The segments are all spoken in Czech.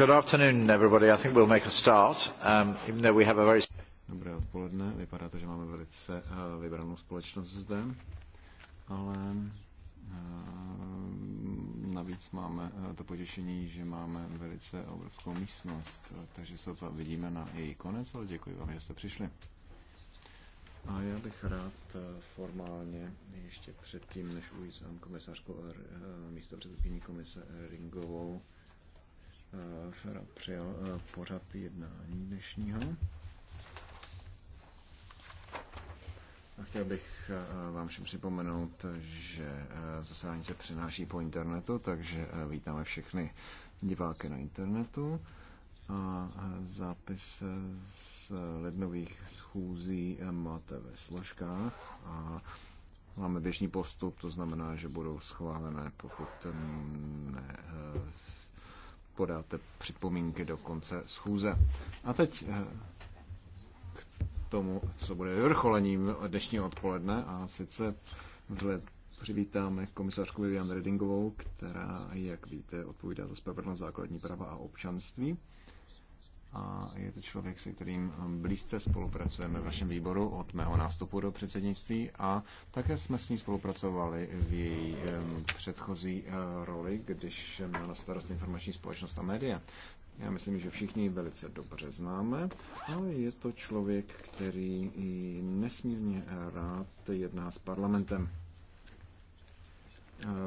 Good afternoon, everybody. I think we'll make a start, um, even though we have a very... Dobré odpoledne. Vypadá to, že máme velice uh, vybranou společnost zde, ale uh, navíc máme uh, to potěšení, že máme velice obrovskou místnost, uh, takže se to vidíme na její konec, ale děkuji vám, že jste přišli. A já bych rád uh, formálně ještě předtím, než ujízdám um, komisařku uh, místo předsedkyní komise Ringovou, Fera eh, přijal eh, pořad jednání dnešního. A chtěl bych eh, vám všem připomenout, že zasedání se přenáší po internetu, takže vítáme všechny diváky na internetu. A zápis z lednových schůzí máte ve složkách a máme běžný postup, to znamená, že budou schválené, pokud ne podáte připomínky do konce schůze. A teď eh, k tomu, co bude vyvrcholením dnešního odpoledne a sice vzhled přivítáme komisařku Vivian Redingovou, která, jak víte, odpovídá za spravedlnost základní práva a občanství a je to člověk, se kterým blízce spolupracujeme v našem výboru od mého nástupu do předsednictví a také jsme s ní spolupracovali v její předchozí eh, roli, když měla na starost informační společnost a média. Já myslím, že všichni ji velice dobře známe, ale je to člověk, který nesmírně rád jedná s parlamentem.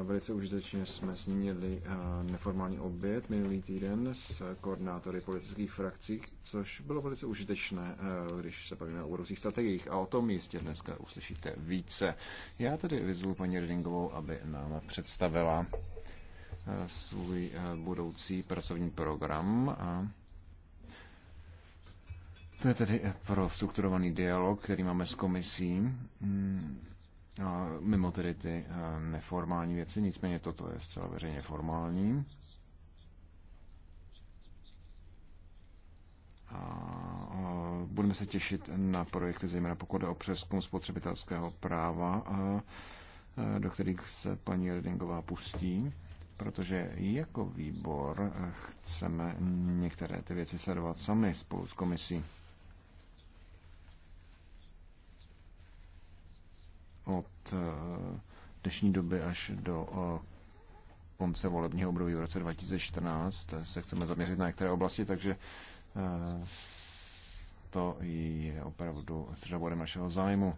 Velice užitečně jsme zmínili neformální oběd minulý týden s koordinátory politických frakcí, což bylo velice užitečné, když se bavíme o budoucích strategiích a o tom jistě dneska uslyšíte více. Já tedy vyzvu paní Redingovou, aby nám představila svůj budoucí pracovní program a to je tedy pro strukturovaný dialog, který máme s komisí. Hmm mimo tedy ty eh, neformální věci, nicméně toto je zcela veřejně formální. A eh, budeme se těšit na projekty, zejména pokud jde o přeskum spotřebitelského práva, eh, do kterých se paní Redingová pustí, protože jako výbor chceme některé ty věci sledovat sami spolu s komisí. od eh, dnešní doby až do eh, konce volebního období v roce 2014 eh, se chceme zaměřit na některé oblasti, takže to je opravdu středobodem našeho zájmu.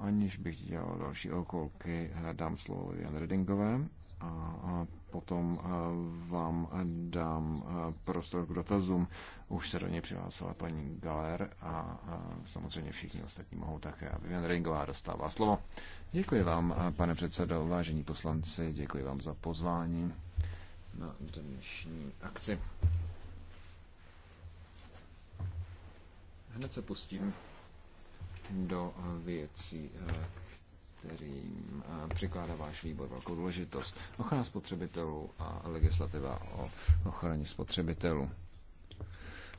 Aniž bych dělal další okolky, dám slovo Jan Redingové a potom eh, vám eh, dám eh, prostor k dotazům. Už se do něj přihlásila paní Galer a samozřejmě všichni ostatní mohou také. A Vivian Ringová dostává slovo. Děkuji vám, pane předsedo, vážení poslanci, děkuji vám za pozvání na dnešní akci. Hned se pustím do věcí, kterým eh, přikládá váš výbor velkou důležitost. Ochrana spotřebitelů a legislativa o ochraně spotřebitelů.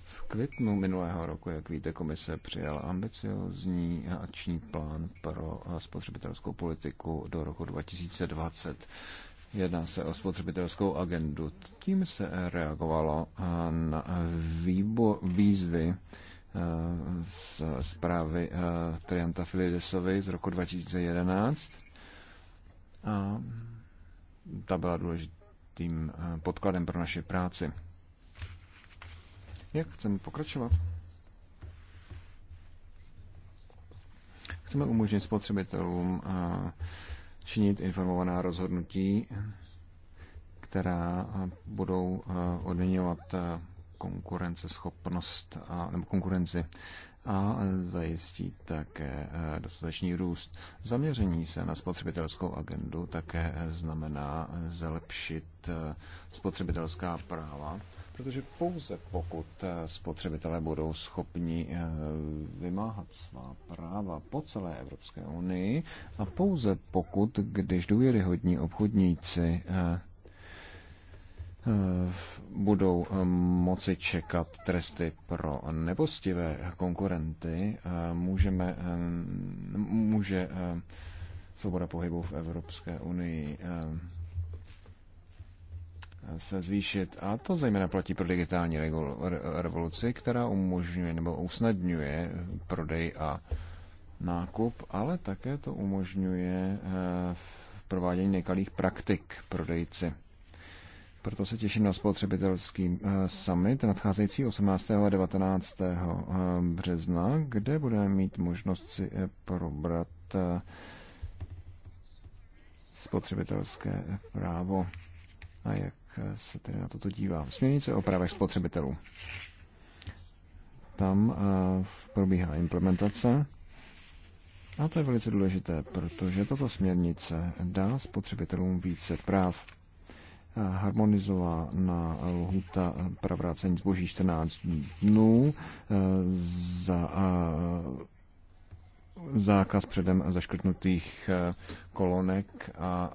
V květnu minulého roku, jak víte, komise přijala ambiciozní akční plán pro eh, spotřebitelskou politiku do roku 2020. Jedná se o spotřebitelskou agendu. Tím se reagovalo eh, na výbo- výzvy, z zprávy eh, Trianta Filidesovi z roku 2011. A ta byla důležitým eh, podkladem pro naši práci. Jak chceme pokračovat? Chceme umožnit spotřebitelům eh, činit informovaná rozhodnutí, která budou odměňovat konkurenceschopnost a, nebo konkurenci a zajistí také e, dostatečný růst. Zaměření se na spotřebitelskou agendu také e, znamená zlepšit e, spotřebitelská práva, protože pouze pokud spotřebitelé budou schopni vymáhat svá práva po celé Evropské unii a pouze pokud, když důvěryhodní obchodníci Eh, budou eh, moci čekat tresty pro nepostivé konkurenty, eh, můžeme, může svoboda pohybu v Evropské unii se zvýšit. A to zejména platí pro digitální revoluci, která umožňuje nebo usnadňuje prodej a nákup, ale také to umožňuje v provádění nekalých praktik prodejci. Proto se těším na spotřebitelský eh, summit nadcházející 18. a 19. Eh, března, kde budeme mít možnost si eh, probrat spotřebitelské právo a jak se tedy na toto dívá. Směrnice o právech spotřebitelů. Tam probíhá implementace. A to je velice důležité, protože tato směrnice dá spotřebitelům více práv harmonizována lhuta pravrácení zboží 14 dnů eh, za eh, zákaz předem zaškrtnutých eh, kolonek a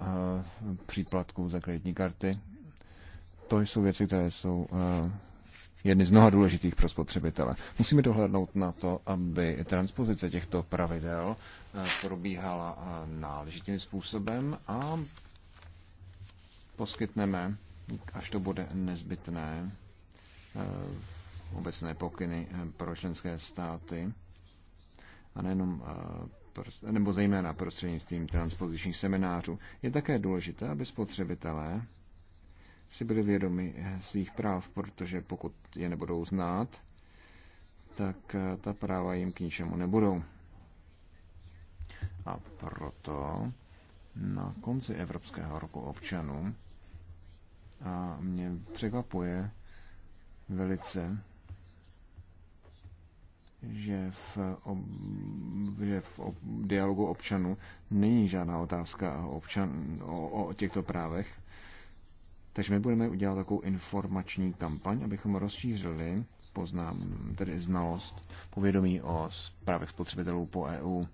příplatků za kreditní karty. To jsou věci, které jsou jedny z mnoha důležitých pro spotřebitele. Musíme dohlednout na to, aby transpozice těchto pravidel probíhala náležitým způsobem a poskytneme, až to bude nezbytné, eh, obecné pokyny eh, pro členské státy a nejenom eh, nebo zejména prostřednictvím transpozičních seminářů. Je také důležité, aby spotřebitelé si byli vědomi svých práv, protože pokud je nebudou znát, tak ta práva jim k ničemu nebudou. A proto na konci Evropského roku občanů a mě překvapuje velice, že v, ob, že v ob, dialogu občanů není žádná otázka občan, o, o těchto právech. Takže my budeme udělat takovou informační kampaň, abychom rozšířili poznám, tedy znalost, povědomí o právech spotřebitelů po EU.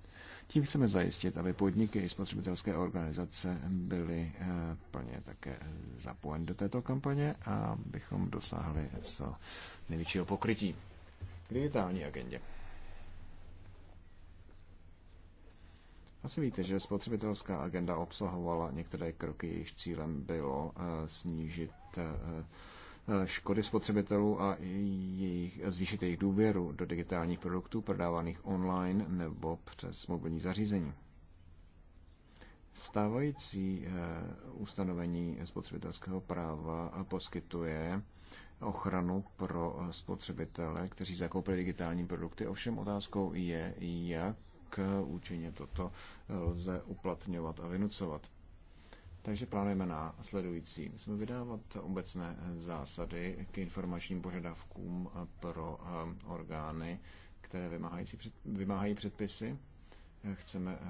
Tím chceme zajistit, aby podniky i spotřebitelské organizace byly eh, plně také zapojeny do této kampaně a bychom dosáhli co největšího pokrytí k digitální agendě. Asi víte, že spotřebitelská agenda obsahovala některé kroky, jejichž cílem bylo eh, snížit eh, Eh, škody spotřebitelů a jejich, zvýšit jejich důvěru do digitálních produktů prodávaných online nebo přes mobilní zařízení. Stávající eh, ustanovení spotřebitelského práva eh, poskytuje ochranu pro spotřebitele, kteří zakoupili digitální produkty. Ovšem otázkou je, jak účinně toto lze uplatňovat a vynucovat. Takže plánujeme na sledující. Musíme vydávat obecné zásady k informačním požadavkům pro eh, orgány, které vymáhají předpisy. Chceme eh,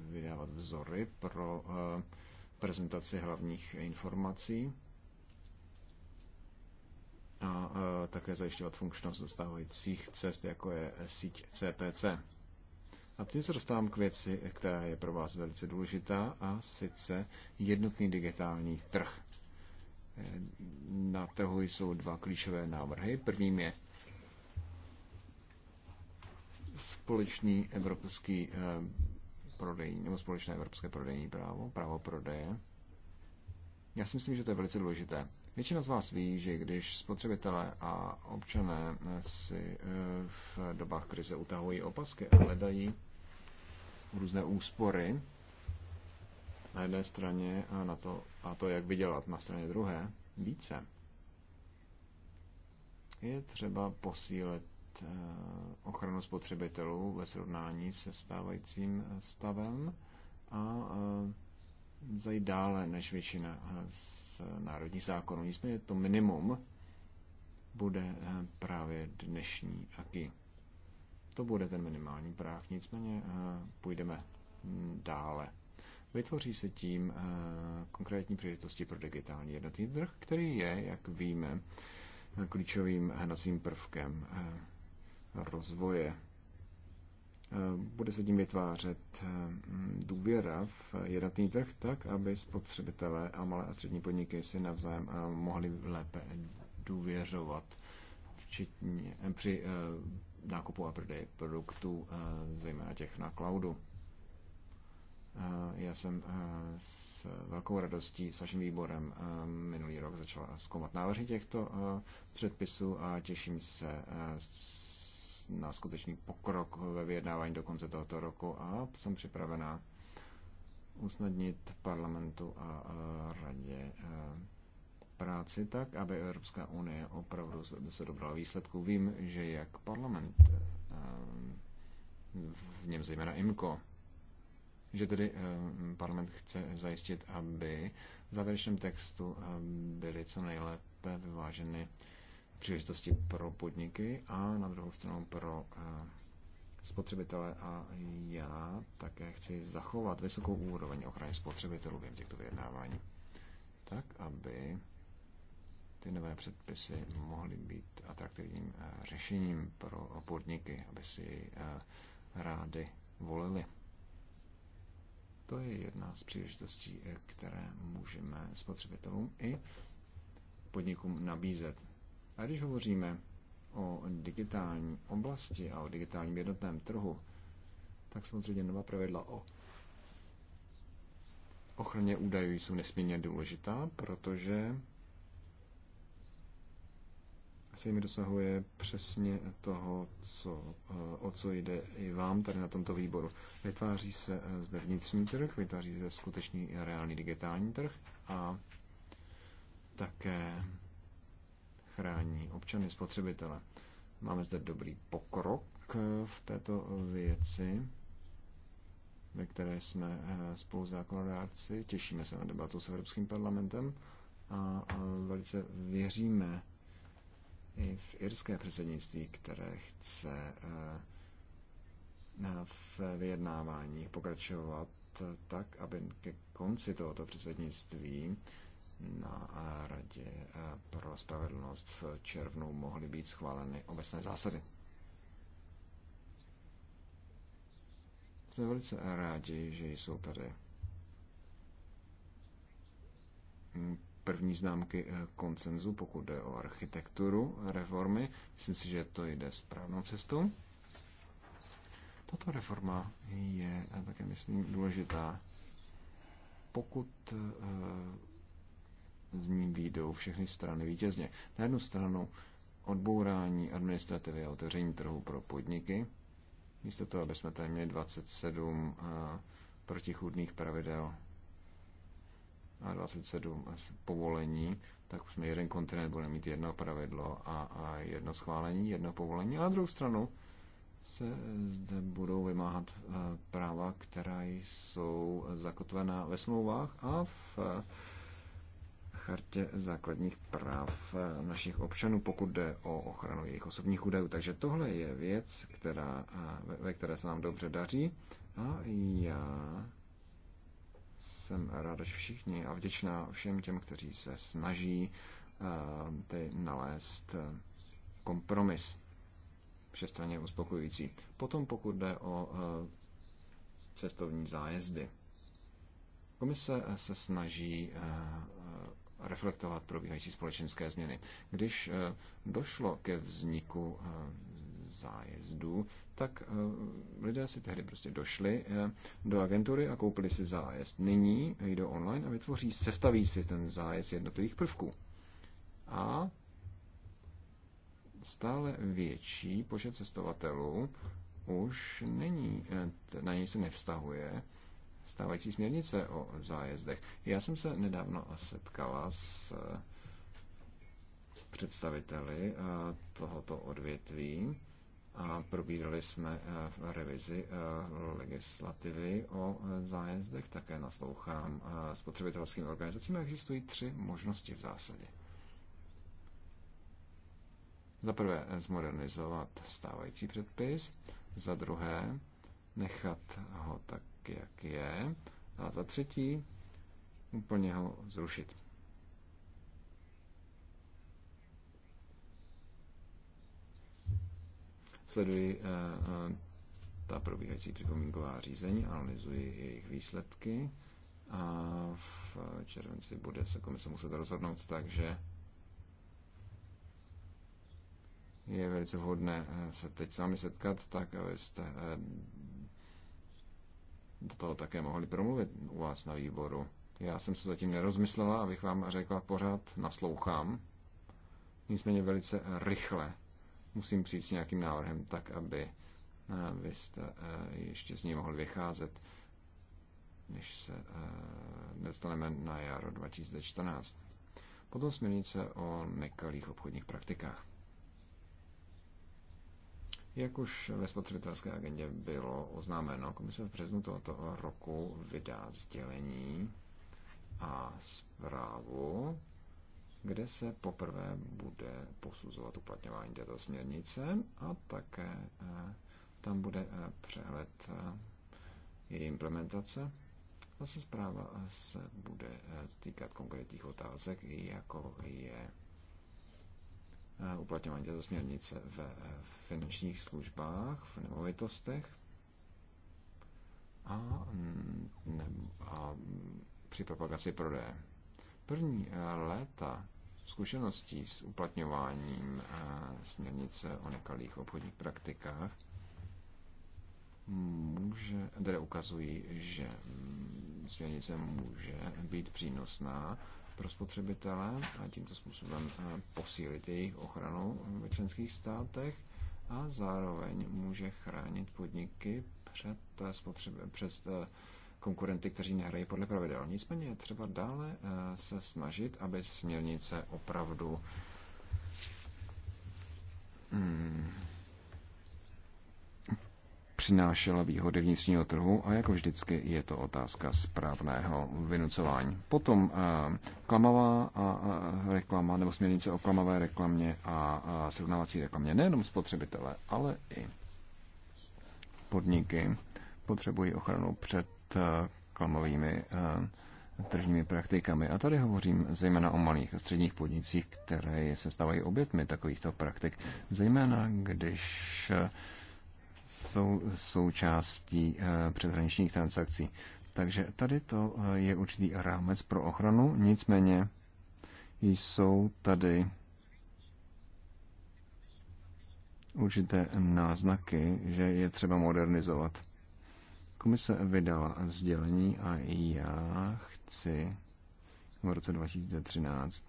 vydávat vzory pro eh, prezentaci hlavních informací a také zajišťovat funkčnost dostávajících cest, jako je síť CPC. A tím se dostávám k věci, která je pro vás velice důležitá, a sice jednotný digitální trh. Na trhu jsou dva klíčové návrhy. Prvním je společný evropský eh, prodejní, nebo společné evropské prodejní právo, právo prodeje. Já si myslím, že to je velice důležité. Většina z vás ví, že když spotřebitelé a občané si eh, v dobách krize utahují opasky a hledají různé úspory na jedné straně a, na to, a to, jak vydělat na straně druhé, více, je třeba posílit eh, ochranu spotřebitelů ve srovnání se stávajícím stavem a eh, zajít dále než většina z národních zákonů. Nicméně to minimum bude eh, právě dnešní aky. To bude ten minimální práh, nicméně eh, půjdeme dále. Vytvoří se tím eh, konkrétní příležitosti pro digitální jednotný trh, který je, jak víme, klíčovým hnacím prvkem rozvoje Eh, bude se tím vytvářet eh, důvěra v jednotný trh tak, aby spotřebitelé a malé a střední podniky si navzájem eh, mohli lépe důvěřovat včetně, při nákupu a prodeji produktů, zejména těch na cloudu. Já jsem s velkou radostí s vaším výborem minulý rok začal zkoumat návrhy těchto předpisů a těším se s na skutečný pokrok ve vyjednávání do konce tohoto roku a jsem připravená usnadnit parlamentu a radě e, práci tak, aby Evropská unie opravdu se dobrala výsledku. Vím, že jak parlament, e, v něm zejména IMCO, že tedy e, parlament chce zajistit, aby v závěrečném textu byly co nejlépe vyváženy příležitosti pro podniky a na druhou stranu pro eh, spotřebitele a já také chci zachovat vysokou úroveň ochrany spotřebitelů v těchto vyjednávání, tak aby ty nové předpisy mohly být atraktivním eh, řešením pro podniky, aby si eh, rády volili. To je jedna z příležitostí, které můžeme spotřebitelům i podnikům nabízet. A když hovoříme o digitální oblasti a o digitálním jednotném trhu, tak samozřejmě nová pravidla o ochraně údajů jsou nesmírně důležitá, protože se jimi dosahuje přesně toho, co, o co jde i vám tady na tomto výboru. Vytváří se zde vnitřní trh, vytváří se skutečný reálný digitální trh a také chrání občany, spotřebitele. Máme zde dobrý pokrok eh, v této věci, ve které jsme eh, spolu zákonodárci. Těšíme se na debatu s Evropským parlamentem a velice věříme i v irské předsednictví, které chce eh, v vyjednávání pokračovat tak, aby ke konci tohoto předsednictví na Radě eh, pro spravedlnost v červnu mohly být schváleny obecné zásady. Jsme velice rádi, že jsou tady první známky eh, koncenzu, pokud jde o architekturu reformy. Myslím si, že to jde správnou cestou. Tato reforma je eh, také, myslím, důležitá, pokud z ní výjdou všechny strany vítězně. Na jednu stranu odbourání administrativy a otevření trhu pro podniky, místo toho, aby jsme tady měli 27 eh, protichudných pravidel a 27 eh, povolení, tak jsme jeden kontinent budeme mít jedno pravidlo a, a jedno schválení, jedno povolení. A na druhou stranu se zde budou vymáhat eh, práva, která jsou zakotvená ve smlouvách a v chartě základních práv našich občanů, pokud jde o ochranu jejich osobních údajů. Takže tohle je věc, která, ve které se nám dobře daří a já jsem ráda, že všichni a vděčná všem těm, kteří se snaží eh, ty nalézt eh, kompromis všestranně uspokojující. Potom pokud jde o eh, cestovní zájezdy. Komise se snaží reflektovat probíhající společenské změny. Když eh, došlo ke vzniku eh, zájezdů, tak eh, lidé si tehdy prostě došli do agentury a koupili si zájezd. Nyní jdou online a vytvoří, sestaví si ten zájezd jednotlivých prvků. A stále větší počet cestovatelů už není, na něj se nevztahuje stávající směrnice o zájezdech. Já jsem se nedávno setkala s eh, představiteli eh, tohoto odvětví a probírali jsme eh, v revizi legislativy o zájezdech. Také naslouchám spotřebitelským organizacím. Existují tři možnosti v zásadě. Za prvé zmodernizovat stávající předpis, za druhé nechat ho tak tak, jak je. A za třetí, úplně ho zrušit. Sleduji uh, uh, ta probíhající připomínková řízení, analyzuji jejich výsledky a v červenci bude se komise muset rozhodnout, takže je velice vhodné eh, se teď s vámi setkat, tak abyste do toho také mohli promluvit u vás na výboru. Já jsem se zatím nerozmyslela, abych vám řekla pořád, naslouchám. Nicméně velice rychle musím přijít s nějakým návrhem tak, aby eh, vy jste eh, ještě z ní mohl vycházet, než se eh, dostaneme na jaro 2014. Potom směrnice o nekalých obchodních praktikách. Jak už ve spotřebitelské agendě bylo oznámeno, komise v březnu tohoto roku vydá sdělení a zprávu, kde se poprvé bude posuzovat uplatňování této směrnice a také eh, tam bude eh, přehled eh, její implementace. Zase zpráva se bude týkat konkrétních otázek, jako je Eh, uplatňování této směrnice v eh, finančních službách, v nemovitostech a, mm, ne, a při propagaci prodeje. První eh, léta zkušeností s uplatňováním směrnice o nekalých obchodních praktikách může, které ukazují, že mm, směrnice může být přínosná pro spotřebitele a tímto způsobem eh, posílit jejich ochranu ve členských státech a zároveň může chránit podniky před, eh, spotřeby, před eh, konkurenty, kteří nehrají podle pravidel. Nicméně je třeba dále se snažit, aby směrnice opravdu hmm, přinášela výhody vnitřního trhu a jako vždycky je to otázka správného vynucování. Potom eh, klamavá a reklama nebo směrnice o klamavé reklamě a srovnávací reklamě nejenom spotřebitele, ale i podniky potřebují ochranu před eh, klamovými eh, tržními praktikami. A tady hovořím zejména o malých a středních podnicích, které se stávají obětmi takovýchto praktik, zejména když jsou součástí eh, přeshraničních transakcí. Takže tady to eh, je určitý rámec pro ochranu, nicméně jsou tady určité náznaky, že je třeba modernizovat. Komise vydala sdělení a já chci v roce 2013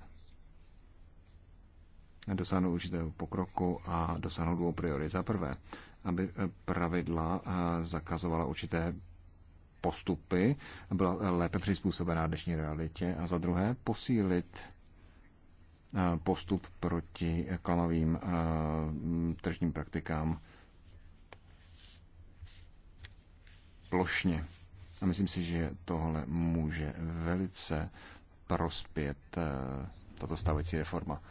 dosáhnout určitého pokroku a dosáhnout dvou priorit. Za prvé, aby eh, pravidla eh, zakazovala určité postupy, byla eh, lépe přizpůsobená dnešní realitě a za druhé posílit postup proti klamavým tržním praktikám plošně. A myslím si, že tohle může velice prospět tato stávající reforma.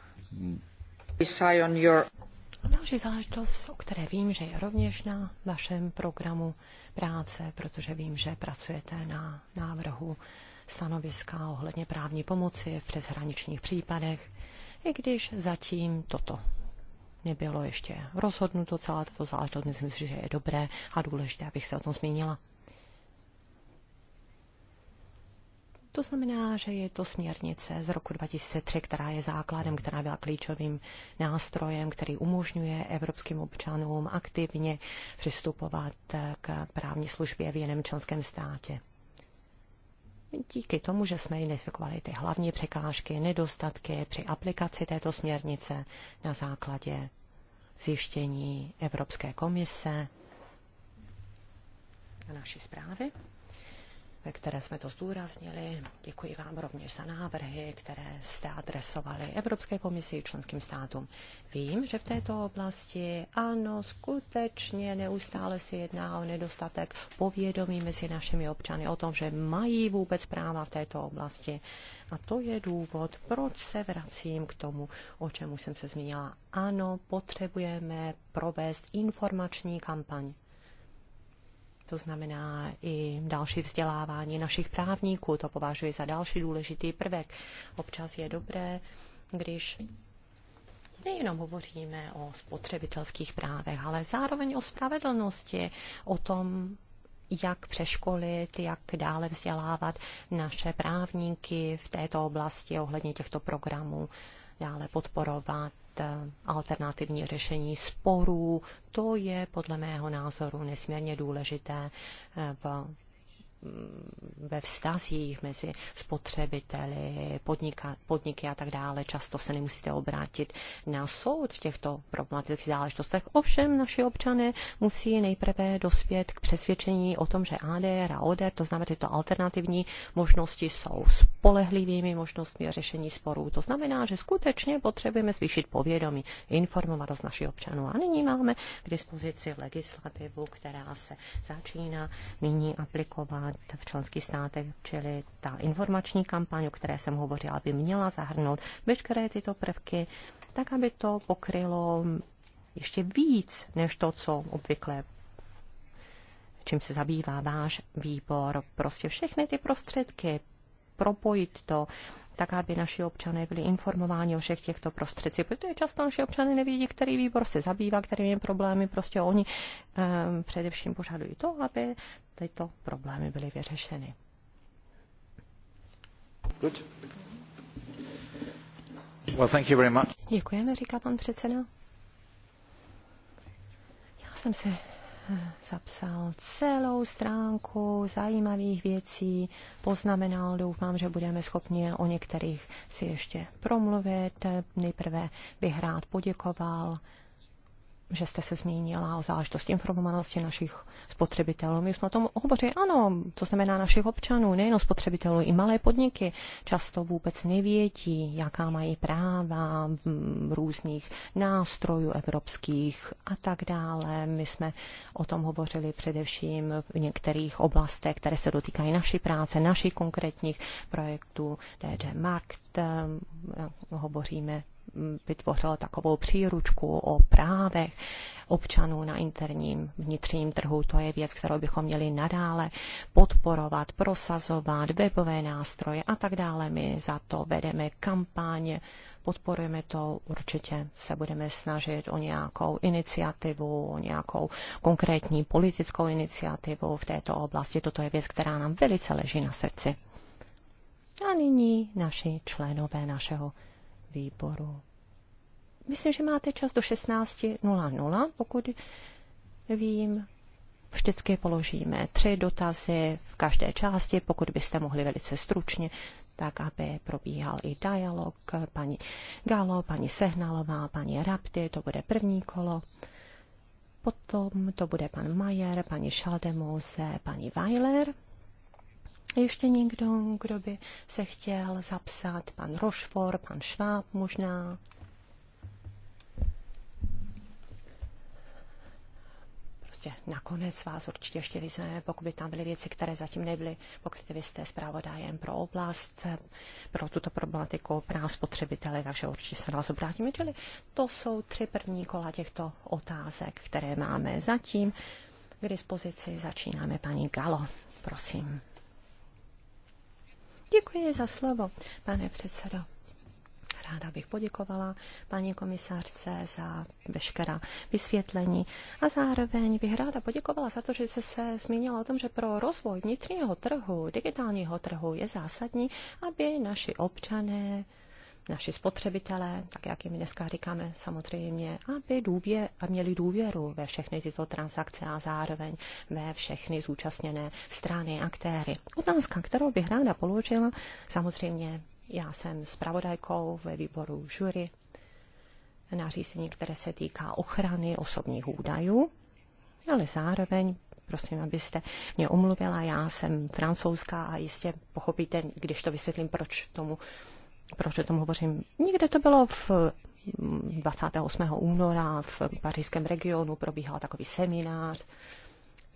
Další záležitost, o které vím, že je rovněž na vašem programu práce, protože vím, že pracujete na návrhu stanoviska ohledně právní pomoci v přeshraničních případech, i když zatím toto nebylo ještě rozhodnuto, celá tato záležitost, myslím si, že je dobré a důležité, abych se o tom zmínila. To znamená, že je to směrnice z roku 2003, která je základem, která byla klíčovým nástrojem, který umožňuje evropským občanům aktivně přistupovat k právní službě v jiném členském státě. Díky tomu, že jsme identifikovali ty hlavní překážky, nedostatky při aplikaci této směrnice na základě zjištění Evropské komise a naší zprávy, ve které jsme to zdůraznili. Děkuji vám rovněž za návrhy, které jste adresovali Evropské komisi členským státům. Vím, že v této oblasti ano, skutečně neustále se jedná o nedostatek povědomí mezi našimi občany o tom, že mají vůbec práva v této oblasti. A to je důvod, proč se vracím k tomu, o čem už jsem se zmínila. Ano, potřebujeme provést informační kampaň to znamená i další vzdělávání našich právníků. To považuji za další důležitý prvek. Občas je dobré, když nejenom hovoříme o spotřebitelských právech, ale zároveň o spravedlnosti, o tom, jak přeškolit, jak dále vzdělávat naše právníky v této oblasti ohledně těchto programů, dále podporovat Eh, alternativní řešení sporů. To je podle mého názoru nesmírně důležité eh, v ve vztazích mezi spotřebiteli, podnika, podniky a tak dále. Často se nemusíte obrátit na soud v těchto problematických záležitostech. Ovšem naši občany musí nejprve dospět k přesvědčení o tom, že ADR a ODR, e to znamená tyto alternativní možnosti, jsou spolehlivými možnostmi řešení sporů. To znamená, že skutečně potřebujeme zvýšit povědomí, informovanost našich občanů. A nyní máme k dispozici legislativu, která se začíná nyní aplikovat dělat v členských státech, čili ta informační kampaň, o které jsem hovořila, by měla zahrnout veškeré tyto prvky, tak aby to pokrylo ještě víc než to, co obvykle čím se zabývá váš výbor. Prostě všechny ty prostředky propojit to, tak aby naši občané byli informováni o všech těchto prostředcích, protože často naši občané nevidí, který výbor se zabývá, je problémy, prostě oni um, především požadují to, aby tyto problémy byly vyřešeny. Good. Well, thank you very much. Děkujeme, říká pan předseda. Já jsem si zapsal celou stránku zajímavých věcí, poznamenal, doufám, že budeme schopni o některých si ještě promluvit. Nejprve bych rád poděkoval že jste se zmínila o záležitosti informovanosti našich spotřebitelů. My jsme o tom hovořili, ano, to znamená našich občanů, nejenom spotřebitelů, i malé podniky často vůbec nevědí, jaká mají práva různých nástrojů evropských a tak dále. My jsme o tom hovořili především v některých oblastech, které se dotýkají naší práce, našich konkrétních projektů, DG Markt, eh, hovoříme vytvořil takovou příručku o právech občanů na interním vnitřním trhu. To je věc, kterou bychom měli nadále podporovat, prosazovat, webové nástroje a tak dále. My za to vedeme kampaň, podporujeme to, určitě se budeme snažit o nějakou iniciativu, o nějakou konkrétní politickou iniciativu v této oblasti. Toto je věc, která nám velice leží na srdci. A nyní naši členové našeho výboru. Myslím, že máte čas do 16.00, pokud vím. Vždycky položíme tři dotazy v každé části, pokud byste mohli velice stručně, tak aby probíhal i dialog. Paní Galo, paní Sehnalová, paní Rapty, to bude první kolo. Potom to bude pan Majer, paní Šaldemose, paní Weiler ještě někdo, kdo by se chtěl zapsat? Pan Rošfor, pan Šváb možná? Prostě nakonec vás určitě ještě vyzveme, pokud by tam byly věci, které zatím nebyly pokryty. Vy jste zpravodajem pro oblast, pro tuto problematiku, pro nás spotřebitele, takže určitě se na vás obrátíme. Čili to jsou tři první kola těchto otázek, které máme zatím. K dispozici začínáme paní Galo. Prosím. Děkuji za slovo, pane předsedo. Ráda bych poděkovala paní komisářce za veškerá vysvětlení a zároveň bych ráda poděkovala za to, že jste se zmínila o tom, že pro rozvoj vnitřního trhu, digitálního trhu je zásadní, aby naši občané naši spotřebitelé, tak jak jim dneska říkáme samozřejmě, aby důvě, a měli důvěru ve všechny tyto transakce a zároveň ve všechny zúčastněné strany, aktéry. Otázka, kterou bych ráda položila, samozřejmě já jsem zpravodajkou ve výboru jury řízení, které se týká ochrany osobních údajů, ale zároveň prosím, abyste mě omluvila. Já jsem francouzská a jistě pochopíte, když to vysvětlím, proč tomu proč o tom hovořím? Někde to bylo v 28. Mm, února v pařížském regionu probíhal takový seminář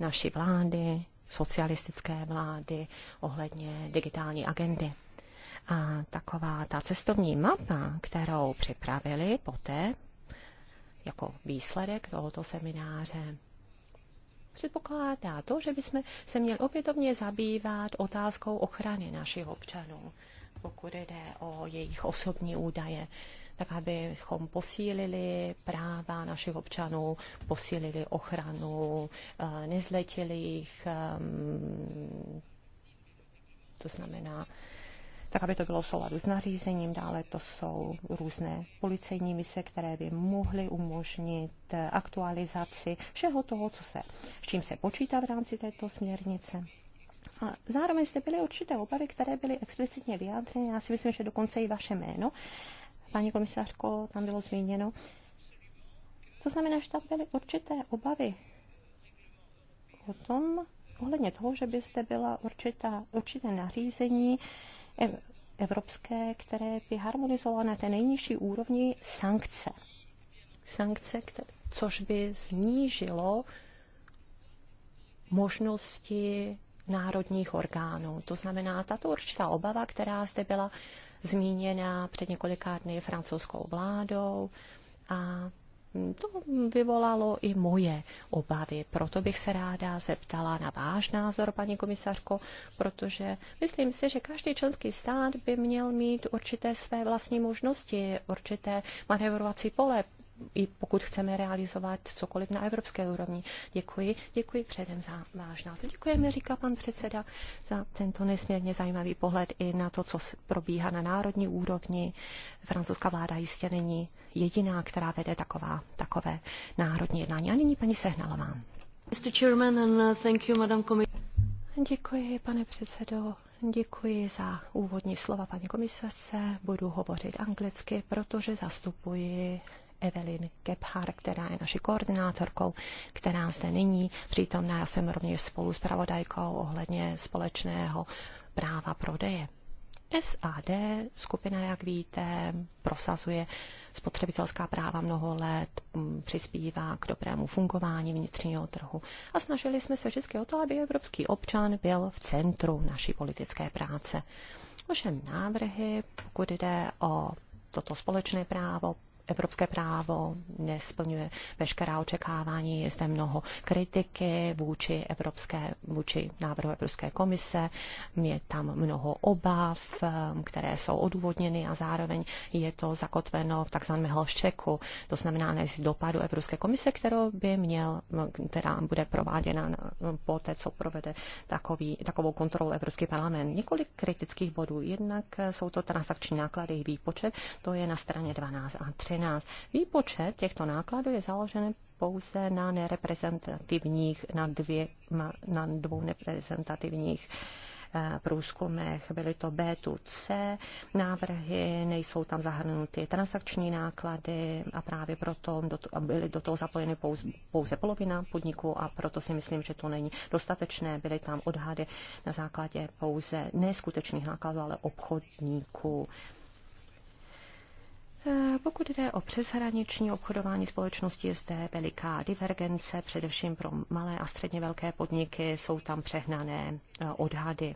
naší vlády, socialistické vlády ohledně digitální agendy. A taková ta cestovní mapa, kterou připravili poté, jako výsledek tohoto semináře, předpokládá to, že bychom se měli opětovně zabývat otázkou ochrany našich občanů pokud jde o jejich osobní údaje, tak abychom posílili práva našich občanů, posílili ochranu eh, nezletilých, ehm, to znamená, tak aby to bylo v souladu s nařízením. Dále to jsou různé policejní mise, které by mohly umožnit eh, aktualizaci všeho toho, co se, s čím se počítá v rámci této směrnice. A zároveň jste byly určité obavy, které byly explicitně vyjádřeny. Já si myslím, že dokonce i vaše jméno, paní komisařko, tam bylo zmíněno. To znamená, že tam byly určité obavy o tom, ohledně toho, že byste byla určitá, určité nařízení evropské, které by harmonizovalo na té nejnižší úrovni sankce. Sankce, které, což by znížilo možnosti národních orgánů. To znamená, tato určitá obava, která zde byla zmíněna před několika dny francouzskou vládou a to vyvolalo i moje obavy. Proto bych se ráda zeptala na váš názor, paní komisařko, protože myslím si, že každý členský stát by měl mít určité své vlastní možnosti, určité manevrovací pole i pokud chceme realizovat cokoliv na evropské úrovni. Děkuji, děkuji předem za váš názor. Děkujeme, říká pan předseda, za tento nesmírně zajímavý pohled i na to, co probíhá na národní úrovni. Francouzská vláda jistě není jediná, která vede taková, takové národní jednání. A nyní paní Sehnalová. Mr. Chairman, and uh, thank you, Madam Děkuji, pane předsedo. Děkuji za úvodní slova paní komisarce. Budu hovořit anglicky, protože zastupuji Evelyn Gebhardt, která je naší koordinátorkou, která zde není přítomná. Já jsem rovněž spolu s pravodajkou ohledně společného práva prodeje. SAD, skupina, jak víte, prosazuje spotřebitelská práva mnoho let, mm, přispívá k dobrému fungování vnitřního trhu a snažili jsme se vždycky o to, aby evropský občan byl v centru naší politické práce. Ovšem návrhy, pokud jde o toto společné právo evropské právo nesplňuje veškerá očekávání. Je zde mnoho kritiky vůči, evropské, vůči návrhu Evropské komise. Je tam mnoho obav, eh, které jsou odůvodněny a zároveň je to zakotveno v takzvaném helščeku, to znamená analýzy dopadu Evropské komise, kterou by měl, která bude prováděna po té, co provede takový, takovou kontrolu Evropský parlament. Několik kritických bodů. Jednak jsou to transakční náklady, výpočet, to je na straně 12 a 3 2013. Výpočet těchto nákladů je založen pouze na nereprezentativních, na, dvě, na dvou nereprezentativních eh, průzkumech, byly to B tu C návrhy, nejsou tam zahrnuty transakční náklady a právě proto byly do toho zapojeny pouze, pouze polovina podniků a proto si myslím, že to není dostatečné. Byly tam odhady na základě pouze neskutečných nákladů, ale obchodníků. Eh, pokud jde o přeshraniční obchodování společnosti, je zde veliká divergence, především pro malé a středně velké podniky jsou tam přehnané eh, odhady.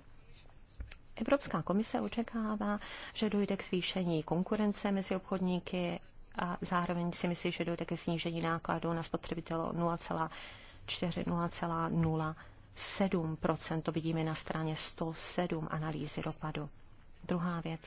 Evropská komise očekává, že dojde k zvýšení konkurence mezi obchodníky a zároveň si myslí, že dojde ke snížení nákladů na spotřebitelo 0,4-0,07 To vidíme na straně 107 analýzy dopadu. Druhá věc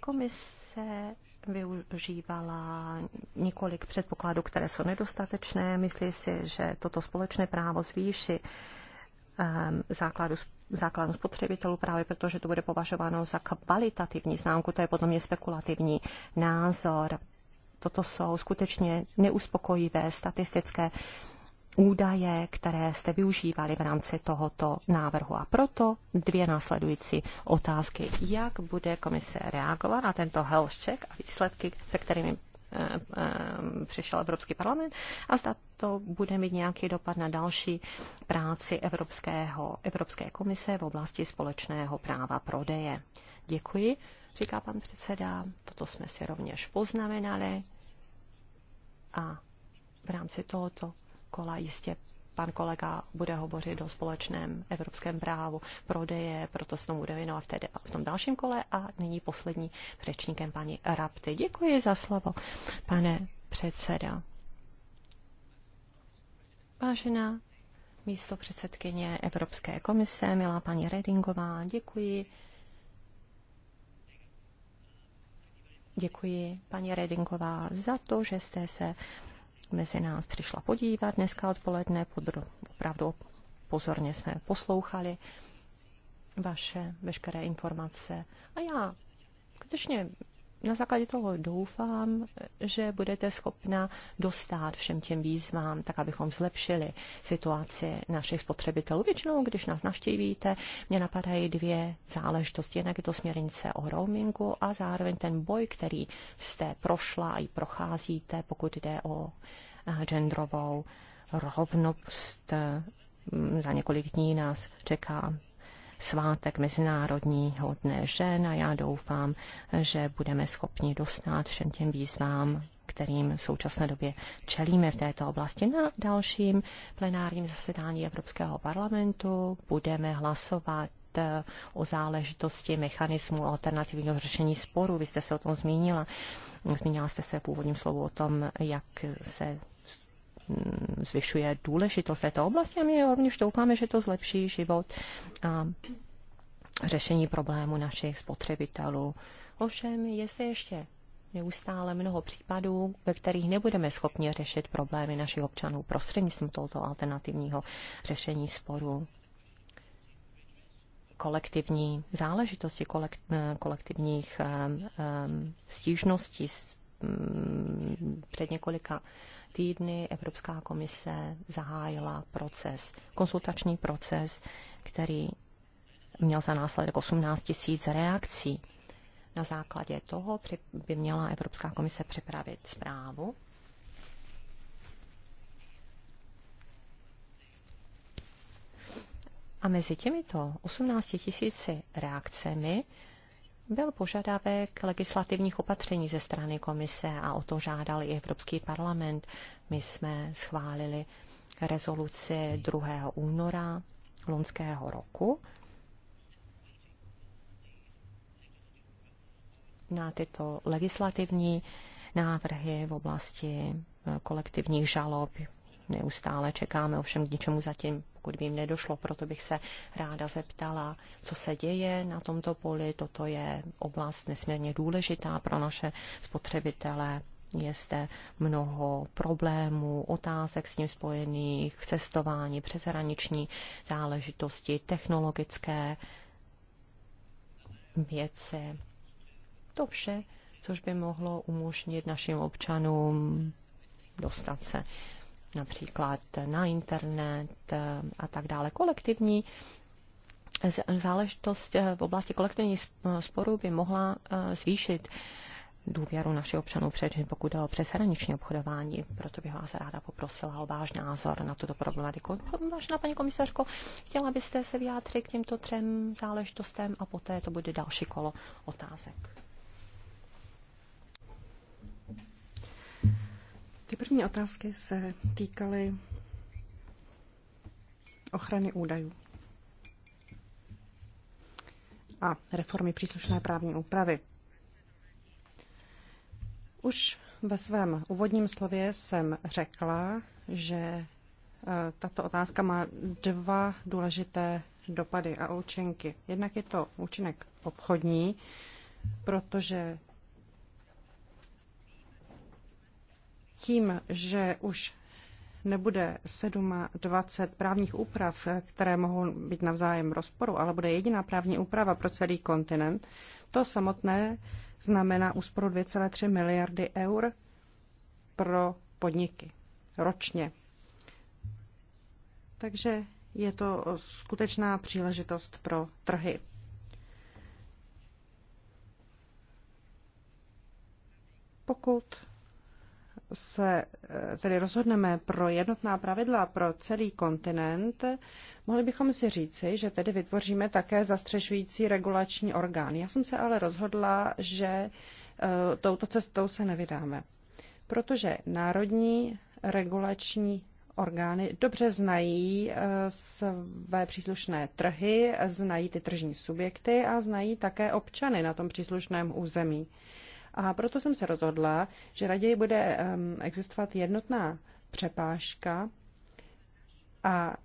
Komise využívala několik předpokladů, které jsou nedostatečné. Myslí si, že toto společné právo zvýší um, základu základnou spotřebitelů, právě protože to bude považováno za kvalitativní známku, to je podle mě spekulativní názor. Toto jsou skutečně neuspokojivé statistické uh, údaje, které jste využívali v rámci tohoto návrhu. A proto dvě následující otázky. Jak bude komise reagovat na tento health check a výsledky, se kterými eh, eh, přišel Evropský parlament a zda to bude mít nějaký dopad na další práci Evropského, Evropské komise v oblasti společného práva prodeje. Děkuji, říká pan předseda. Toto jsme si rovněž poznamenali a v rámci tohoto kola. Jistě pan kolega bude hovořit o společném evropském právu prodeje, proto se tomu bude věnovat v, té, v tom dalším kole a nyní poslední řečníkem paní Rapty. Děkuji za slovo, pane předseda. Vážená místo předsedkyně Evropské komise, milá paní Redingová, děkuji. Děkuji, paní Redingová, za to, že jste se mezi nás přišla podívat dneska odpoledne. Podro, opravdu pozorně jsme poslouchali vaše veškeré informace. A já skutečně na základě toho doufám, že budete schopna dostat všem těm výzvám, tak abychom zlepšili situaci našich spotřebitelů. Většinou, když nás navštívíte, mě napadají dvě záležitosti. Jednak je to směrnice o roamingu a zároveň ten boj, který jste prošla a i procházíte, pokud jde o eh, genderovou rovnost. Hm, za několik dní nás čeká svátek Mezinárodního dne žen a já doufám, že budeme schopni dostat všem těm výzvám, kterým v současné době čelíme v této oblasti. Na dalším plenárním zasedání Evropského parlamentu budeme hlasovat eh, o záležitosti mechanismu alternativního řešení sporu. Vy jste se o tom zmínila. Zmínila jste se v původním slovu o tom, jak se Mm, zvyšuje důležitost této oblasti a my rovněž doufáme, že to zlepší život a řešení problému našich spotřebitelů. Ovšem je zde ještě neustále mnoho případů, ve kterých nebudeme schopni řešit problémy našich občanů prostřednictvím tohoto alternativního řešení sporu, Kolektivní záležitosti kolekt, kolektivních um, um, stížností um, před několika týdny Evropská komise zahájila proces, konsultační proces, který měl za následek 18 tisíc reakcí. Na základě toho by měla Evropská komise připravit zprávu. A mezi těmito 18 tisíci reakcemi byl požadavek legislativních opatření ze strany komise a o to žádal i Evropský parlament. My jsme schválili rezoluci 2. února loňského roku. Na tyto legislativní návrhy v oblasti kolektivních žalob Neustále čekáme, ovšem k ničemu zatím, pokud by jim nedošlo, proto bych se ráda zeptala, co se děje na tomto poli. Toto je oblast nesmírně důležitá pro naše spotřebitele. Je zde mnoho problémů, otázek s tím spojených, cestování, přeshraniční záležitosti, technologické věci. To vše, což by mohlo umožnit našim občanům dostat se například na internet eh, a tak dále. Kolektivní záležitost eh, v oblasti kolektivních sporů by mohla eh, zvýšit důvěru našich občanů, především pokud jde o přeshraniční obchodování. Proto bych vás ráda poprosila o váš názor na tuto problematiku. Vážená paní komisařko, chtěla byste se vyjádřit k těmto třem záležitostem a poté to bude další kolo otázek. Ty první otázky se týkaly ochrany údajů a reformy příslušné právní úpravy. Už ve svém úvodním slově jsem řekla, že e, tato otázka má dva důležité dopady a účinky. Jednak je to účinek obchodní, protože Tím, že už nebude 27 právních úprav, které mohou být navzájem rozporu, ale bude jediná právní úprava pro celý kontinent, to samotné znamená úsporu 2,3 miliardy eur pro podniky ročně. Takže je to skutečná příležitost pro trhy. Pokud se eh, tedy rozhodneme pro jednotná pravidla pro celý kontinent, mohli bychom si říci, že tedy vytvoříme také zastřešující regulační orgán. Já jsem se ale rozhodla, že eh, touto cestou se nevydáme, protože národní regulační orgány dobře znají eh, své příslušné trhy, znají ty tržní subjekty a znají také občany na tom příslušném území. A proto jsem se rozhodla, že raději bude existovat jednotná přepážka a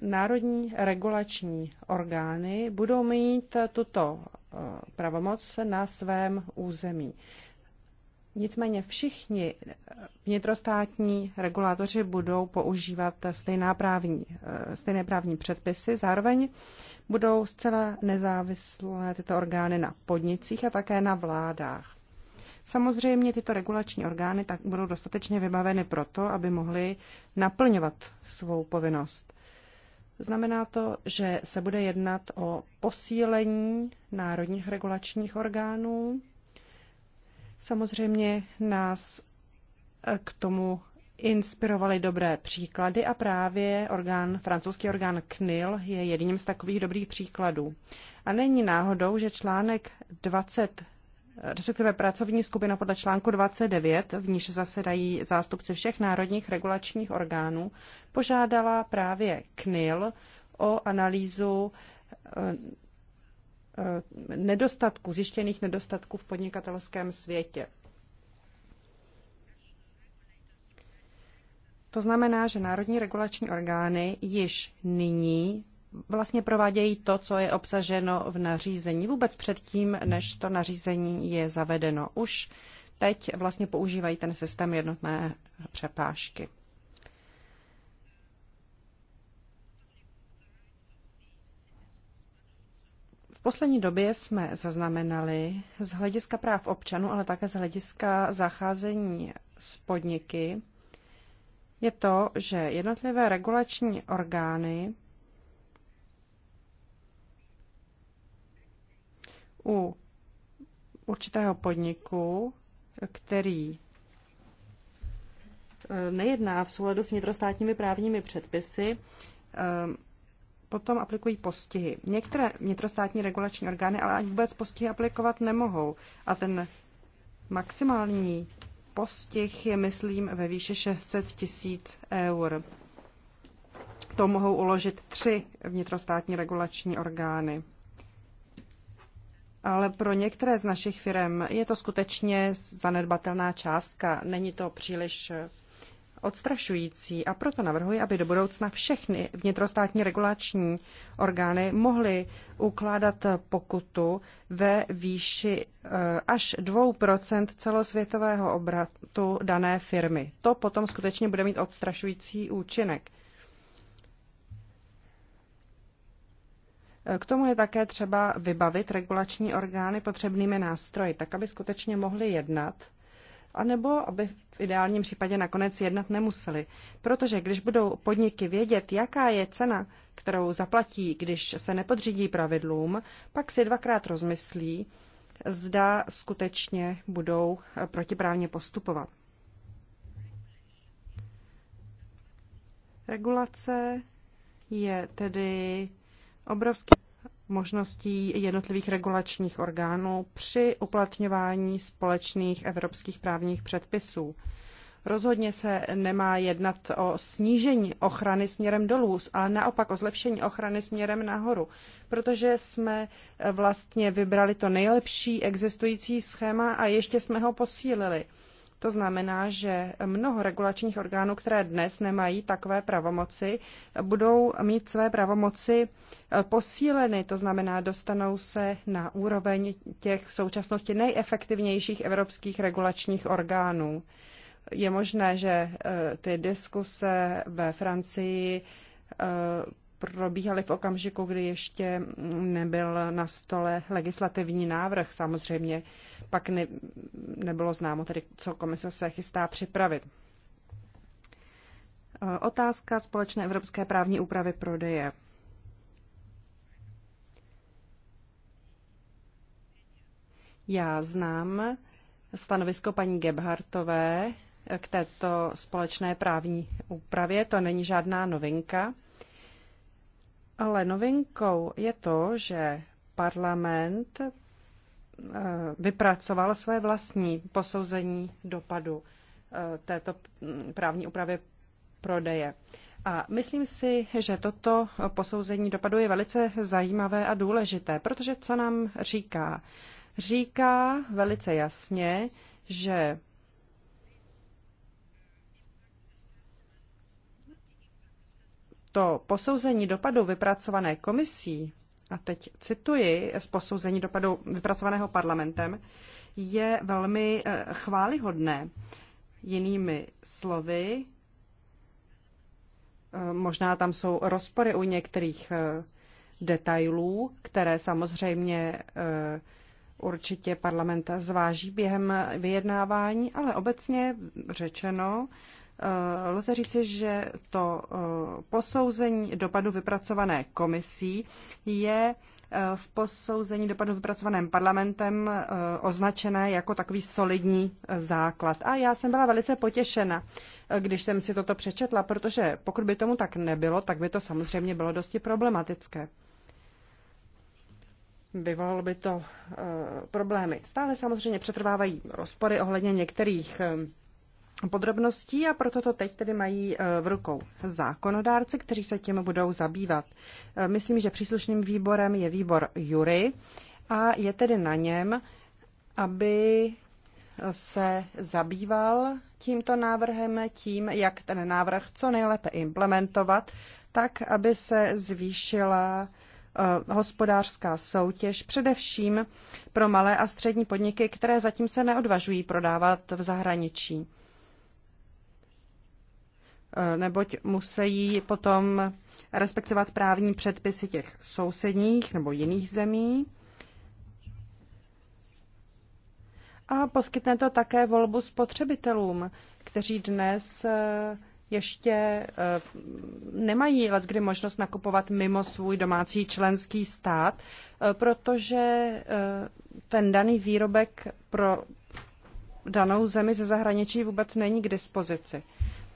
národní regulační orgány budou mít tuto eh, pravomoc na svém území. Nicméně všichni vnitrostátní regulátoři budou používat stejná právní, eh, stejné právní předpisy, zároveň budou zcela nezávislé tyto orgány na podnicích a také na vládách. Samozřejmě tyto regulační orgány tak budou dostatečně vybaveny proto, aby mohly naplňovat svou povinnost. Znamená to, že se bude jednat o posílení národních regulačních orgánů. Samozřejmě nás eh, k tomu inspirovaly dobré příklady a právě orgán, francouzský orgán CNIL je jedním z takových dobrých příkladů. A není náhodou, že článek 20 respektive pracovní skupina podle článku 29, v níž zasedají zástupci všech národních regulačních orgánů, požádala právě KNIL o analýzu eh, eh, nedostatků, zjištěných nedostatků v podnikatelském světě. To znamená, že národní regulační orgány již nyní vlastně provádějí to, co je obsaženo v nařízení vůbec předtím, než to nařízení je zavedeno. Už teď vlastně používají ten systém jednotné přepážky. V poslední době jsme zaznamenali z hlediska práv občanů, ale také z hlediska zacházení s podniky, je to, že jednotlivé regulační orgány u určitého podniku, který eh, nejedná v souladu s vnitrostátními právními předpisy, eh, potom aplikují postihy. Některé vnitrostátní regulační orgány ale ani vůbec postihy aplikovat nemohou. A ten maximální postih je, myslím, ve výši 600 tisíc eur. To mohou uložit tři vnitrostátní regulační orgány ale pro některé z našich firm je to skutečně zanedbatelná částka. Není to příliš odstrašující a proto navrhuji, aby do budoucna všechny vnitrostátní regulační orgány mohly ukládat pokutu ve výši eh, až 2% celosvětového obratu dané firmy. To potom skutečně bude mít odstrašující účinek. K tomu je také třeba vybavit regulační orgány potřebnými nástroji, tak aby skutečně mohli jednat, anebo aby v ideálním případě nakonec jednat nemuseli. Protože když budou podniky vědět, jaká je cena, kterou zaplatí, když se nepodřídí pravidlům, pak si dvakrát rozmyslí, zda skutečně budou eh, protiprávně postupovat. Regulace je tedy obrovský možností jednotlivých regulačních orgánů při uplatňování společných evropských právních předpisů. Rozhodně se nemá jednat o snížení ochrany směrem dolů, ale naopak o zlepšení ochrany směrem nahoru, protože jsme vlastně vybrali to nejlepší existující schéma a ještě jsme ho posílili. To znamená, že mnoho regulačních orgánů, které dnes nemají takové pravomoci, budou mít své pravomoci eh, posíleny. To znamená, dostanou se na úroveň těch v současnosti nejefektivnějších evropských regulačních orgánů. Je možné, že eh, ty diskuse ve Francii eh, probíhaly v okamžiku, kdy ještě nebyl na stole legislativní návrh. Samozřejmě pak ne, nebylo známo tedy, co komise se chystá připravit. E, otázka společné evropské právní úpravy prodeje. Já znám stanovisko paní Gebhartové k této společné právní úpravě. To není žádná novinka. Ale novinkou je to, že parlament eh, vypracoval své vlastní posouzení dopadu eh, této mm, právní úpravy prodeje. A myslím si, že toto posouzení dopadu je velice zajímavé a důležité, protože co nám říká? Říká velice jasně, že to posouzení dopadu vypracované komisí, a teď cituji z posouzení dopadu vypracovaného parlamentem, je velmi eh, chválihodné. Jinými slovy, eh, možná tam jsou rozpory u některých eh, detailů, které samozřejmě určitě parlament zváží během vyjednávání, ale obecně řečeno Eh, lze říci, že to eh, posouzení dopadu vypracované komisí je eh, v posouzení dopadu vypracovaném parlamentem označené jako takový solidní základ. A já jsem byla velice potěšena, když jsem si toto přečetla, protože pokud by tomu tak nebylo, tak by to samozřejmě bylo dosti problematické. Vyvolalo by to problémy. Stále samozřejmě přetrvávají rozpory ohledně některých podrobností a proto to teď tedy mají e, v rukou zákonodárci, kteří se tím budou zabývat. E, myslím, že příslušným výborem je výbor Jury a je tedy na něm, aby se zabýval tímto návrhem, tím, jak ten návrh co nejlépe implementovat, tak, aby se zvýšila e, hospodářská soutěž, především pro malé a střední podniky, které zatím se neodvažují prodávat v zahraničí. Eh, neboť musí potom respektovat právní předpisy těch sousedních nebo jiných zemí. A poskytne to také volbu spotřebitelům, kteří dnes eh, ještě eh, nemají kdy možnost nakupovat mimo svůj domácí členský stát, protože ten daný výrobek pro danou zemi ze zahraničí vůbec není k dispozici.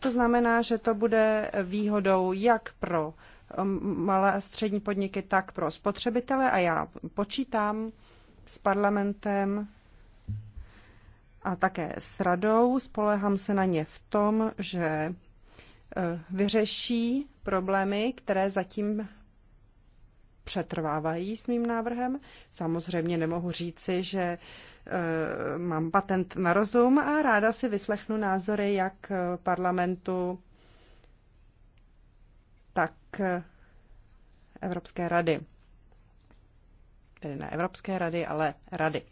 To znamená, že to bude výhodou jak pro um, malé a střední podniky, tak pro spotřebitele a já počítám s parlamentem a také s radou. Spolehám se na ně v tom, že eh, vyřeší problémy, které zatím přetrvávají s mým návrhem. Samozřejmě nemohu říci, že Eh, mám patent na rozum a ráda si vyslechnu názory jak eh, parlamentu, tak eh, Evropské rady. Tedy ne Evropské rady, ale rady.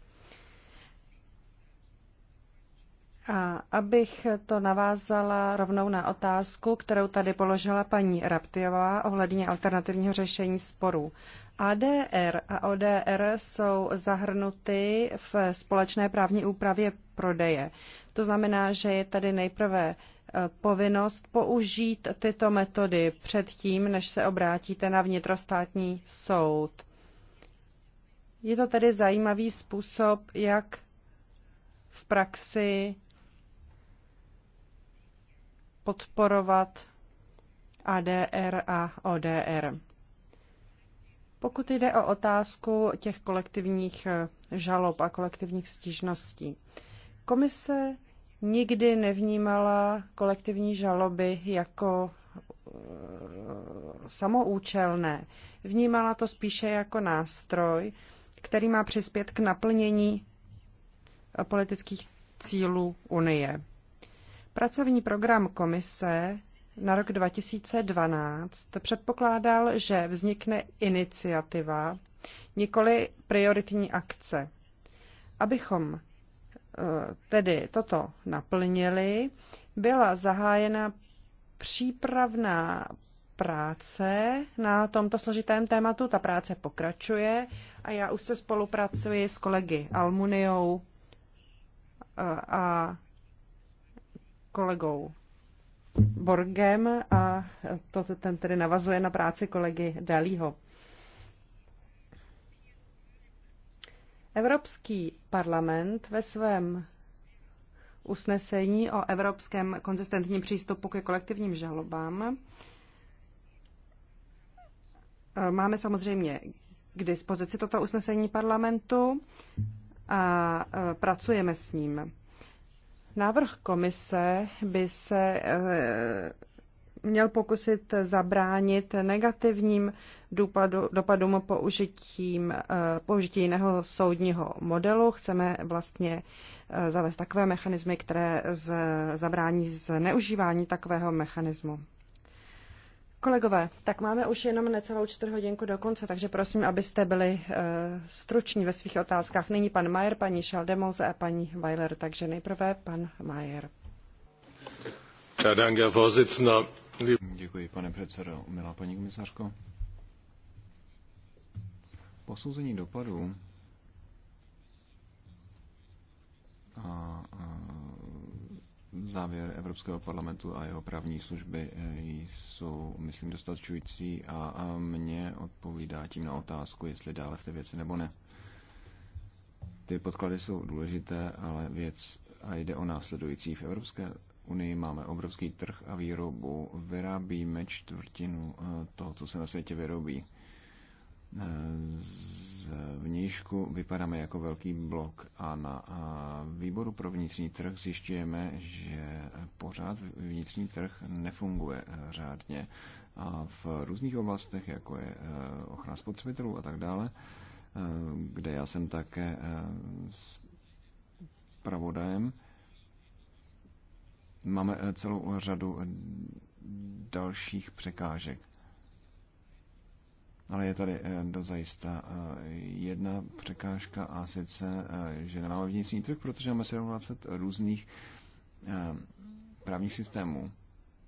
A abych to navázala rovnou na otázku, kterou tady položila paní Raptiová ohledně alternativního řešení sporů. ADR a ODR jsou zahrnuty v společné právní úpravě prodeje. To znamená, že je tady nejprve e, povinnost použít tyto metody předtím, než se obrátíte na vnitrostátní soud. Je to tedy zajímavý způsob, jak v praxi podporovat ADR a ODR. Pokud jde o otázku těch kolektivních eh, žalob a kolektivních stížností, komise nikdy nevnímala kolektivní žaloby jako eh, samoučelné. Vnímala to spíše jako nástroj, který má přispět k naplnění politických cílů Unie. Pracovní program komise na rok 2012 předpokládal, že vznikne iniciativa, nikoli prioritní akce. Abychom eh, tedy toto naplnili, byla zahájena přípravná práce na tomto složitém tématu. Ta práce pokračuje a já už se spolupracuji s kolegy Almuniou eh, a kolegou Borgem a to, ten tedy navazuje na práci kolegy Dalího. Evropský parlament ve svém usnesení o evropském konzistentním přístupu ke kolektivním žalobám eh, máme samozřejmě k dispozici toto usnesení parlamentu a eh, pracujeme s ním. Návrh komise by se eh, měl pokusit zabránit negativním dopadům použitím, eh, použití jiného soudního modelu. Chceme vlastně eh, zavést takové mechanismy, které zabrání zneužívání takového mechanismu. Kolegové, tak máme už jenom necelou hodinku do konce, takže prosím, abyste byli uh, struční ve svých otázkách. Nyní pan Majer, paní Šaldemouze a paní Weiler, takže nejprve pan Majer. Děkuji, pane předsedo. Milá paní komisařko, posouzení dopadů a, a závěr Evropského parlamentu a jeho právní služby eh, jsou, myslím, dostačující a mě odpovídá tím na otázku, jestli dále v té věci nebo ne. Ty podklady jsou důležité, ale věc a jde o následující. V Evropské unii máme obrovský trh a výrobu. Vyrábíme čtvrtinu eh, toho, co se na světě vyrobí. Z eh, vnějšku vypadáme jako velký blok a na výboru pro vnitřní trh zjišťujeme, že pořád vnitřní trh nefunguje eh, řádně a v různých oblastech, jako je eh, ochrana spotřebitelů a tak dále, eh, kde já jsem také s pravodajem, máme celou řadu dalších překážek ale je tady eh, dozajista eh, jedna překážka a sice, eh, že nemáme vnitřní trh, protože máme 27 různých právních systémů.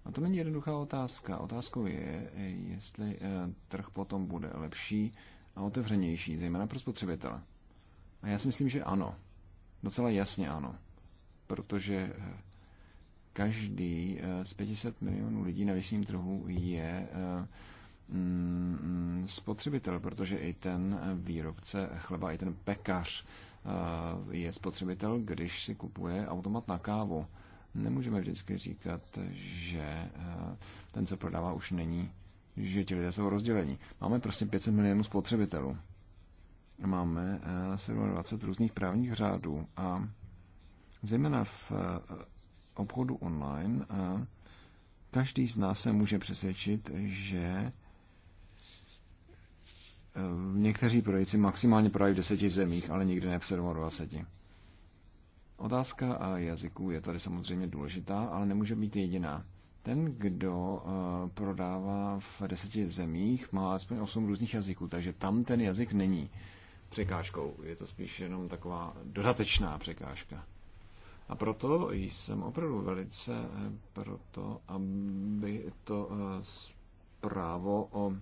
A to není jednoduchá otázka. Otázkou je, jestli trh potom bude lepší a otevřenější, zejména pro spotřebitele. A já si myslím, že ano. Docela jasně ano. Protože každý z 500 milionů lidí na vnitřním trhu je Mm, spotřebitel, protože i ten výrobce chleba, i ten pekař eh, je spotřebitel, když si kupuje automat na kávu. Nemůžeme vždycky říkat, že eh, ten, co prodává, už není, že ti lidé jsou rozdělení. Máme prostě 500 milionů spotřebitelů. Máme 27 eh, různých právních řádů a zejména v obchodu online každý z nás se může přesvědčit, že Eh, někteří prodejci maximálně prodají v deseti zemích, ale nikdy ne v 27. Otázka jazyků je tady samozřejmě důležitá, ale nemůže být jediná. Ten, kdo eh, prodává v deseti zemích, má aspoň osm různých jazyků, takže tam ten jazyk není překážkou. Je to spíš jenom taková dodatečná překážka. A proto jsem opravdu velice eh, proto, aby to právo o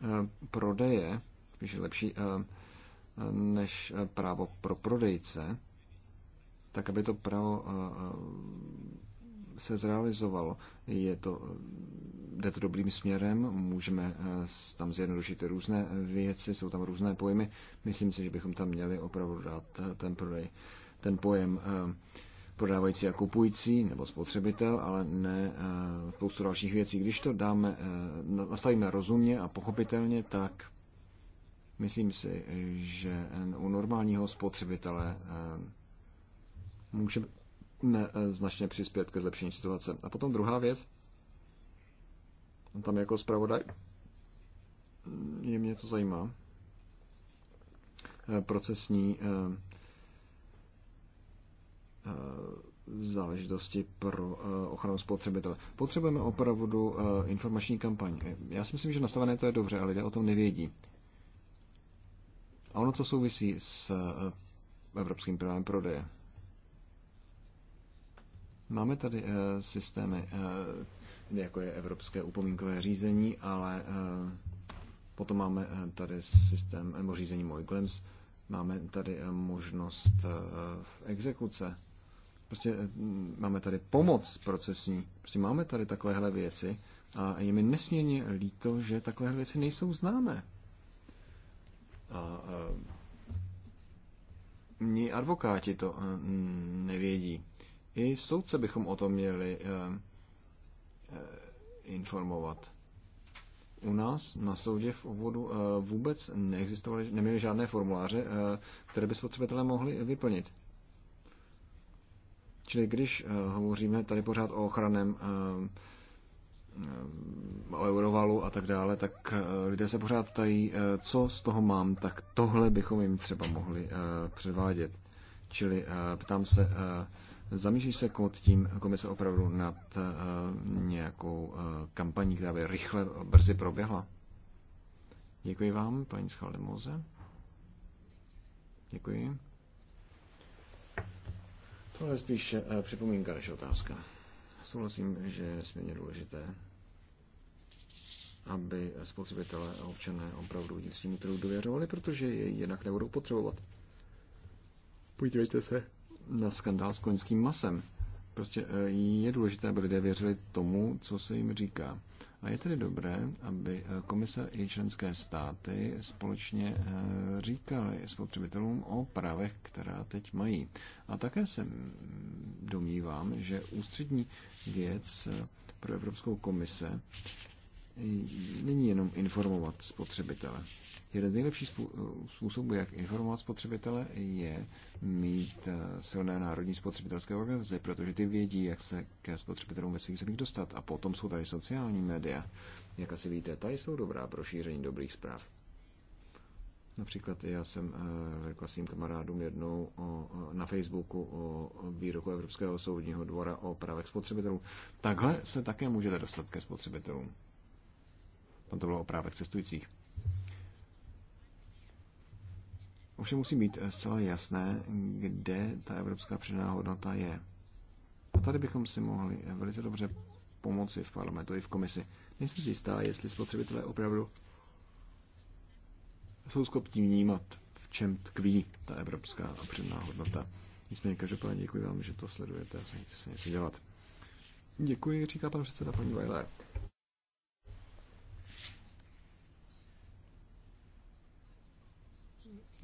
Eh, prodeje, spíš lepší eh, eh, než právo pro prodejce, tak aby to právo se zrealizovalo. Je to, jde to dobrým směrem, můžeme tam zjednodušit různé věci, jsou tam různé pojmy. Myslím si, že bychom tam měli opravdu dát ten prodej, ten pojem prodávající a kupující nebo spotřebitel, ale ne eh, spoustu dalších věcí. Když to dáme, eh, nastavíme rozumně a pochopitelně, tak myslím si, že u normálního spotřebitele eh, můžeme značně přispět ke zlepšení situace. A potom druhá věc, tam jako zpravodaj, je mě to zajímá, procesní Eh, záležitosti pro eh, ochranu spotřebitele. Potřebujeme opravdu eh, informační kampaň. Já si myslím, že nastavené to je dobře, ale lidé o tom nevědí. A ono to souvisí s evropským právem prodeje. Máme tady systémy, jako je evropské upomínkové řízení, ale potom máme tady systém nebo řízení Moiglems, máme tady možnost exekuce Prostě eh, máme tady pomoc procesní, prostě máme tady takovéhle věci a je mi nesmírně líto, že takovéhle věci nejsou známé. A, a eh, ni advokáti to eh, nevědí. I soudce bychom o tom měli informovat. U nás na soudě v obvodu vůbec neexistovaly, neměli žádné formuláře, které by spotřebitelé mohli vyplnit. Čili když eh, hovoříme tady pořád o ochranem uh, eh, eh, eurovalu a tak dále, tak lidé se pořád ptají, co z toho mám, tak tohle bychom jim třeba mohli předvádět. Čili ptám se, zamýšlíš se kod tím komise opravdu nad nějakou kampaní, která by rychle, brzy proběhla? Děkuji vám, paní Schaldemose. Děkuji. Tohle no, je spíš eh, připomínka než otázka. Souhlasím, že je nesmírně důležité, aby spotřebitelé a občané opravdu vnitřnímu trhu důvěřovali, protože je jinak nebudou potřebovat. Podívejte se na skandál s koňským masem. Prostě eh, je důležité, aby lidé věřili tomu, co se jim říká. A je tedy dobré, aby eh, komise i členské státy společně eh, říkali spotřebitelům o právech, která teď mají. A také se domnívám, že ústřední věc eh, pro Evropskou komise není jenom informovat spotřebitele. Jeden z nejlepších způsobů, jak informovat spotřebitele, je mít eh, silné národní spotřebitelské organizace, protože ty vědí, jak se ke spotřebitelům ve svých zemích dostat. A potom jsou tady sociální média. Jak asi víte, tady jsou dobrá pro šíření dobrých zpráv. Například já jsem eh, řekl svým kamarádům jednou o, na Facebooku o výroku Evropského soudního dvora o právech spotřebitelů. Takhle se také můžete dostat ke spotřebitelům. Tam no, to bylo o právech cestujících. Ovšem musí být eh, zcela jasné, kde ta evropská přidaná hodnota je. A tady bychom si mohli eh, velice dobře pomoci v parlamentu i v komisi. Nejsem si jistá, jestli spotřebitelé opravdu jsou schopni vnímat, v čem tkví ta evropská přidaná hodnota. Nicméně každopádně děkuji vám, že to sledujete a se něco dělat. Děkuji, říká pan předseda paní Weiler.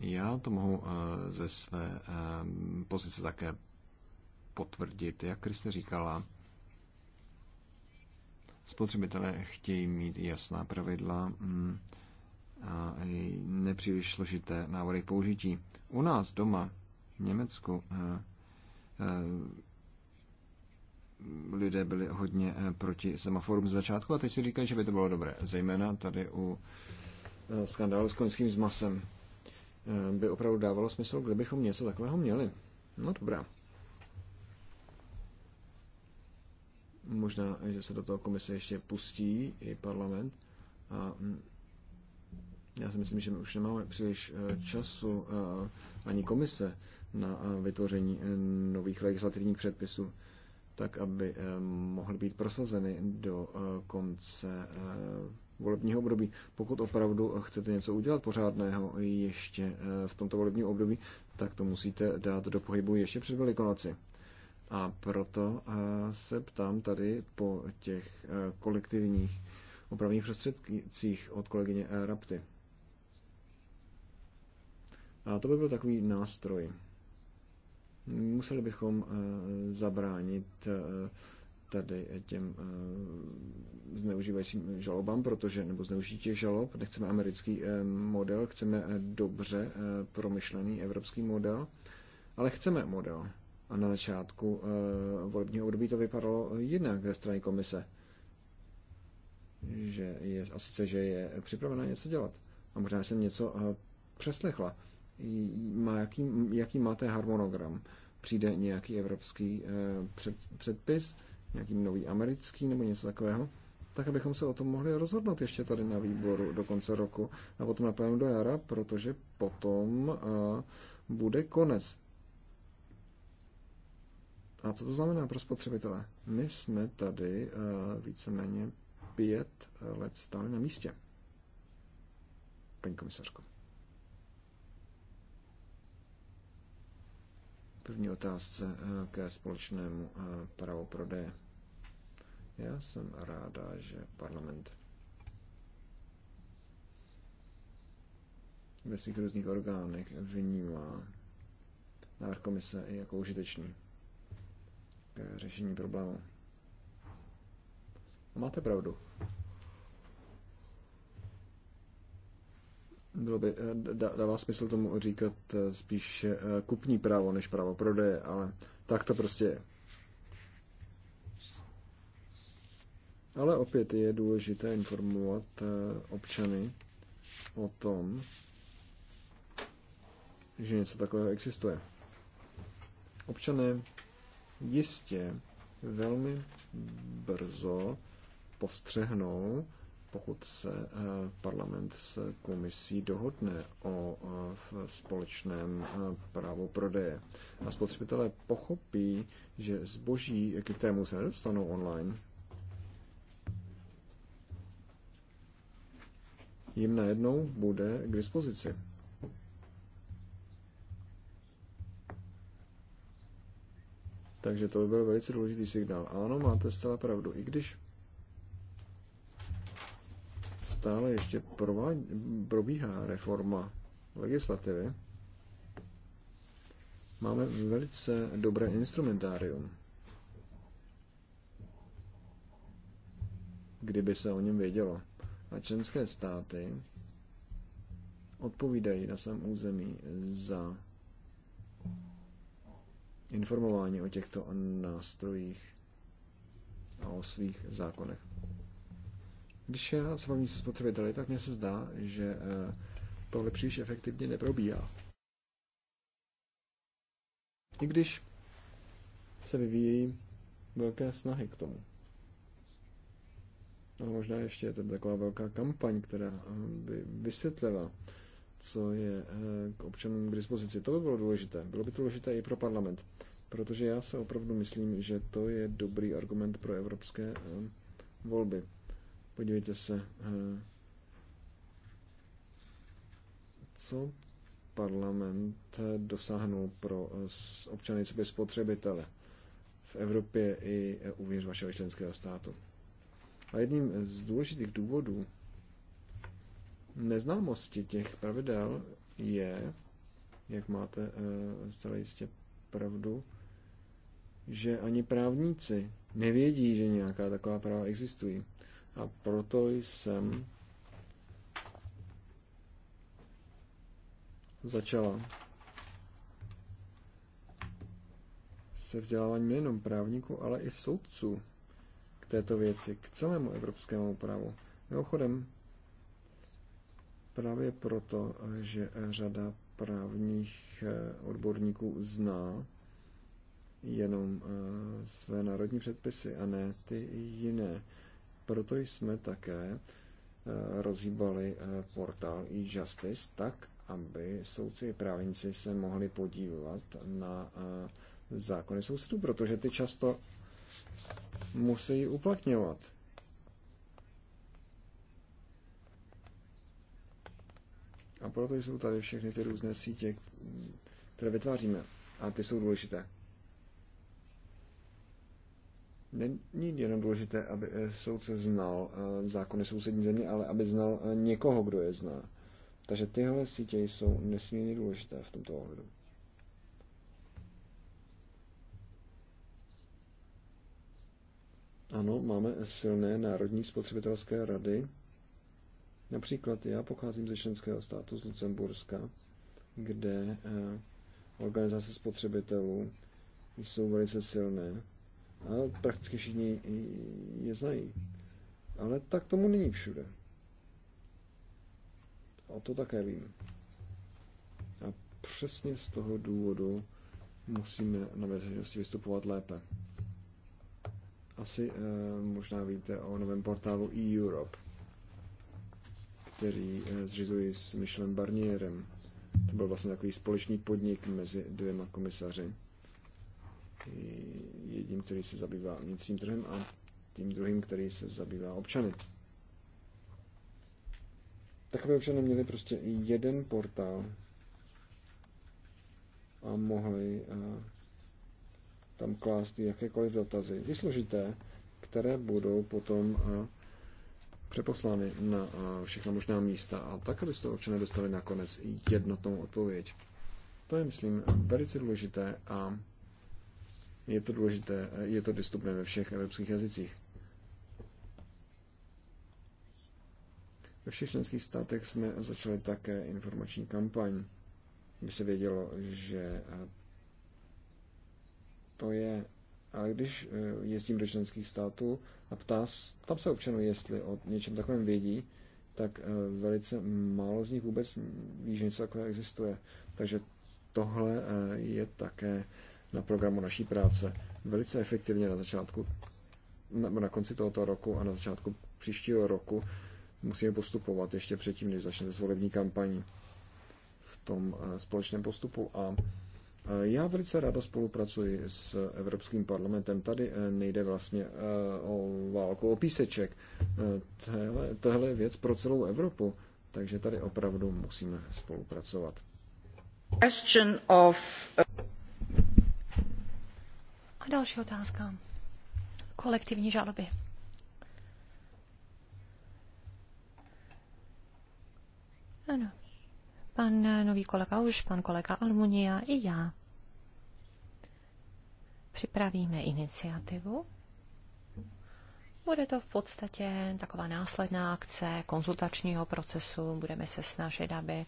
Já to mohu eh, ze své eh, pozice také potvrdit. Jak Kriste říkala, spotřebitelé chtějí mít jasná pravidla mm, a nepříliš složité návody k použití. U nás doma, v Německu, eh, lidé byli hodně proti semaforům z začátku a teď si říkají, že by to bylo dobré. Zejména tady u skandálu s koňským masem. Eh, by opravdu dávalo smysl, kdybychom něco takového měli. No dobrá. Možná, že se do toho komise ještě pustí i parlament. A mm, já si myslím, že my už nemáme příliš eh, času eh, ani komise na vytvoření nových legislativních předpisů, tak aby mohly být prosazeny do konce volebního období. Pokud opravdu chcete něco udělat pořádného ještě eh, v tomto volebním období, tak to musíte dát do pohybu ještě před Velikonoci. A proto eh, se ptám tady po těch eh, kolektivních opravných prostředcích od kolegyně Rapty. A to by byl takový nástroj. Museli bychom zabránit tady těm eh, zneužívajícím žalobám, protože, nebo zneužití žalob. Nechceme americký eh, model, chceme eh, dobře promyšlený evropský model, ale chceme model. A na začátku volebního období to vypadalo jinak ze strany komise. Že je, a sice, že je připravena něco dělat. A možná jsem něco přeslechla. Má, jaký, jaký máte harmonogram? Přijde nějaký evropský před, předpis, nějaký nový americký nebo něco takového, tak abychom se o tom mohli rozhodnout ještě tady na výboru do konce roku a potom na do jara, protože potom a, bude konec. A co to znamená pro spotřebitele? My jsme tady a, víceméně pět let stáli na místě. Paní komisařko. První otázce ke společnému právu prodeje. Já jsem ráda, že parlament ve svých různých orgánech vnímá návrh komise i jako užitečný k řešení problému. A máte pravdu. Bylo by, eh, dává smysl tomu říkat eh, spíš eh, kupní právo než právo prodeje, ale tak to prostě je. Ale opět je důležité informovat eh, občany o tom, že něco takového existuje. Občané jistě velmi brzo povstřehnou, pokud se eh, parlament s komisí dohodne o eh, společném právu prodeje. A spotřebitelé pochopí, že zboží, které kterému se nedostanou online, jim najednou bude k dispozici. Takže to by byl velice důležitý signál. Ano, máte zcela pravdu. I když stále ještě probíhá reforma legislativy, máme velice dobré instrumentárium. Kdyby se o něm vědělo. A členské státy odpovídají na svém území za informování o těchto nástrojích a o svých zákonech. Když já se bavím se spotřebiteli, tak mně se zdá, že eh, tohle příliš efektivně neprobíhá. I když se vyvíjí velké snahy k tomu. No, možná ještě je to taková velká kampaň, která eh, by vysvětlila, co je eh, k občanům k dispozici. To by bylo důležité. Bylo by to důležité i pro parlament, protože já se opravdu myslím, že to je dobrý argument pro evropské eh, volby. Podívejte se, co parlament dosáhnul pro občany, co by spotřebitele v Evropě i uvnitř vašeho členského státu. A jedním z důležitých důvodů neznámosti těch pravidel je, jak máte eh, zcela jistě pravdu, že ani právníci nevědí, že nějaká taková práva existují. A proto jsem začala se vzděláváním nejenom právníků, ale i soudců této věci k celému evropskému právu. Mimochodem, právě proto, že řada právních eh, odborníků zná jenom eh, své národní předpisy a ne ty jiné. Proto jsme také eh, rozhýbali portál e-justice tak, aby soudci i právníci se mohli podívat na zákony sousedů, protože ty často musí uplatňovat. A proto jsou tady všechny ty různé sítě, které vytváříme. A ty jsou důležité. Není jenom důležité, aby soudce znal eh, zákony sousední země, ale aby znal eh, někoho, kdo je zná. Takže tyhle sítě jsou nesmírně důležité v tomto ohledu. Ano, máme silné národní spotřebitelské rady. Například já pocházím ze členského státu z Lucemburska, kde eh, organizace spotřebitelů jsou velice silné a prakticky všichni je znají. Ale tak tomu není všude. O to také vím. A přesně z toho důvodu musíme na veřejnosti vystupovat lépe. Asi eh, možná víte o novém portálu e-Europe, který eh, zřizují s Michelem Barnierem. To byl vlastně takový společný podnik mezi dvěma komisaři. Jedním, který se zabývá vnitřním trhem a tím druhým, který se zabývá občany. Tak, aby občany měli prostě jeden portál a mohli eh, tam klást jakékoliv dotazy, i složité, které budou potom eh, přeposlány na eh, všechna možná místa a tak, aby se občané dostali nakonec jednotnou odpověď. To je, myslím, velice důležité a je to důležité, eh, je to dostupné ve všech evropských jazycích. Ve všech členských státech jsme začali také informační kampaň, kdy se vědělo, že to je. Ale když eh, jezdím do členských států a ptá, ptám se občanů, jestli o něčem takovém vědí, tak eh, velice málo z nich vůbec ví, že něco takového existuje. Takže tohle eh, je také na programu naší práce velice efektivně na začátku, nebo na konci tohoto roku a na začátku příštího roku musíme postupovat ještě předtím, než začnete s volební kampaní v tom společném postupu a Eh, já velice ráda spolupracuji s Evropským parlamentem. Tady eh, nejde vlastně eh, o válku, o píseček. Tohle, tohle je věc pro celou Evropu, takže tady opravdu musíme spolupracovat. Question of... A další otázka. Kolektivní žaloby. Ano, pan nový kolega už, pan kolega Almunia i já. Připravíme iniciativu. Bude to v podstatě taková následná akce konzultačního procesu. Budeme se snažit, aby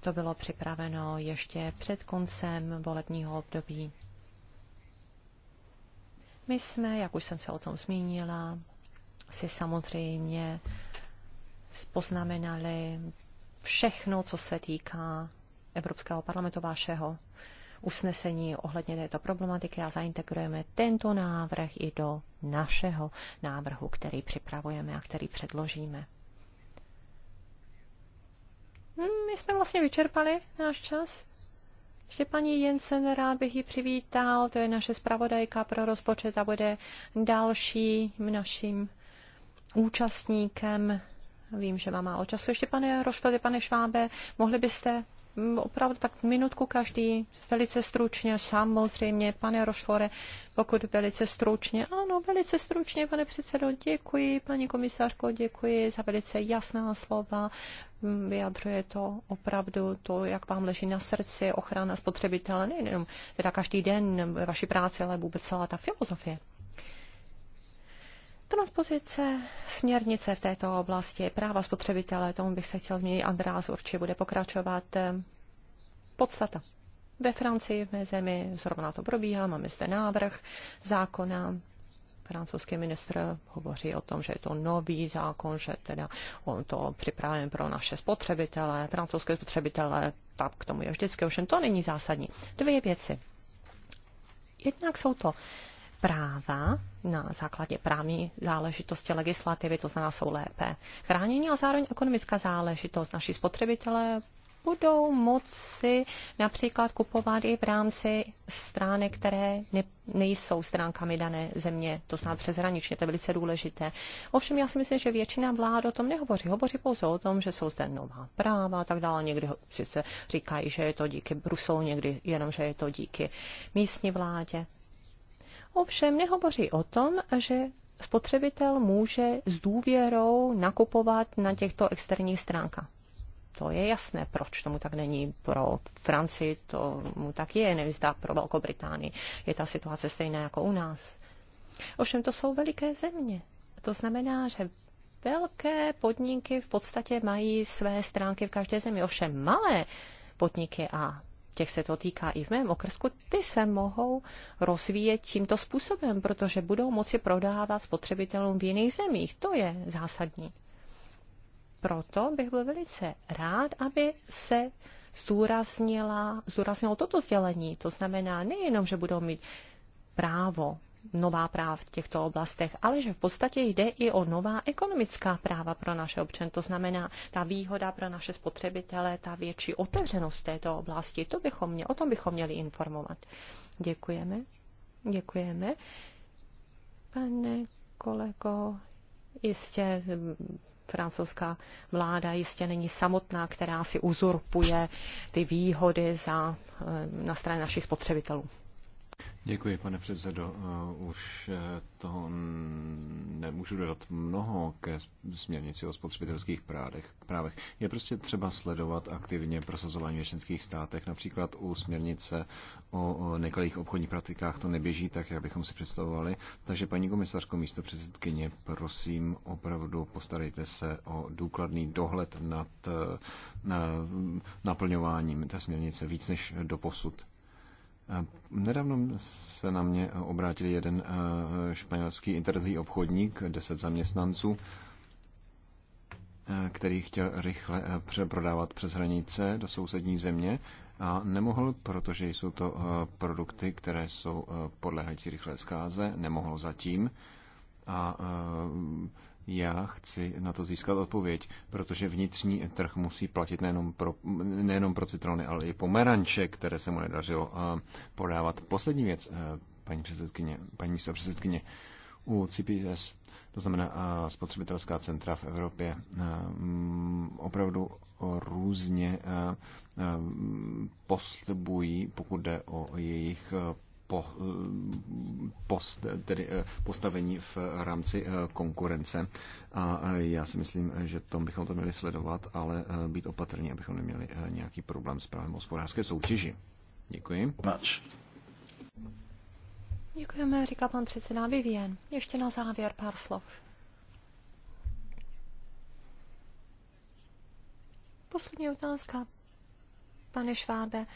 to bylo připraveno ještě před koncem volebního období. My jsme, jak už jsem se o tom zmínila, si samozřejmě poznamenali všechno, co se týká Evropského parlamentu vašeho usnesení ohledně této problematiky a zaintegrujeme tento návrh i do našeho návrhu, který připravujeme a který předložíme. Hmm, my jsme vlastně vyčerpali náš čas. Ještě paní Jensen, rád bych ji přivítal, to je naše zpravodajka pro rozpočet a bude dalším naším účastníkem Vím, že mám málo času. Ještě, pane Rošfelde, pane Švábe, mohli byste mm, opravdu tak minutku každý, velice stručně, samozřejmě, pane Rošfore, pokud velice stručně, ano, velice stručně, pane předsedo, děkuji, paní komisařko, děkuji za velice jasná slova, mm, vyjadřuje to opravdu to, jak vám leží na srdci ochrana spotřebitele, nejenom teda každý den vaší práce, ale vůbec celá ta filozofie. Transpozice směrnice v této oblasti, práva spotřebitele, tomu bych se chtěl změnit, András určitě bude pokračovat. Podstata. Ve Francii, v mé zemi, zrovna to probíhá, máme zde návrh zákona, francouzský ministr hovoří o tom, že je to nový zákon, že teda on to připravuje pro naše spotřebitele, francouzské spotřebitele, tak k tomu je vždycky, ovšem to není zásadní. Dvě věci. Jednak jsou to práva na základě právní záležitosti legislativy, to znamená jsou lépe chráněni a zároveň ekonomická záležitost. Naši spotřebitelé budou moci například kupovat i v rámci stránek, které ne, nejsou stránkami dané země, to znamená přeshraničně, to je velice důležité. Ovšem já si myslím, že většina vlád o tom nehovoří. Hovoří pouze o tom, že jsou zde nová práva a tak dále. Někdy sice říkají, že je to díky Bruselu, někdy jenom, že je to díky místní vládě ovšem nehovoří o tom, že spotřebitel může s důvěrou nakupovat na těchto externích stránkách. To je jasné, proč tomu tak není pro Francii, tomu tak je, nevzdá pro Velkou Británii. Je ta situace stejná jako u nás. Ovšem to jsou veliké země. To znamená, že velké podniky v podstatě mají své stránky v každé zemi. Ovšem malé podniky a těch se to týká i v mém okrsku, ty se mohou rozvíjet tímto způsobem, protože budou moci prodávat spotřebitelům v jiných zemích. To je zásadní. Proto bych byl velice rád, aby se zdůraznila, zdůraznilo toto sdělení. To znamená nejenom, že budou mít právo nová práva v těchto oblastech, ale že v podstatě jde i o nová ekonomická práva pro naše občany. To znamená, ta výhoda pro naše spotřebitele, ta větší otevřenost této oblasti, to bychom mě, o tom bychom měli informovat. Děkujeme. Děkujeme. Pane kolego, jistě hm, francouzská vláda jistě není samotná, která si uzurpuje ty výhody za, hm, na straně našich spotřebitelů. Děkuji, pane předsedo. Eh, už eh, to nemůžu dodat mnoho ke směrnici o spotřebitelských právech. Je prostě třeba sledovat aktivně prosazování ve členských státech. Například u směrnice o nekalých obchodních praktikách to neběží tak, jak bychom si představovali. Takže paní komisařko, místo předsedkyně, prosím, opravdu postarejte se o důkladný dohled nad eh, na, naplňováním té směrnice víc než do posud. Nedávno se na mě obrátil jeden eh, španělský internetový obchodník, 10 zaměstnanců, eh, který chtěl rychle eh, přeprodávat přes hranice do sousední země a nemohl, protože jsou to produkty, které jsou podléhající rychlé zkáze, nemohl zatím a já chci na to získat odpověď, protože vnitřní trh musí platit nejenom pro, nejenom pro citrony, ale i pomeranče, které se mu nedařilo eh, podávat. Poslední věc, eh, paní předsedkyně, paní místo předsedkyně, u CPS, to znamená eh, spotřebitelská centra v Evropě, mm, opravdu různě postupují, pokud jde o jejich po, post, tedy eh, postavení v rámci eh, konkurence. A eh, já si myslím, že tom bychom to měli sledovat, ale být opatrní, abychom neměli nějaký problém s právem hospodářské soutěži. Děkuji. Much. Děkujeme, říká pan předseda Vivien. Ještě na závěr pár slov. Poslední otázka, pane Švábe.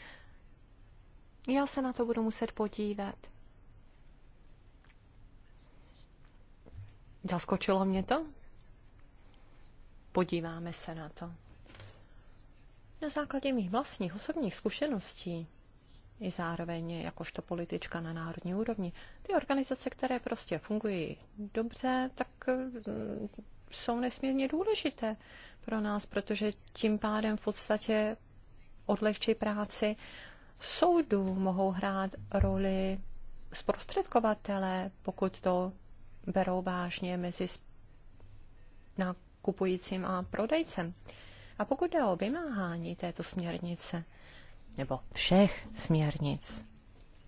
Já se na to budu muset podívat. Zaskočilo mě to? Podíváme se na to. Na základě mých vlastních osobních zkušeností i zároveň jakožto politička na národní úrovni. Ty organizace, které prostě fungují dobře, tak mm, jsou nesmírně důležité pro nás, protože tím pádem v podstatě odlehčí práci soudů mohou hrát roli zprostředkovatele, pokud to berou vážně mezi nakupujícím a prodejcem. A pokud jde o vymáhání této směrnice, nebo všech směrnic,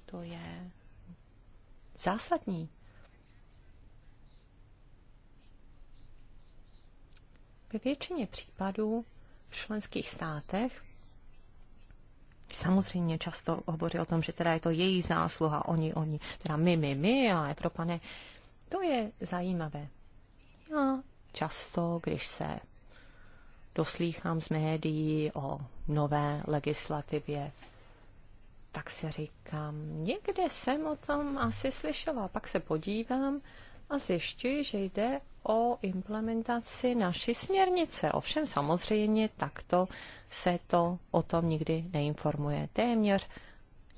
to je zásadní. Ve většině případů v členských státech samozřejmě často hovoří o tom, že teda je to její zásluha, oni, oni, teda my, my, my a Evropané. To je zajímavé. Já často, když se doslýchám z médií o nové legislativě, tak si říkám, někde jsem o tom asi slyšela. Pak se podívám a zjišťuji, že jde o implementaci naší směrnice. Ovšem samozřejmě takto se to o tom nikdy neinformuje. Téměř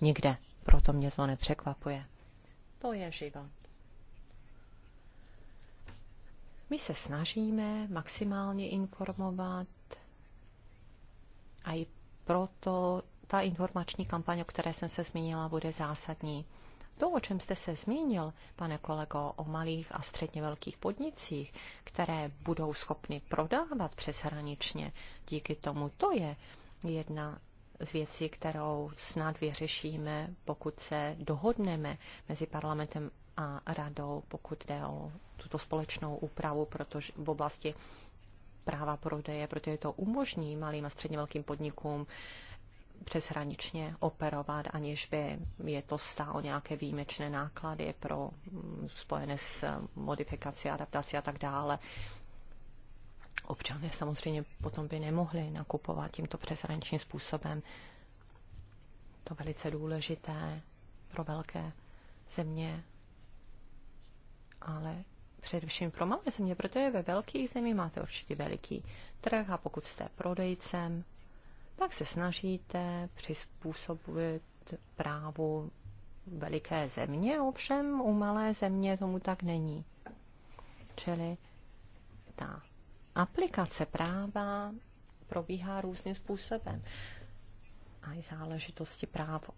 nikde. Proto mě to nepřekvapuje. To je život. My se snažíme maximálně informovat a i proto ta informační kampaň, o které jsem se zmínila, bude zásadní. To, o čem jste se zmínil, pane kolego, o malých a středně velkých podnicích, které budou schopny prodávat přeshraničně díky tomu, to je jedna z věcí, kterou snad vyřešíme, pokud se dohodneme mezi parlamentem a radou, pokud jde o tuto společnou úpravu protože v oblasti práva prodeje, protože to umožní malým a středně velkým podnikům přeshraničně operovat, aniž by je to stálo nějaké výjimečné náklady pro mm, spojené s eh, modifikací, adaptací a tak dále. Občané samozřejmě potom by nemohli nakupovat tímto přeshraničním způsobem. To velice důležité pro velké země, ale především pro malé země, protože ve velkých zemích máte určitě veliký trh a pokud jste prodejcem, pak se snažíte přizpůsobit právu veliké země, ovšem u malé země tomu tak není. Čili ta aplikace práva probíhá různým způsobem. A i záležitosti práv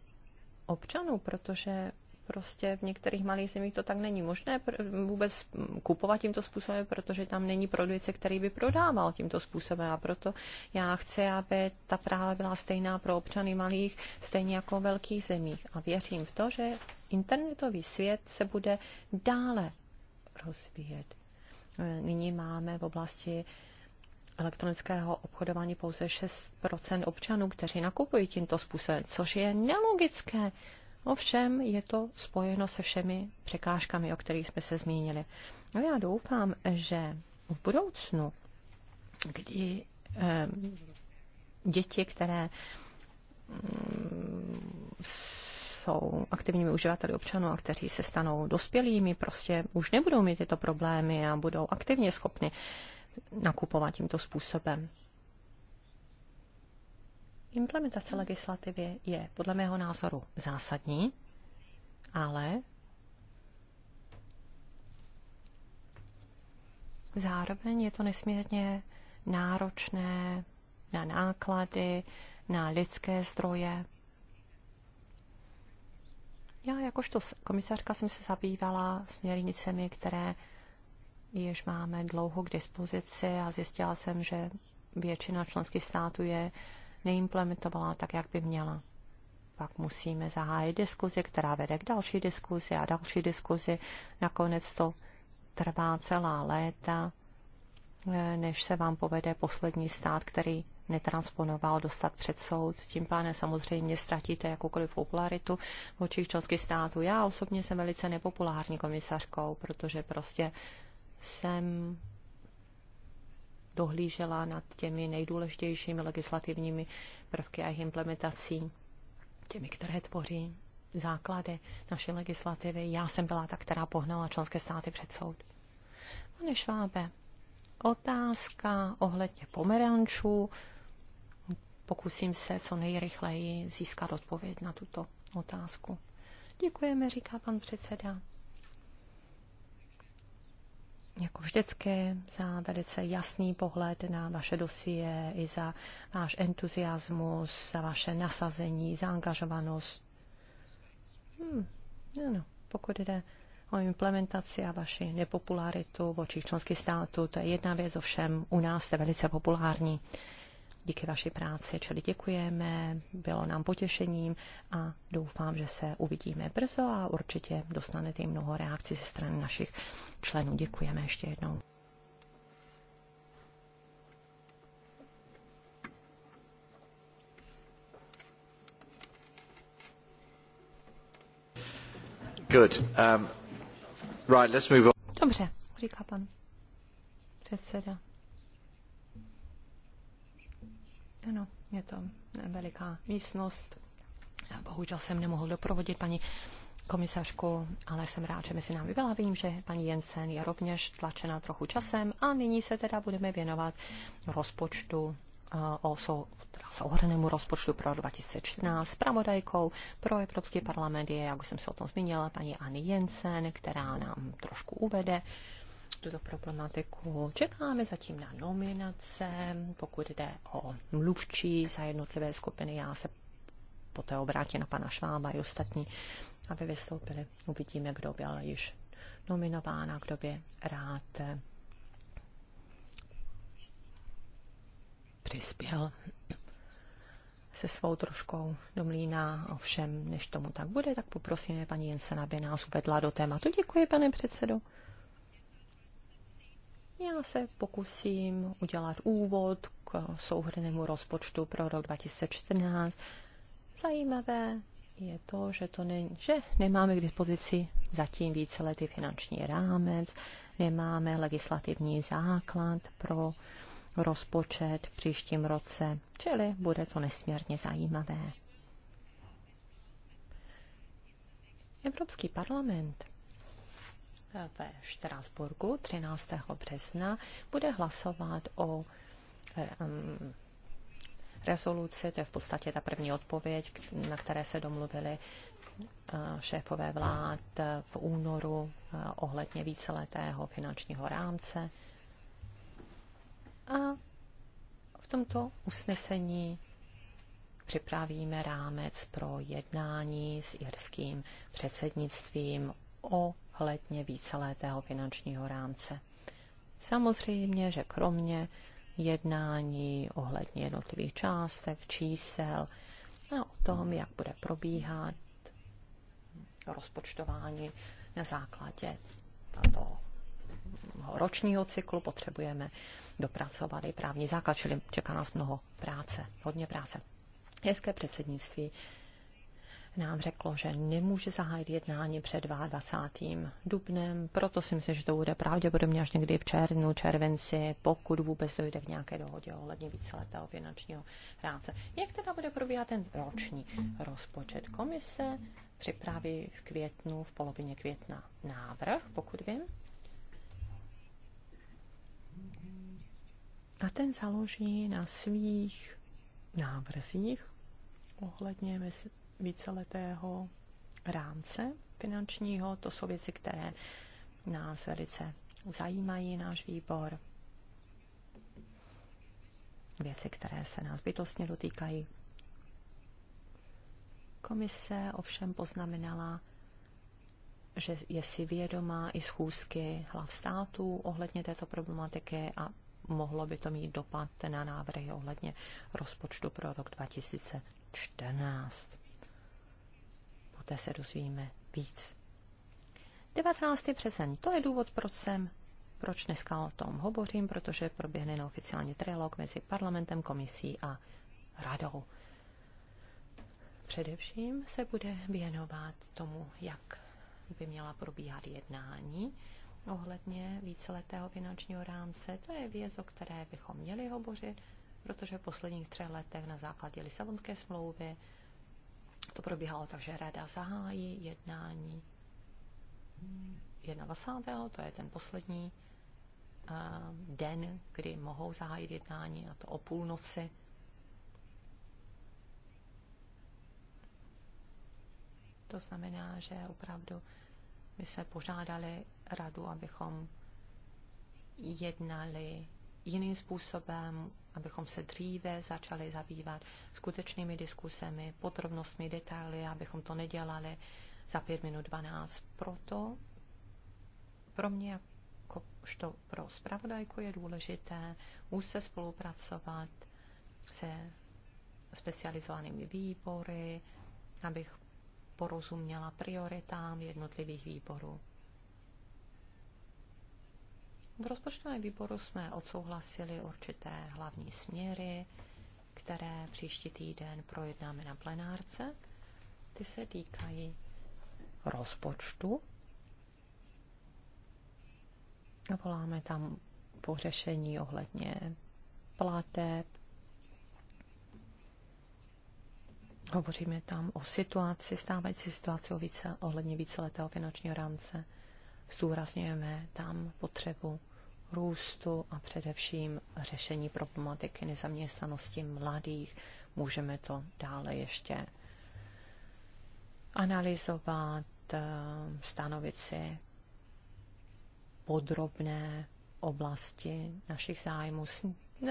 občanů, protože Prostě v některých malých zemích to tak není možné vůbec kupovat tímto způsobem, protože tam není prodejce, který by prodával tímto způsobem. A proto já chci, aby ta práva byla stejná pro občany malých, stejně jako velkých zemích. A věřím v to, že internetový svět se bude dále rozvíjet. Nyní máme v oblasti elektronického obchodování pouze 6 občanů, kteří nakupují tímto způsobem, což je nelogické. Ovšem je to spojeno se všemi překážkami, o kterých jsme se zmínili. No já doufám, že v budoucnu, kdy eh, děti, které mm, jsou aktivními uživateli občanů a kteří se stanou dospělými, prostě už nebudou mít tyto problémy a budou aktivně schopni nakupovat tímto způsobem. Implementace legislativy je podle mého názoru zásadní, ale zároveň je to nesmírně náročné na náklady, na lidské zdroje. Já jakožto komisařka jsem se zabývala směrnicemi, které již máme dlouho k dispozici a zjistila jsem, že většina členských států je neimplementovala tak, jak by měla. Pak musíme zahájit diskuzi, která vede k další diskuzi a další diskuzi. Nakonec to trvá celá léta, eh, než se vám povede poslední stát, který netransponoval, dostat před soud. Tím pádem samozřejmě ztratíte jakoukoliv popularitu v očích členských států. Já osobně jsem velice nepopulární komisařkou, protože prostě jsem dohlížela nad těmi nejdůležitějšími legislativními prvky a jejich implementací, těmi, které tvoří základy naší legislativy. Já jsem byla ta, která pohnala členské státy před soud. Pane Švábe, otázka ohledně pomerančů. Pokusím se co nejrychleji získat odpověď na tuto otázku. Děkujeme, říká pan předseda jako vždycky, za velice jasný pohled na vaše dosie i za váš entuziasmus, za vaše nasazení, angažovanost. Hmm, ano, pokud jde o implementaci a vaši nepopularitu v očích členských států, to je jedna věc, ovšem u nás jste velice populární díky vaší práci, čili děkujeme, bylo nám potěšením a doufám, že se uvidíme brzo a určitě dostanete i mnoho reakcí ze strany našich členů. Děkujeme ještě jednou. Good. Um, right, let's move on. Dobře, říká pan předseda. Ano, je to veliká místnost. Bohužel jsem nemohl doprovodit paní komisařku, ale jsem rád, že mezi námi byla. Vím, že paní Jensen je rovněž tlačena trochu časem a nyní se teda budeme věnovat rozpočtu eh, o sou, souhrnému rozpočtu pro 2014 s pravodajkou pro Evropský parlament je, jak už jsem se o tom zmínila, paní Ani Jensen, která nám trošku uvede uh, tuto problematiku. Čekáme zatím na nominace, pokud jde o mluvčí za jednotlivé skupiny. Já se poté obrátím na pana Švába i ostatní, aby vystoupili. Uvidíme, kdo byl již nominován a kdo by rád eh, přispěl se svou troškou do mlína. Ovšem, než tomu tak bude, tak poprosíme paní Jensen, aby nás uvedla do tématu. Děkuji, pane předsedo. Já se pokusím udělat úvod k souhrnému rozpočtu pro rok 2014. Zajímavé je to, že, to ne, že nemáme k dispozici zatím víceletý finanční rámec, nemáme legislativní základ pro rozpočet v příštím roce, čili bude to nesmírně zajímavé. Evropský parlament ve Štrásburgu 13. března bude hlasovat o rezoluci, to je v podstatě ta první odpověď, na které se domluvili eh, šéfové vlád eh, v únoru eh, ohledně víceletého finančního rámce. A v tomto usnesení připravíme rámec pro jednání s irským předsednictvím o ohledně víceletého finančního rámce. Samozřejmě, že kromě jednání ohledně jednotlivých částek, čísel a o tom, jak bude probíhat rozpočtování na základě toho ročního cyklu potřebujeme dopracovat i právní základ, čili čeká nás mnoho práce, hodně práce. Hezké předsednictví nám řeklo, že nemůže zahájit jednání před 22. dubnem, proto si myslím, že to bude pravděpodobně až někdy v červnu, červenci, pokud vůbec dojde k nějaké dohodě ohledně víceletého finančního rámce. Jak teda bude probíhat ten roční rozpočet komise? Připraví v květnu, v polovině května návrh, pokud vím. A ten založí na svých návrzích ohledně víceletého rámce finančního. To jsou věci, které nás velice zajímají, náš výbor. Věci, které se nás bytostně dotýkají. Komise ovšem poznamenala, že je si vědomá i schůzky hlav států ohledně této problematiky a mohlo by to mít dopad na návrhy ohledně rozpočtu pro rok 2014 poté se dozvíme víc. 19. přesen, to je důvod, proč jsem proč dneska o tom hovořím, protože proběhne neoficiální trialog mezi parlamentem, komisí a radou. Především se bude věnovat tomu, jak by měla probíhat jednání ohledně víceletého finančního rámce. To je věc, o které bychom měli hovořit, protože v posledních třech letech na základě Lisabonské smlouvy to probíhalo tak, že rada zahájí jednání 21. to je ten poslední eh, den, kdy mohou zahájit jednání, a to o půlnoci. To znamená, že opravdu my jsme požádali radu, abychom jednali jiným způsobem, abychom se dříve začali zabývat skutečnými diskusemi, podrobnostmi, detaily, abychom to nedělali za pět minut 12. Proto pro mě jakožto pro zpravodajku je důležité úzce spolupracovat se specializovanými výbory, abych porozuměla prioritám jednotlivých výborů. V rozpočtovém výboru jsme odsouhlasili určité hlavní směry, které příští týden projednáme na plenárce. Ty se týkají rozpočtu. voláme tam pořešení ohledně plateb. Hovoříme tam o situaci, stávající situaci o více, ohledně víceletého finančního rámce zdůrazňujeme tam potřebu růstu a především řešení problematiky nezaměstnanosti mladých. Můžeme to dále ještě analyzovat, eh, stanovit si podrobné oblasti našich zájmů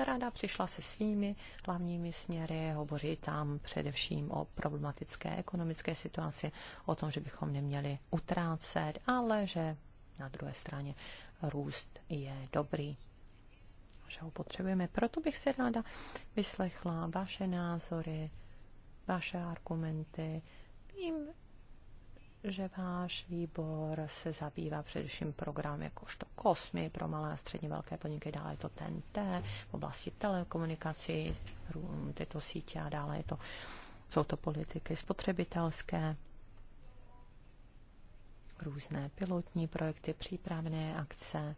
Rada přišla se svými hlavními směry, hovoří tam především o problematické ekonomické situaci, o tom, že bychom neměli utrácet, ale že na druhé straně růst je dobrý že ho potřebujeme. Proto bych si ráda vyslechla vaše názory, vaše argumenty. Vím, že váš výbor se zabývá především program jakožto kosmy pro malé a středně velké podniky, dále je to TNT v oblasti telekomunikací, tyto sítě a dále je to, jsou to politiky spotřebitelské, různé pilotní projekty, přípravné akce.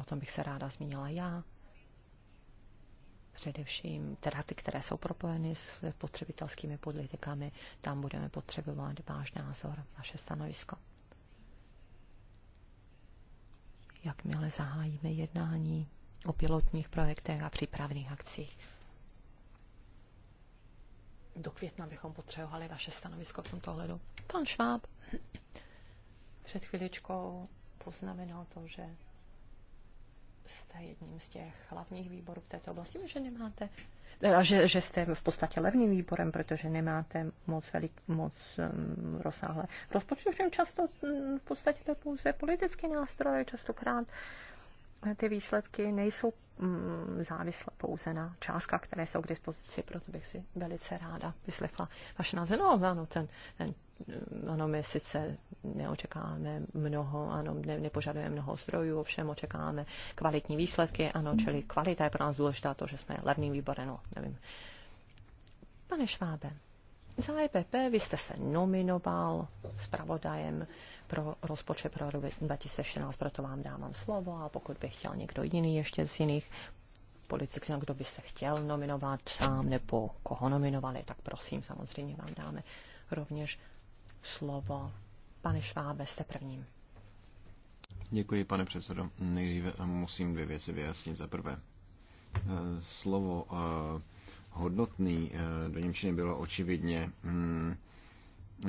O tom bych se ráda zmínila já především teda ty, které jsou propojeny s potřebitelskými politikami, tam budeme potřebovat váš názor, vaše stanovisko. Jakmile zahájíme jednání o pilotních projektech a přípravných akcích, do května bychom potřebovali vaše stanovisko v tomto hledu. Pan Šváb před chviličkou poznamenal to, že jste jedním z těch hlavních výborů v této oblasti, že nemáte že, že jste v podstatě levným výborem, protože nemáte moc, velik, moc um, rozsáhlé rozpočty. Často hm, v podstatě to je pouze politický nástroj, častokrát uh, ty výsledky nejsou mm, závislé pouze na částka, které jsou k dispozici, proto bych si velice ráda vyslechla vaše názor. No, ano, ten, ten, mm, ano, my sice neočekáváme mnoho, ano, ne, nepožadujeme mnoho zdrojů, ovšem očekáváme kvalitní výsledky, ano, čili kvalita je pro nás důležitá, to, že jsme levný výborem, no, nevím. Pane Švábe, za EPP vy jste se nominoval zpravodajem pro rozpočet pro rok proto vám dávám slovo a pokud by chtěl někdo jiný ještě z jiných politik, no, kdo by se chtěl nominovat sám nebo koho nominovali, tak prosím, samozřejmě vám dáme rovněž slovo. Pane Švábe, jste prvním. Děkuji, pane předsedo. Nejdříve musím dvě věci vyjasnit. Za prvé, eh, slovo eh, hodnotný. Eh, do Němčiny bylo očividně hm,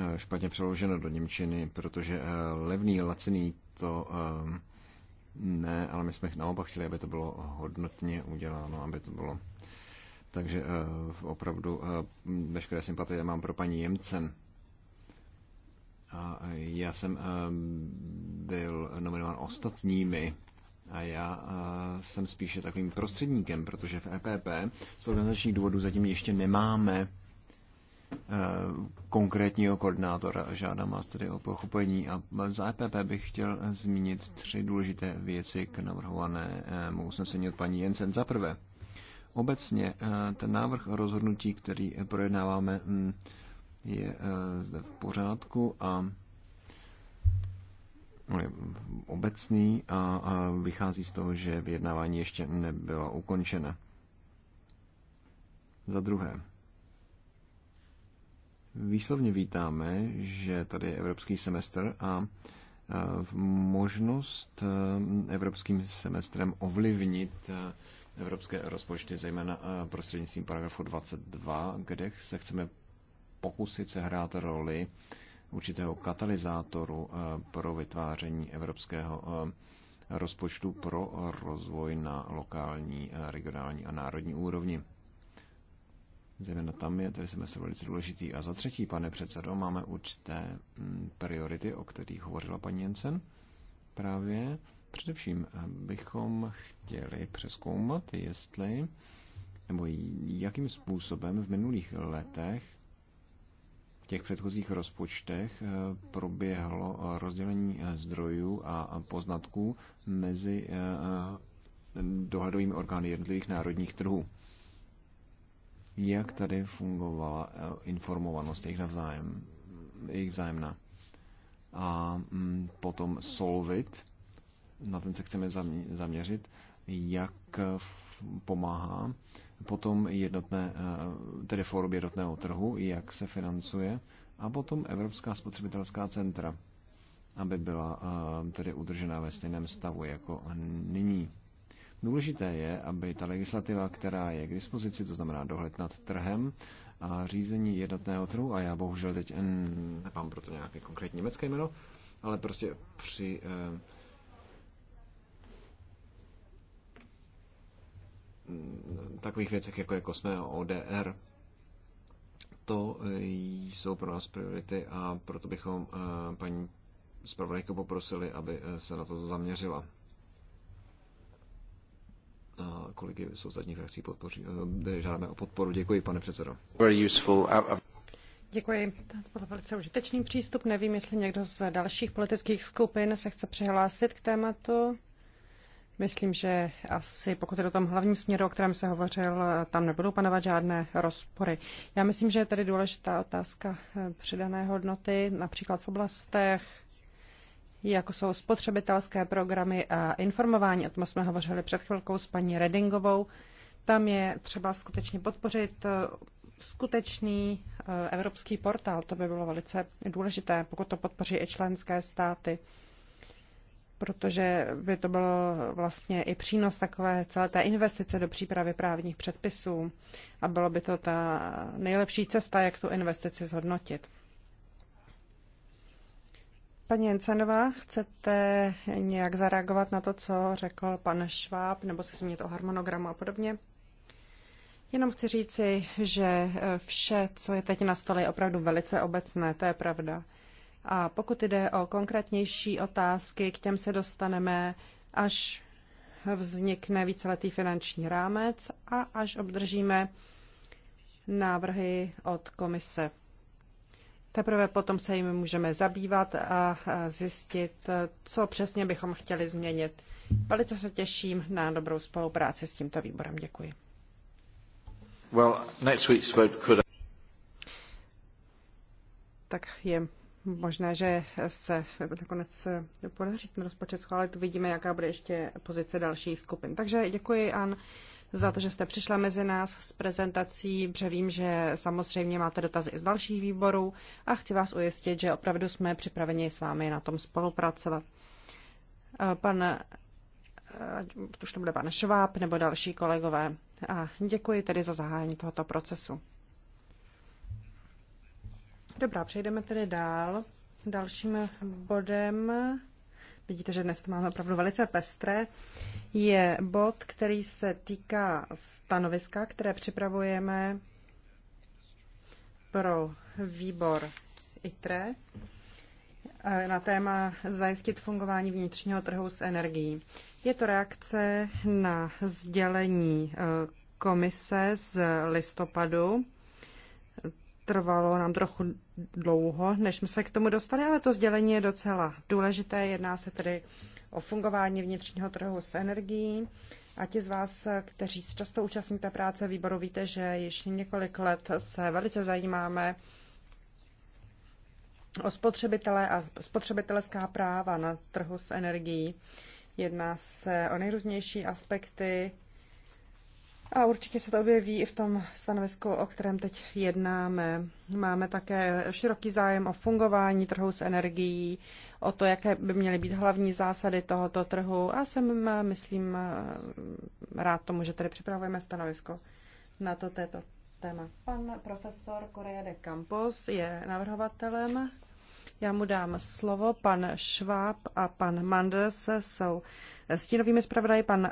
eh, špatně přeloženo do Němčiny, protože eh, levný, laciný to ne, ale my jsme naopak chtěli, aby to bylo hodnotně uděláno, aby to bylo. Takže opravdu veškeré sympatie mám pro paní Jemcen. A já jsem byl nominován ostatními a já jsem spíše takovým prostředníkem, protože v EPP z organizačních důvodů zatím ještě nemáme e, konkrétního koordinátora. Žádám vás tedy o pochopení. A za EPP bych chtěl zmínit tři důležité věci k navrhovanému usnesení od paní Jensen. Za prvé, obecně e, ten návrh rozhodnutí, který projednáváme, mm, je e, zde v pořádku a obecný a vychází z toho, že vyjednávání ještě nebylo ukončeno. Za druhé, výslovně vítáme, že tady je evropský semestr a možnost evropským semestrem ovlivnit evropské rozpočty, zejména prostřednictvím paragrafu 22, kde se chceme pokusit sehrát roli určitého katalyzátoru eh, pro vytváření evropského eh, rozpočtu pro rozvoj na lokální, eh, regionální a národní úrovni. Zejména tam je tedy se velice důležitý. A za třetí, pane předsedo, máme určité hm, priority, o kterých hovořila paní Jensen. Právě především bychom chtěli přeskoumat, jestli nebo jakým způsobem v minulých letech těch předchozích rozpočtech eh, proběhlo eh, rozdělení eh, zdrojů a poznatků mezi dohledovými orgány jednotlivých národních trhů. Jak tady fungovala informovanost jejich navzájem, jejich vzájemná? A mm, potom Solvit, na ten se chceme zaměřit, jak pomáhá potom jednotné, eh, tedy fórum jednotného trhu, jak se financuje, a potom Evropská spotřebitelská centra, aby byla eh, tedy udržená ve stejném stavu jako nyní. Důležité je, aby ta legislativa, která je k dispozici, to znamená dohled nad trhem a řízení jednotného trhu, a já bohužel teď nemám proto nějaké konkrétní německé jméno, ale prostě při eh, takových věcech, jako je Kosme a ODR. To eh, jsou pro nás priority a proto bychom eh, paní zpravodajku poprosili, aby eh, se na to zaměřila. A kolik je sousadních frakcí podpoří, žádáme o podporu. Děkuji, pane předsedo. Děkuji. To byl velice užitečný přístup. Nevím, jestli někdo z dalších politických skupin se chce přihlásit k tématu. Myslím, že asi pokud je do tom hlavním směru, o kterém se hovořil, tam nebudou panovat žádné rozpory. Já myslím, že je tady důležitá otázka eh, přidané hodnoty, například v oblastech, jako jsou spotřebitelské programy a informování. O tom jsme hovořili před chvilkou s paní Redingovou. Tam je třeba skutečně podpořit eh, skutečný eh, evropský portál. To by bylo velice důležité, pokud to podpoří i členské státy protože by to bylo vlastně i přínos takové celé té investice do přípravy právních předpisů a bylo by to ta nejlepší cesta, jak tu investici zhodnotit. Paní Jensenová, chcete nějak zareagovat na to, co řekl pan Šváb, nebo se zmínit o harmonogramu a podobně? Jenom chci říci, že vše, co je teď na stole, je opravdu velice obecné, to je pravda. A pokud jde o konkrétnější otázky, k těm se dostaneme, až vznikne víceletý finanční rámec a až obdržíme návrhy od komise. Teprve potom se jim můžeme zabývat a zjistit, co přesně bychom chtěli změnit. Velice se těším na dobrou spolupráci s tímto výborem. Děkuji. Well, next week's vote could... Tak je Možná, že se nakonec podaří ten rozpočet schválit, uvidíme, jaká bude ještě pozice dalších skupin. Takže děkuji, An, za to, že jste přišla mezi nás s prezentací, protože vím, že samozřejmě máte dotazy i z dalších výborů a chci vás ujistit, že opravdu jsme připraveni s vámi na tom spolupracovat. Pan, ať už to bude pan Šváb nebo další kolegové. A děkuji tedy za zahájení tohoto procesu. Dobrá, přejdeme tedy dál. Dalším bodem, vidíte, že dnes to máme opravdu velice pestré, je bod, který se týká stanoviska, které připravujeme pro výbor ITRE eh, na téma zajistit fungování vnitřního trhu s energií. Je to reakce na sdělení eh, komise z listopadu Trvalo nám trochu dlouho, než jsme se k tomu dostali, ale to sdělení je docela důležité. Jedná se tedy o fungování vnitřního trhu s energií. A ti z vás, kteří často účastní té práce výboru, víte, že již několik let se velice zajímáme o spotřebitele a spotřebitelská práva na trhu s energií. Jedná se o nejrůznější aspekty a určitě se to objeví i v tom stanovisku, o kterém teď jednáme. Máme také široký zájem o fungování trhu s energií, o to, jaké by měly být hlavní zásady tohoto trhu. A jsem, myslím, rád tomu, že tady připravujeme stanovisko na to této téma. Pan profesor Korea de Campos je navrhovatelem já mu dám slovo. Pan Schwab a pan Manders jsou stínovými zpravodaji. Pan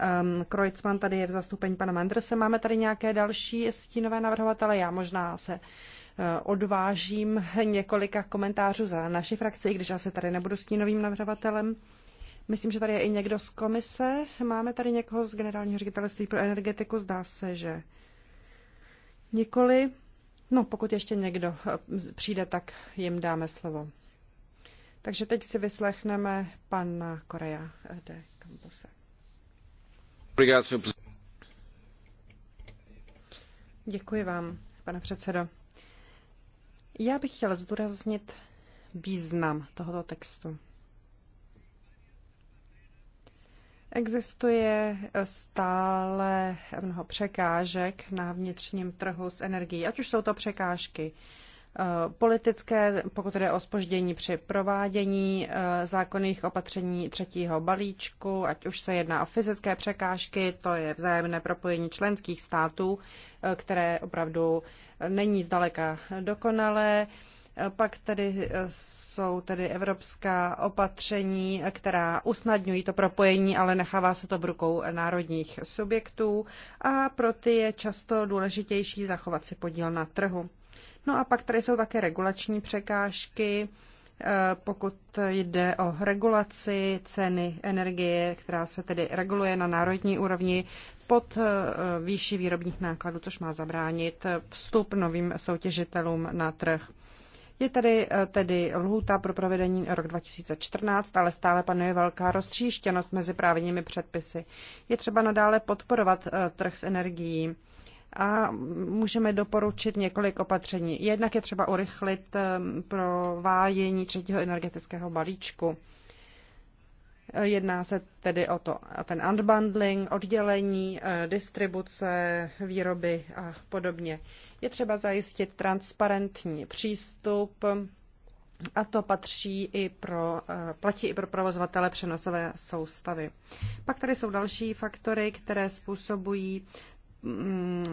um, tady je v zastoupení pana Manderse. Máme tady nějaké další stínové navrhovatele. Já možná se eh, odvážím několika komentářů za naši frakci, i když já se tady nebudu stínovým navrhovatelem. Myslím, že tady je i někdo z komise. Máme tady někoho z generálního ředitelství pro energetiku. Zdá se, že nikoli. No, pokud ještě někdo eh, přijde, tak jim dáme slovo. Takže teď si vyslechneme pana Korea de Campose. Děkuji vám, pane předsedo. Já bych chtěla zdůraznit význam tohoto textu. Existuje stále mnoho překážek na vnitřním trhu s energií, ať už jsou to překážky Eh, politické, pokud jde o spoždění při provádění eh, zákonných opatření třetího balíčku, ať už se jedná o fyzické překážky, to je vzájemné propojení členských států, eh, které opravdu není zdaleka dokonalé. Pak tedy jsou tedy evropská opatření, která usnadňují to propojení, ale nechává se to v rukou národních subjektů a pro ty je často důležitější zachovat si podíl na trhu. No a pak tady jsou také regulační překážky, eh, pokud jde o regulaci ceny energie, která se tedy reguluje na národní úrovni pod eh, výši výrobních nákladů, což má zabránit vstup novým soutěžitelům na trh. Je tady eh, tedy lhůta pro provedení rok 2014, ale stále panuje velká roztříštěnost mezi právními předpisy. Je třeba nadále podporovat trh s energií a můžeme doporučit několik opatření. Jednak je třeba urychlit ehm, provádění třetího energetického balíčku. Eh, jedná se tedy o to, a ten unbundling, oddělení, eh, distribuce, výroby a podobně. Je třeba zajistit transparentní přístup a to patří i pro, eh, platí i pro provozovatele přenosové soustavy. Pak tady jsou další faktory, které způsobují Mm,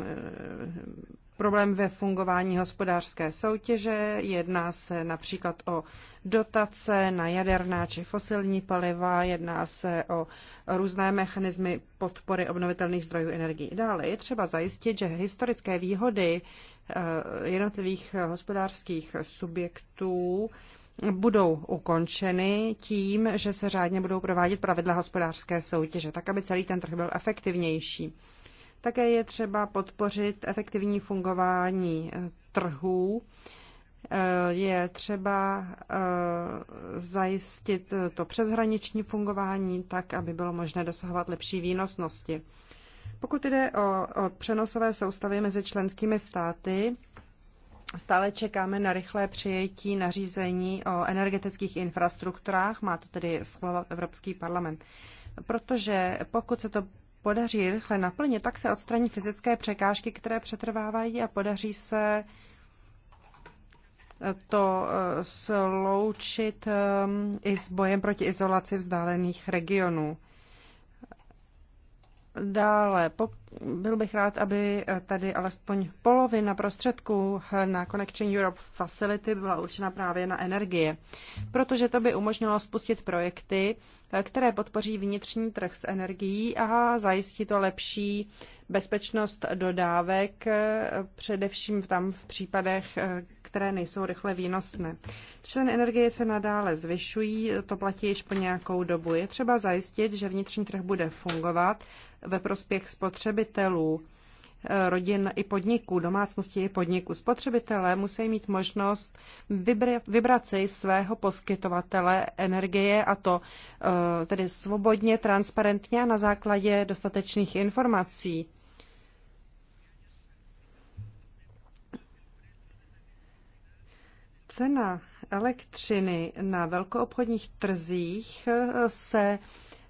problém ve fungování hospodářské soutěže. Jedná se například o dotace na jaderná či fosilní paliva, jedná se o různé mechanismy podpory obnovitelných zdrojů energii. Dále je třeba zajistit, že historické výhody eh, jednotlivých hospodářských subjektů budou ukončeny tím, že se řádně budou provádět pravidla hospodářské soutěže, tak aby celý ten trh byl efektivnější. Také je třeba podpořit efektivní fungování eh, trhů. Eh, je třeba eh, zajistit to přeshraniční fungování tak, aby bylo možné dosahovat lepší výnosnosti. Pokud jde o, o přenosové soustavy mezi členskými státy, Stále čekáme na rychlé přijetí nařízení o energetických infrastrukturách, má to tedy schvalovat Evropský parlament. Protože pokud se to podaří rychle naplnit, tak se odstraní fyzické překážky, které přetrvávají a podaří se eh, to eh, sloučit eh, i s bojem proti izolaci vzdálených regionů. Dále po, byl bych rád, aby eh, tady alespoň polovina prostředků eh, na Connection Europe Facility byla určena právě na energie, protože to by umožnilo spustit projekty, eh, které podpoří vnitřní trh s energií a zajistí to lepší bezpečnost dodávek, především tam v případech, které nejsou rychle výnosné. Členy energie se nadále zvyšují, to platí již po nějakou dobu. Je třeba zajistit, že vnitřní trh bude fungovat ve prospěch spotřebitelů, eh, rodin i podniků, domácnosti i podniků. Spotřebitelé musí mít možnost vybrat si svého poskytovatele energie a to eh, tedy svobodně, transparentně a na základě dostatečných informací. Cena elektřiny na velkoobchodních trzích eh, se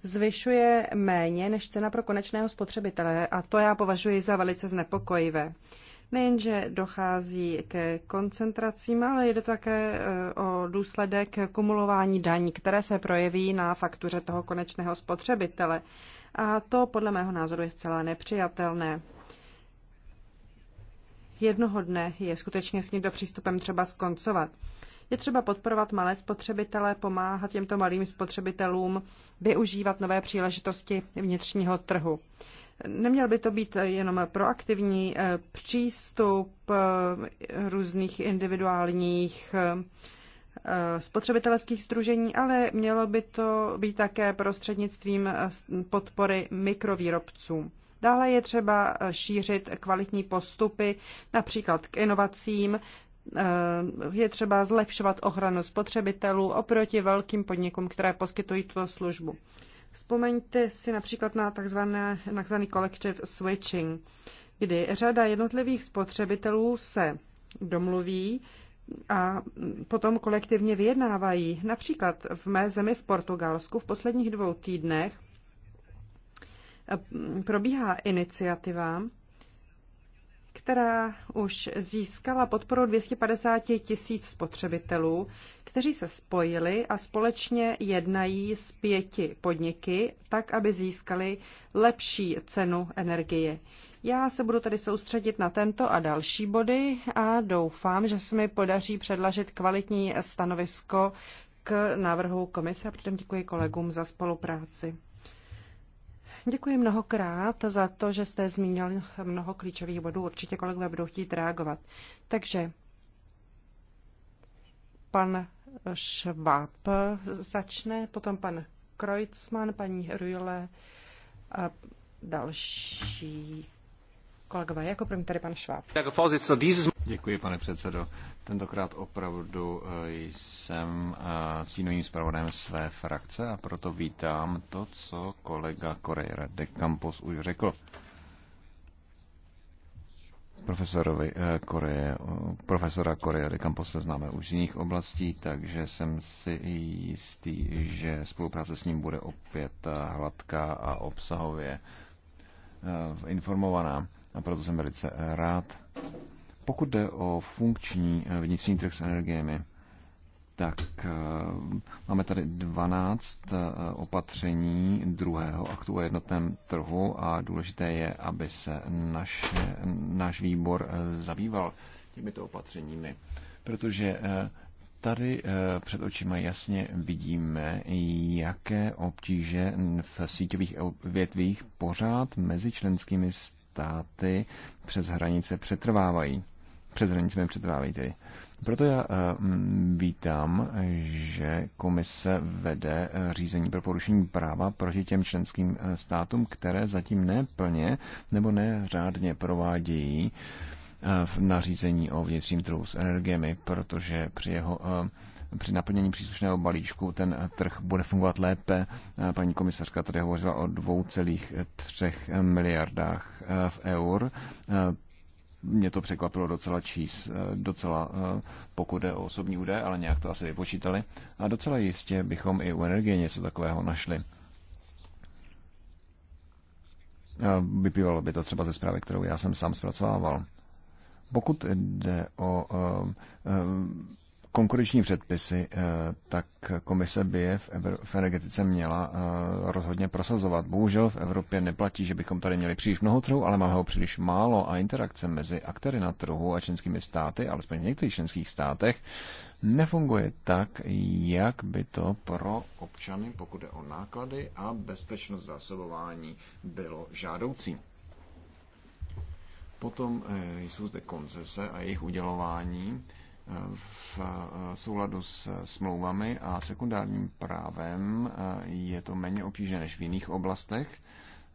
zvyšuje méně než cena pro konečného spotřebitele a to já považuji za velice znepokojivé. Nejenže dochází ke koncentracím, ale jde také eh, o důsledek kumulování daní, které se projeví na faktuře toho konečného spotřebitele. A to podle mého názoru je zcela nepřijatelné. Jednoho dne je skutečně s tímto přístupem třeba skoncovat. Je třeba podporovat malé spotřebitele, pomáhat těmto malým spotřebitelům využívat nové příležitosti vnitřního trhu. Neměl by to být jenom proaktivní eh, přístup eh, různých individuálních eh, spotřebitelských združení, ale mělo by to být také prostřednictvím podpory mikrovýrobců. Dále je třeba šířit kvalitní postupy, například k inovacím, Eh, je třeba zlepšovat ochranu spotřebitelů oproti velkým podnikům, které poskytují tuto službu. Vzpomeňte si například na takzvaný collective switching, kdy řada jednotlivých spotřebitelů se domluví a potom kolektivně vyjednávají. Například v mé zemi v Portugalsku v posledních dvou týdnech eh, probíhá iniciativa, která už získala podporu 250 tisíc spotřebitelů, kteří se spojili a společně jednají s pěti podniky, tak aby získali lepší cenu energie. Já se budu tady soustředit na tento a další body a doufám, že se mi podaří předlažit kvalitní stanovisko k návrhu komise a přitom děkuji kolegům za spolupráci. Děkuji mnohokrát za to, že jste zmínil mnoho klíčových bodů. Určitě kolegové budou chtít reagovat. Takže pan Schwab začne, potom pan Kreutzmann, paní Rujle a další kolegové. Jako první tady pan Šváb. Děkuji, pane předsedo. Tentokrát opravdu eh, jsem eh, sínovým zpravodajem své frakce a proto vítám to, co kolega Correira de Campos už řekl. Profesorovi Koreje, eh, profesora Koreje de Campos se známe už z jiných oblastí, takže jsem si jistý, že spolupráce s ním bude opět hladká a obsahově informovaná. A proto jsem velice rád, pokud jde o funkční eh, vnitřní trh s energiemi, tak eh, máme tady 12 eh, opatření druhého aktu o jednotném trhu a důležité je, aby se naš, náš výbor zabýval těmito opatřeními, protože tady před očima jasně vidíme, jaké obtíže v síťových e- větvích pořád mezi členskými státy přes hranice přetrvávají před hranicemi přetrávají tedy. Proto já eh, vítám, že komise vede eh, řízení pro porušení práva proti těm členským eh, státům, které zatím neplně nebo neřádně provádějí v nařízení o vnitřním trhu s energiemi, protože při jeho při naplnění příslušného balíčku ten trh bude fungovat lépe. Paní komisařka tady hovořila o 2,3 miliardách v eur mě to překvapilo docela čís, eh, docela eh, pokud jde o osobní údaje, ale nějak to asi vypočítali. A docela jistě bychom i u energie něco takového našli. Vypívalo by to třeba ze zprávy, kterou já jsem sám zpracovával. Pokud jde o eh, konkurenční předpisy, eh, tak komise by je v, v energetice měla eh, rozhodně prosazovat. Bohužel v Evropě neplatí, že bychom tady měli příliš mnoho trhu, ale máme ho příliš málo a interakce mezi aktéry na trhu a členskými státy, alespoň v některých členských státech, nefunguje tak, jak by to pro občany, pokud je o náklady a bezpečnost zásobování, bylo žádoucí. Potom eh, jsou zde koncese a jejich udělování v eh, souladu s smlouvami a sekundárním právem eh, je to méně obtížné než v jiných oblastech,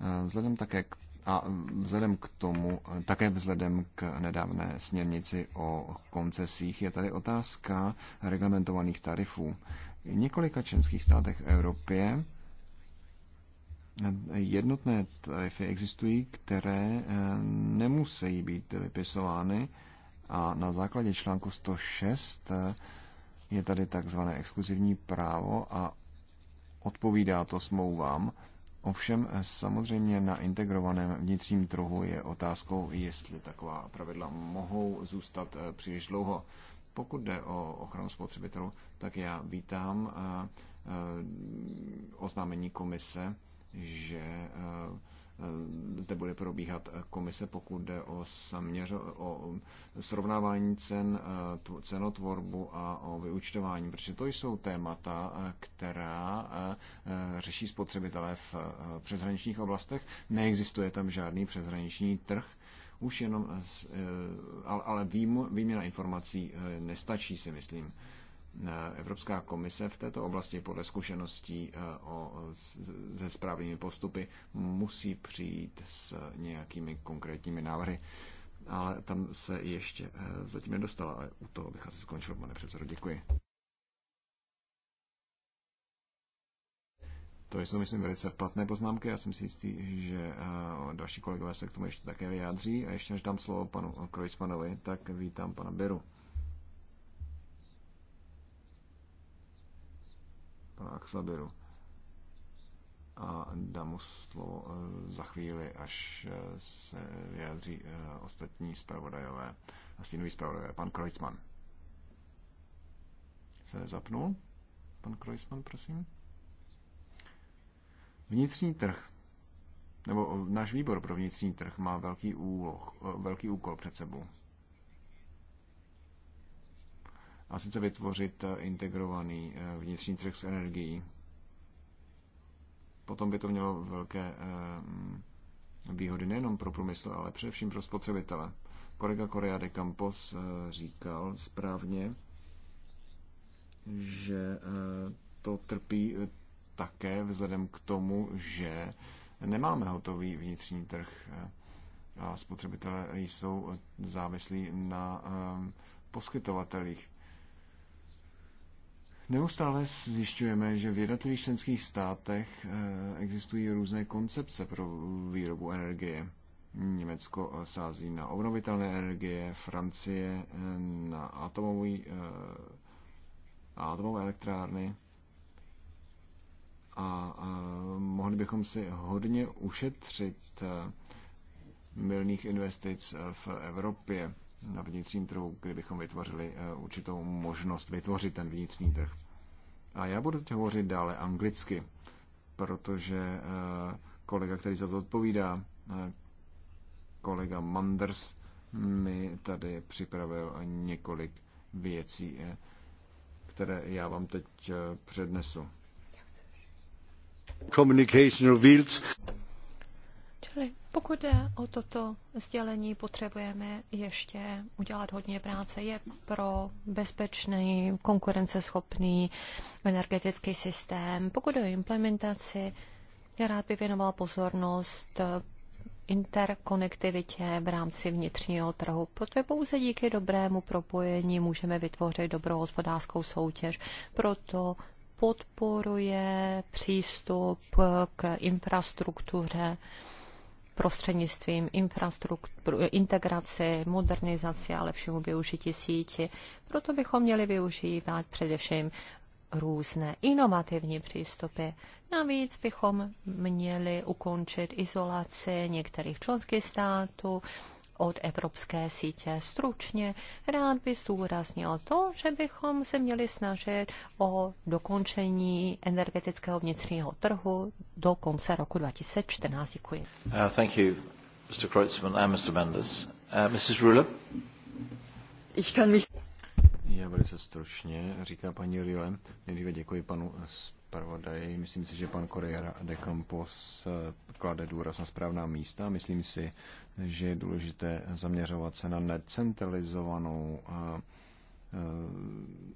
eh, vzhledem také k a vzhledem k tomu, také vzhledem k nedávné směrnici o koncesích, je tady otázka reglementovaných tarifů. V několika členských státech Evropě jednotné tarify existují, které nemusí být vypisovány a na základě článku 106 eh, je tady takzvané exkluzivní právo a odpovídá to smlouvám. Ovšem eh, samozřejmě na integrovaném vnitřním trhu je otázkou, jestli taková pravidla mohou zůstat eh, příliš dlouho. Pokud jde o ochranu spotřebitelů, tak já vítám oznámení komise, že Eh, zde bude probíhat eh, komise, pokud jde o, saměř, o srovnávání cen, eh, cenotvorbu a o vyučtování, protože to jsou témata, která řeší spotřebitelé v přeshraničních oblastech. Neexistuje tam žádný přeshraniční trh, už jenom, ale výměna informací nestačí, si myslím. Eh, Evropská komise v této oblasti podle zkušeností eh, o, se správnými postupy musí přijít s nějakými konkrétními návrhy. Ale tam se ještě eh, zatím nedostala. Ale u toho bych asi skončil, pane předsedo. Děkuji. To jsou, myslím, velice platné poznámky. Já jsem si jistý, že další kolegové se k tomu ještě také vyjádří. A ještě než dám slovo panu Krojcmanovi, tak vítám pana Beru. pana Axladeru. A dám mu slovo eh, za chvíli, až eh, se vyjádří eh, ostatní zpravodajové a stínový zpravodajové. Pan Kreuzmann. Se nezapnul? Pan Kreuzmann, prosím. Vnitřní trh nebo náš výbor pro vnitřní trh má velký, úloh, velký úkol před sebou. a sice vytvořit eh, integrovaný eh, vnitřní trh s energií. Potom by to mělo velké eh, mm, výhody nejenom pro průmysl, ale především pro spotřebitele. Kolega Korea de Campos říkal správně, že to trpí také vzhledem k tomu, že nemáme hotový vnitřní trh a spotřebitelé jsou závislí na poskytovatelích. Neustále zjišťujeme, že v jednotlivých členských státech eh, existují různé koncepce pro výrobu energie. Německo eh, sází na obnovitelné energie, Francie eh, na atomový, atomové elektrárny. A mohli bychom si hodně ušetřit milných investic v Evropě na vnitřním trhu, kdybychom vytvořili eh, určitou možnost vytvořit ten vnitřní trh. A já budu teď hovořit dále anglicky, protože eh, kolega, který za to odpovídá, eh, kolega Manders, mi tady připravil několik věcí, které já vám teď přednesu. Communication Čili pokud je o toto sdělení, potřebujeme ještě udělat hodně práce. Je pro bezpečný, konkurenceschopný energetický systém. Pokud je o implementaci, já rád bych věnovala pozornost interkonektivitě v rámci vnitřního trhu, protože pouze díky dobrému propojení můžeme vytvořit dobrou hospodářskou soutěž. Proto podporuje přístup k infrastruktuře prostřednictvím infrastruktur, integrace, modernizace a lepšího využití sítě. Proto bychom měli využívat především různé inovativní přístupy. Navíc bychom měli ukončit izolaci některých členských států, od Evropské sítě. Stručně rád bych zdůraznil to, že bychom se měli snažit o dokončení energetického vnitřního trhu do konce roku 2014. Děkuji. Uh, thank you, Mr. Kreutzmann and Mr. Mendes. Uh, Mrs. Ruler? Já velice stručně, říká paní Rilem. Nejdříve děkuji panu zpravodaj. Myslím si, že pan Correa de Campos eh, klade důraz na správná místa. Myslím si, že je důležité zaměřovat se na necentralizovanou eh, eh,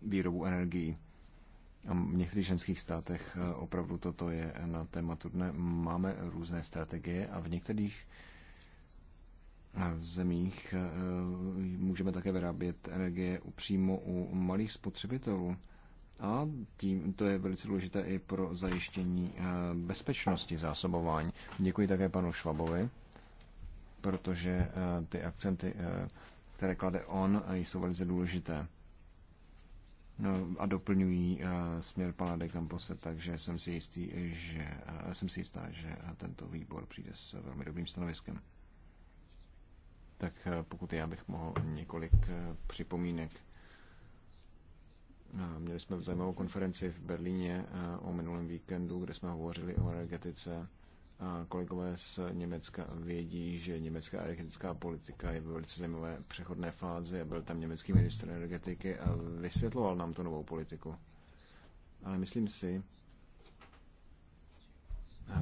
výrobu energií. v některých ženských státech opravdu toto je na tématu dne. Máme různé strategie a v některých zemích můžeme také vyrábět energie přímo u malých spotřebitelů. A tím to je velice důležité i pro zajištění eh, bezpečnosti zásobování. Děkuji také panu Švabovi, protože eh, ty akcenty, eh, které klade on, jsou velice důležité no, a doplňují směr pana de Campose, takže jsem si, jistý, že, jsem si jistá, že tento výbor přijde s velmi dobrým stanoviskem. Tak pokud já bych mohl několik připomínek Měli jsme zajímavou konferenci v Berlíně eh, o minulém víkendu, kde jsme hovořili o energetice. A kolegové z Německa vědí, že německá energetická politika je ve velice zajímavé přechodné fázi. Byl tam německý ministr energetiky a vysvětloval nám tu novou politiku. Ale myslím si, eh,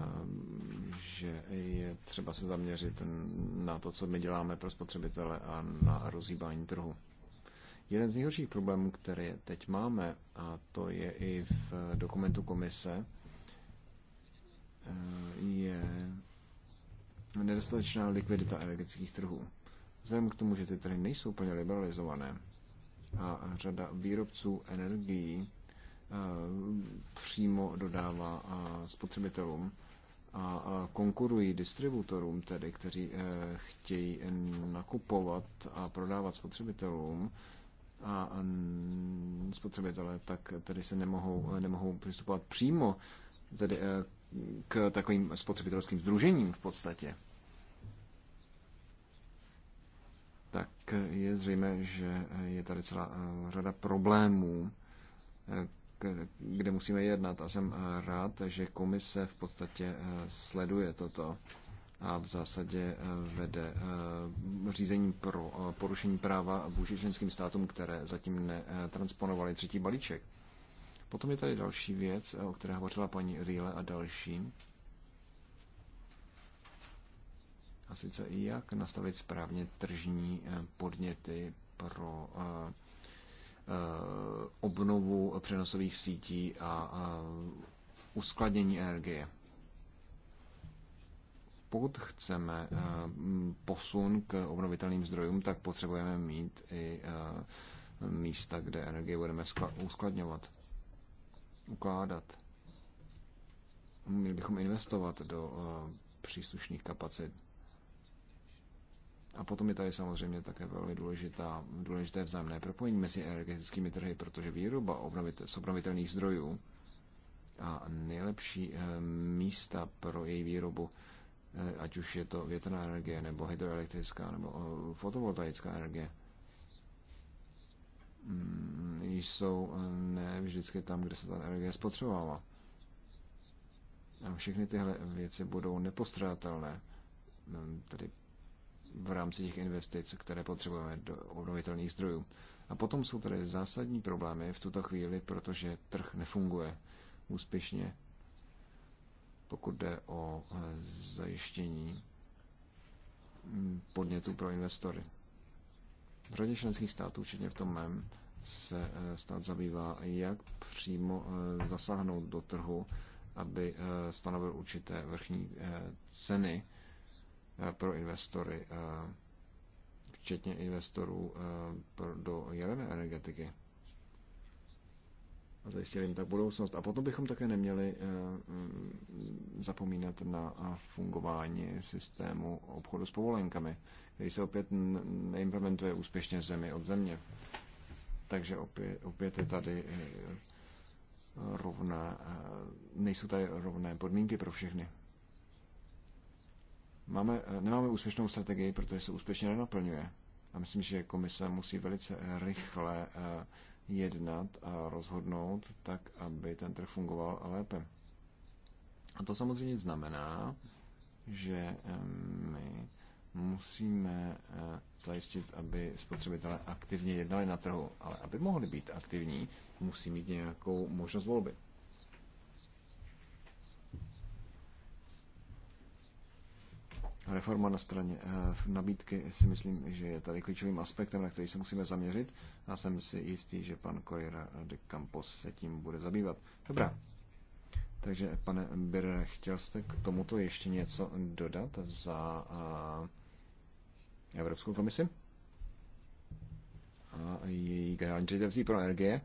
že je třeba se zaměřit na to, co my děláme pro spotřebitele a na rozhýbání trhu. Jeden z nejhorších problémů, který teď máme, a to je i v dokumentu komise, eh, je nedostatečná likvidita energetických trhů. Vzhledem k tomu, že ty trhy nejsou plně liberalizované a řada výrobců energií eh, přímo dodává eh, spotřebitelům a konkurují distributorům, tedy, kteří chtějí nakupovat a prodávat spotřebitelům a spotřebitelé, tak tedy se nemohou, nemohou přistupovat přímo tedy eh, k takovým spotřebitelským združením v podstatě. Tak je zřejmé, že je tady celá eh, řada problémů, eh, kde musíme jednat a jsem rád, že komise v podstatě sleduje toto a v zásadě eh, vede eh, řízení pro eh, porušení práva vůči členským státům, které zatím netransponovaly třetí balíček. Potom je tady další věc, o které hovořila paní Rýle a další. A sice i jak nastavit správně tržní podněty pro obnovu přenosových sítí a uskladnění energie pokud chceme eh, posun k obnovitelným zdrojům, tak potřebujeme mít i eh, místa, kde energie budeme uskladňovat, ukládat. Měli bychom investovat do eh, příslušných kapacit. A potom je tady samozřejmě také velmi důležitá, důležité vzájemné propojení mezi energetickými trhy, protože výroba z obnovitelných zdrojů a nejlepší místa pro její výrobu Eh, ať už je to větrná energie, nebo hydroelektrická, nebo eh, fotovoltaická energie, mm, jsou eh, ne vždycky tam, kde se ta energie spotřebovává. A všechny tyhle věci budou nepostradatelné, mm, tedy v rámci těch investic, které potřebujeme do obnovitelných zdrojů. A potom jsou tady zásadní problémy v tuto chvíli, protože trh nefunguje úspěšně pokud jde o eh, zajištění mm, podnětů pro investory. V řadě členských států, včetně v tom mém, se eh, stát zabývá, jak přímo eh, zasáhnout do trhu, aby stanovil určité vrchní ceny pro investory, včetně investorů do jaderné energetiky a zajistili jim tak budoucnost. A potom bychom také neměli eh, mm, zapomínat na eh, fungování systému obchodu s povolenkami, který se opět neimplementuje úspěšně zemi od země. Takže opět, opět je tady eh, rovná, nejsou tady rovné podmínky pro všechny. Máme, nemáme úspěšnou strategii, protože se úspěšně nenaplňuje. A myslím, že komise musí velice rychle jednat a rozhodnout tak, aby ten trh fungoval lépe. A to samozřejmě znamená, že my musíme eh, zajistit, aby spotřebitelé aktivně jednali na trhu. Ale aby mohli být aktivní, musí mít nějakou možnost volby. reforma na straně eh, nabídky si myslím, že je tady klíčovým aspektem, na který se musíme zaměřit a jsem si jistý, že pan Kojera de Campos se tím bude zabývat. Dobrá. Takže, pane Birre, chtěl jste k tomuto ještě něco dodat za eh, Evropskou komisi? A její generální ředitelství pro energie?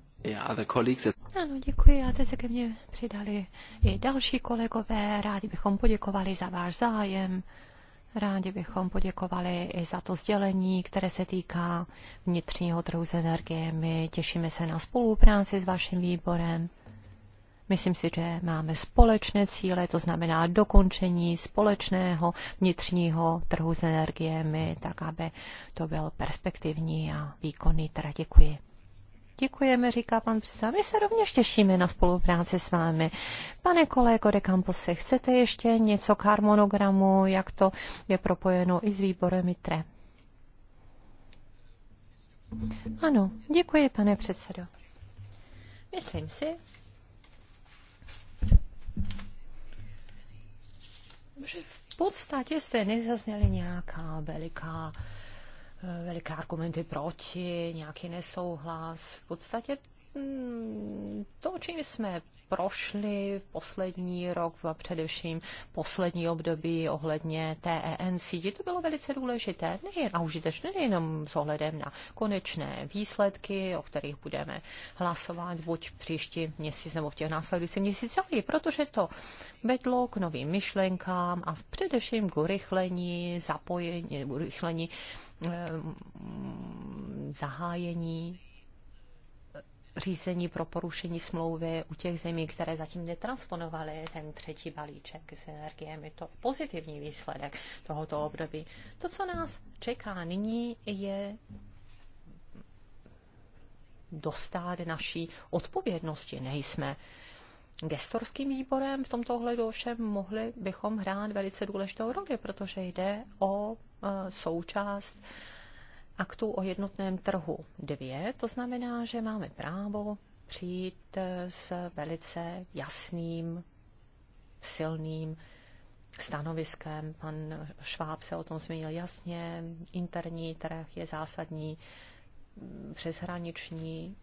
Ano, děkuji. A teď se ke mně přidali i další kolegové. Rádi bychom poděkovali za váš zájem Rádi bychom poděkovali i za to sdělení, které se týká vnitřního trhu s energiemi. Těšíme se na spolupráci s vaším výborem. Myslím si, že máme společné cíle, to znamená dokončení společného vnitřního trhu s energiemi, tak aby to byl perspektivní a výkonný. Teda děkuji. Děkujeme, říká pan předseda. My se rovněž těšíme na spolupráci s vámi. Pane kolego de Campose, chcete ještě něco k harmonogramu, jak to je propojeno i s výborem ITRE? Ano, děkuji, pane předsedo. Myslím si, že v podstatě jste nezazněli nějaká veliká veliké argumenty proti, nějaký nesouhlas. V podstatě mm, to, čím jsme prošli v poslední rok a především poslední období ohledně TEN síti. To bylo velice důležité nejen a užitečné nejenom s ohledem na konečné výsledky, o kterých budeme hlasovat buď příští měsíc nebo v těch následujících měsících, ale i protože to vedlo k novým myšlenkám a především k urychlení zapojení, urychlení eh, zahájení řízení pro porušení smlouvy u těch zemí, které zatím netransponovaly ten třetí balíček s energiemi. To je pozitivní výsledek tohoto období. To, co nás čeká nyní, je dostat naší odpovědnosti. Nejsme gestorským výborem v tomto ohledu ovšem mohli bychom hrát velice důležitou roli, protože jde o e, součást uh, aktů o jednotném trhu dvě, to znamená, že máme právo přijít eh, s velice jasným, silným stanoviskem. Pan Šváb se o tom zmínil jasně. Interní trh je zásadní, mm, přeshraniční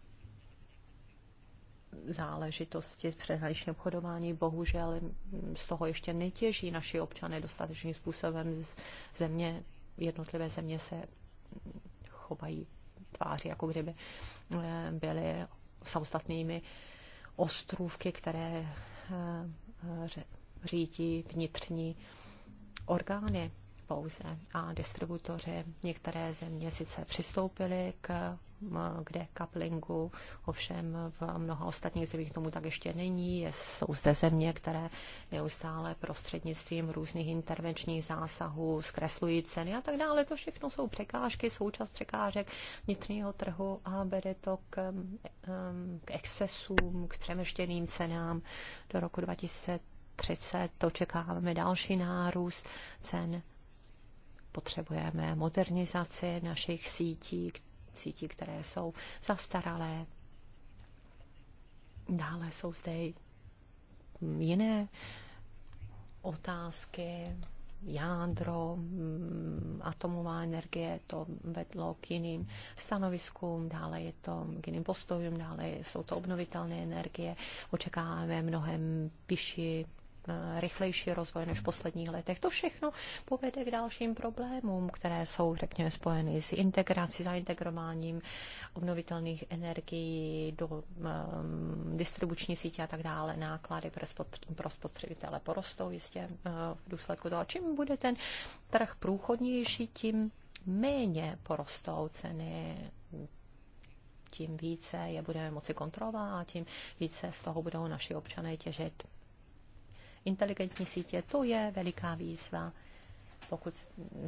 záležitosti z přeshraniční obchodování. Bohužel mm, z toho ještě netěží naši občané dostatečným způsobem. Země, jednotlivé země se chovají tváři, jako kdyby eh, byly samostatnými ostrůvky, které eh, řídí vnitřní orgány pouze a distributoři některé země sice přistoupili k kde kaplingu, ovšem v mnoha ostatních zemích tomu tak ještě není. Jsou zde země, které neustále prostřednictvím různých intervenčních zásahů zkreslují ceny a tak dále. To všechno jsou překážky, součas překážek vnitřního trhu a vede to k, k excesům, k přemeštěným cenám do roku 2030. To čekáme další nárůst cen potřebujeme modernizaci našich sítí, sítí, které jsou zastaralé. Dále jsou zde jiné otázky, jádro, mm, atomová energie, to vedlo k jiným stanoviskům, dále je to k jiným postojům, dále jsou to obnovitelné energie, očekáváme mnohem vyšší rychlejší rozvoj než v posledních letech. To všechno povede k dalším problémům, které jsou, řekněme, spojeny s integrací, zaintegrováním obnovitelných energií do um, distribuční sítě a tak dále. Náklady pro spotřebitele porostou jistě uh, v důsledku toho. Čím bude ten trh průchodnější, tím méně porostou ceny tím více je budeme moci kontrolovat a tím více z toho budou naši občané těžit inteligentní sítě, to je veliká výzva. Pokud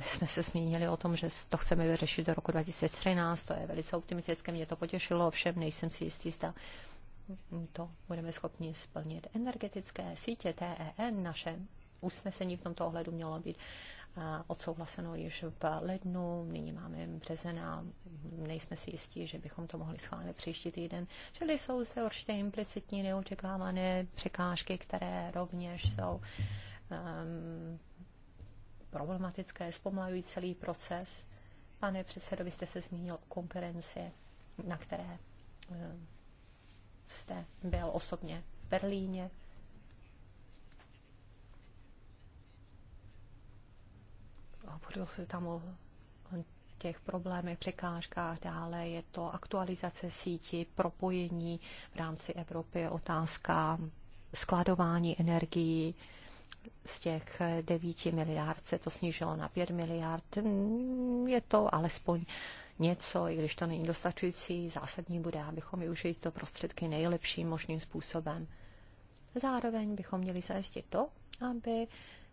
jsme se zmínili o tom, že to chceme vyřešit do roku 2013, to je velice optimistické, mě to potěšilo, ovšem nejsem si jistý, zda to budeme schopni splnit. Energetické sítě TEN, naše usnesení v tomto ohledu mělo být odsouhlaseno již v lednu, nyní máme březen a nejsme si jistí, že bychom to mohli schválit příští týden. Čili jsou zde určitě implicitní neočekávané překážky, které rovněž jsou um, problematické, zpomalují celý proces. Pane předsedo, vy jste se zmínil o konferenci, na které um, jste byl osobně v Berlíně. Hovořilo se tam o těch problémech, překážkách, dále je to aktualizace síti, propojení v rámci Evropy, otázka skladování energií z těch 9 miliard se to snížilo na 5 miliard. Je to alespoň něco, i když to není dostačující, zásadní bude, abychom využili to prostředky nejlepším možným způsobem. Zároveň bychom měli zajistit to, aby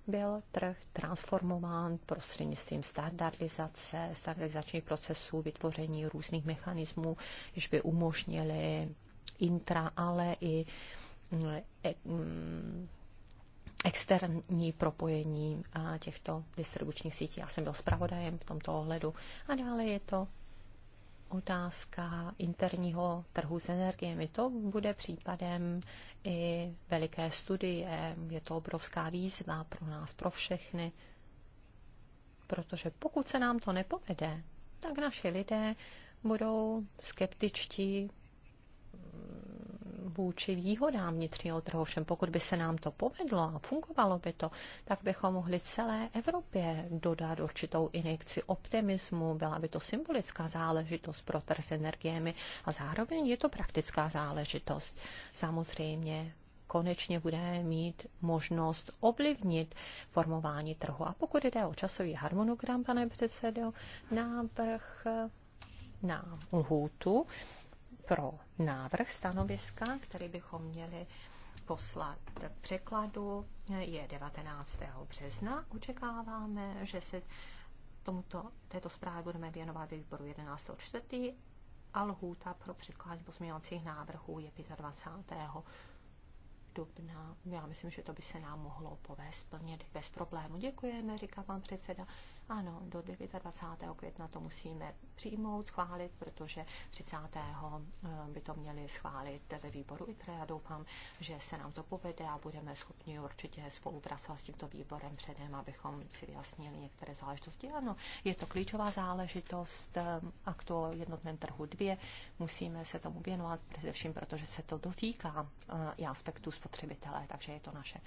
byl trh transformován prostřednictvím standardizace, standardizačních procesů, vytvoření různých mechanismů, jež by umožnili intra, ale i eh, eh, mm, externí propojení těchto distribučních sítí. Já jsem byl zpravodajem v tomto ohledu. A dále je to otázka interního trhu s energiemi. To bude případem i veliké studie. Je to obrovská výzva pro nás, pro všechny. Protože pokud se nám to nepovede, tak naši lidé budou skeptičtí vůči výhodám vnitřního trhu. Všem pokud by se nám to povedlo a fungovalo by to, tak bychom mohli celé Evropě dodat určitou injekci optimismu. Byla by to symbolická záležitost pro trh s energiemi a zároveň je to praktická záležitost. Samozřejmě konečně bude mít možnost ovlivnit formování trhu. A pokud jde o časový harmonogram, pane předsedo, návrh na lhůtu pro návrh stanoviska, který bychom měli poslat v překladu, je 19. března. Očekáváme, že se tomuto, této zprávě budeme věnovat výboru 11. čtvrtý a lhůta pro předkládání pozměňovacích návrhů je 25. dubna. Já myslím, že to by se nám mohlo povést plně bez problému. Děkujeme, říká pan předseda. Ano, do 29. května to musíme přijmout, schválit, protože 30. Eh, by to měli schválit ve výboru ITRE a doufám, že se nám to povede a budeme schopni určitě spolupracovat s tímto výborem předem, abychom si vyjasnili některé záležitosti. Ano, je to klíčová záležitost eh, aktu o jednotném trhu 2. Musíme se tomu věnovat především, protože se to dotýká eh, i aspektu spotřebitele, takže je to naše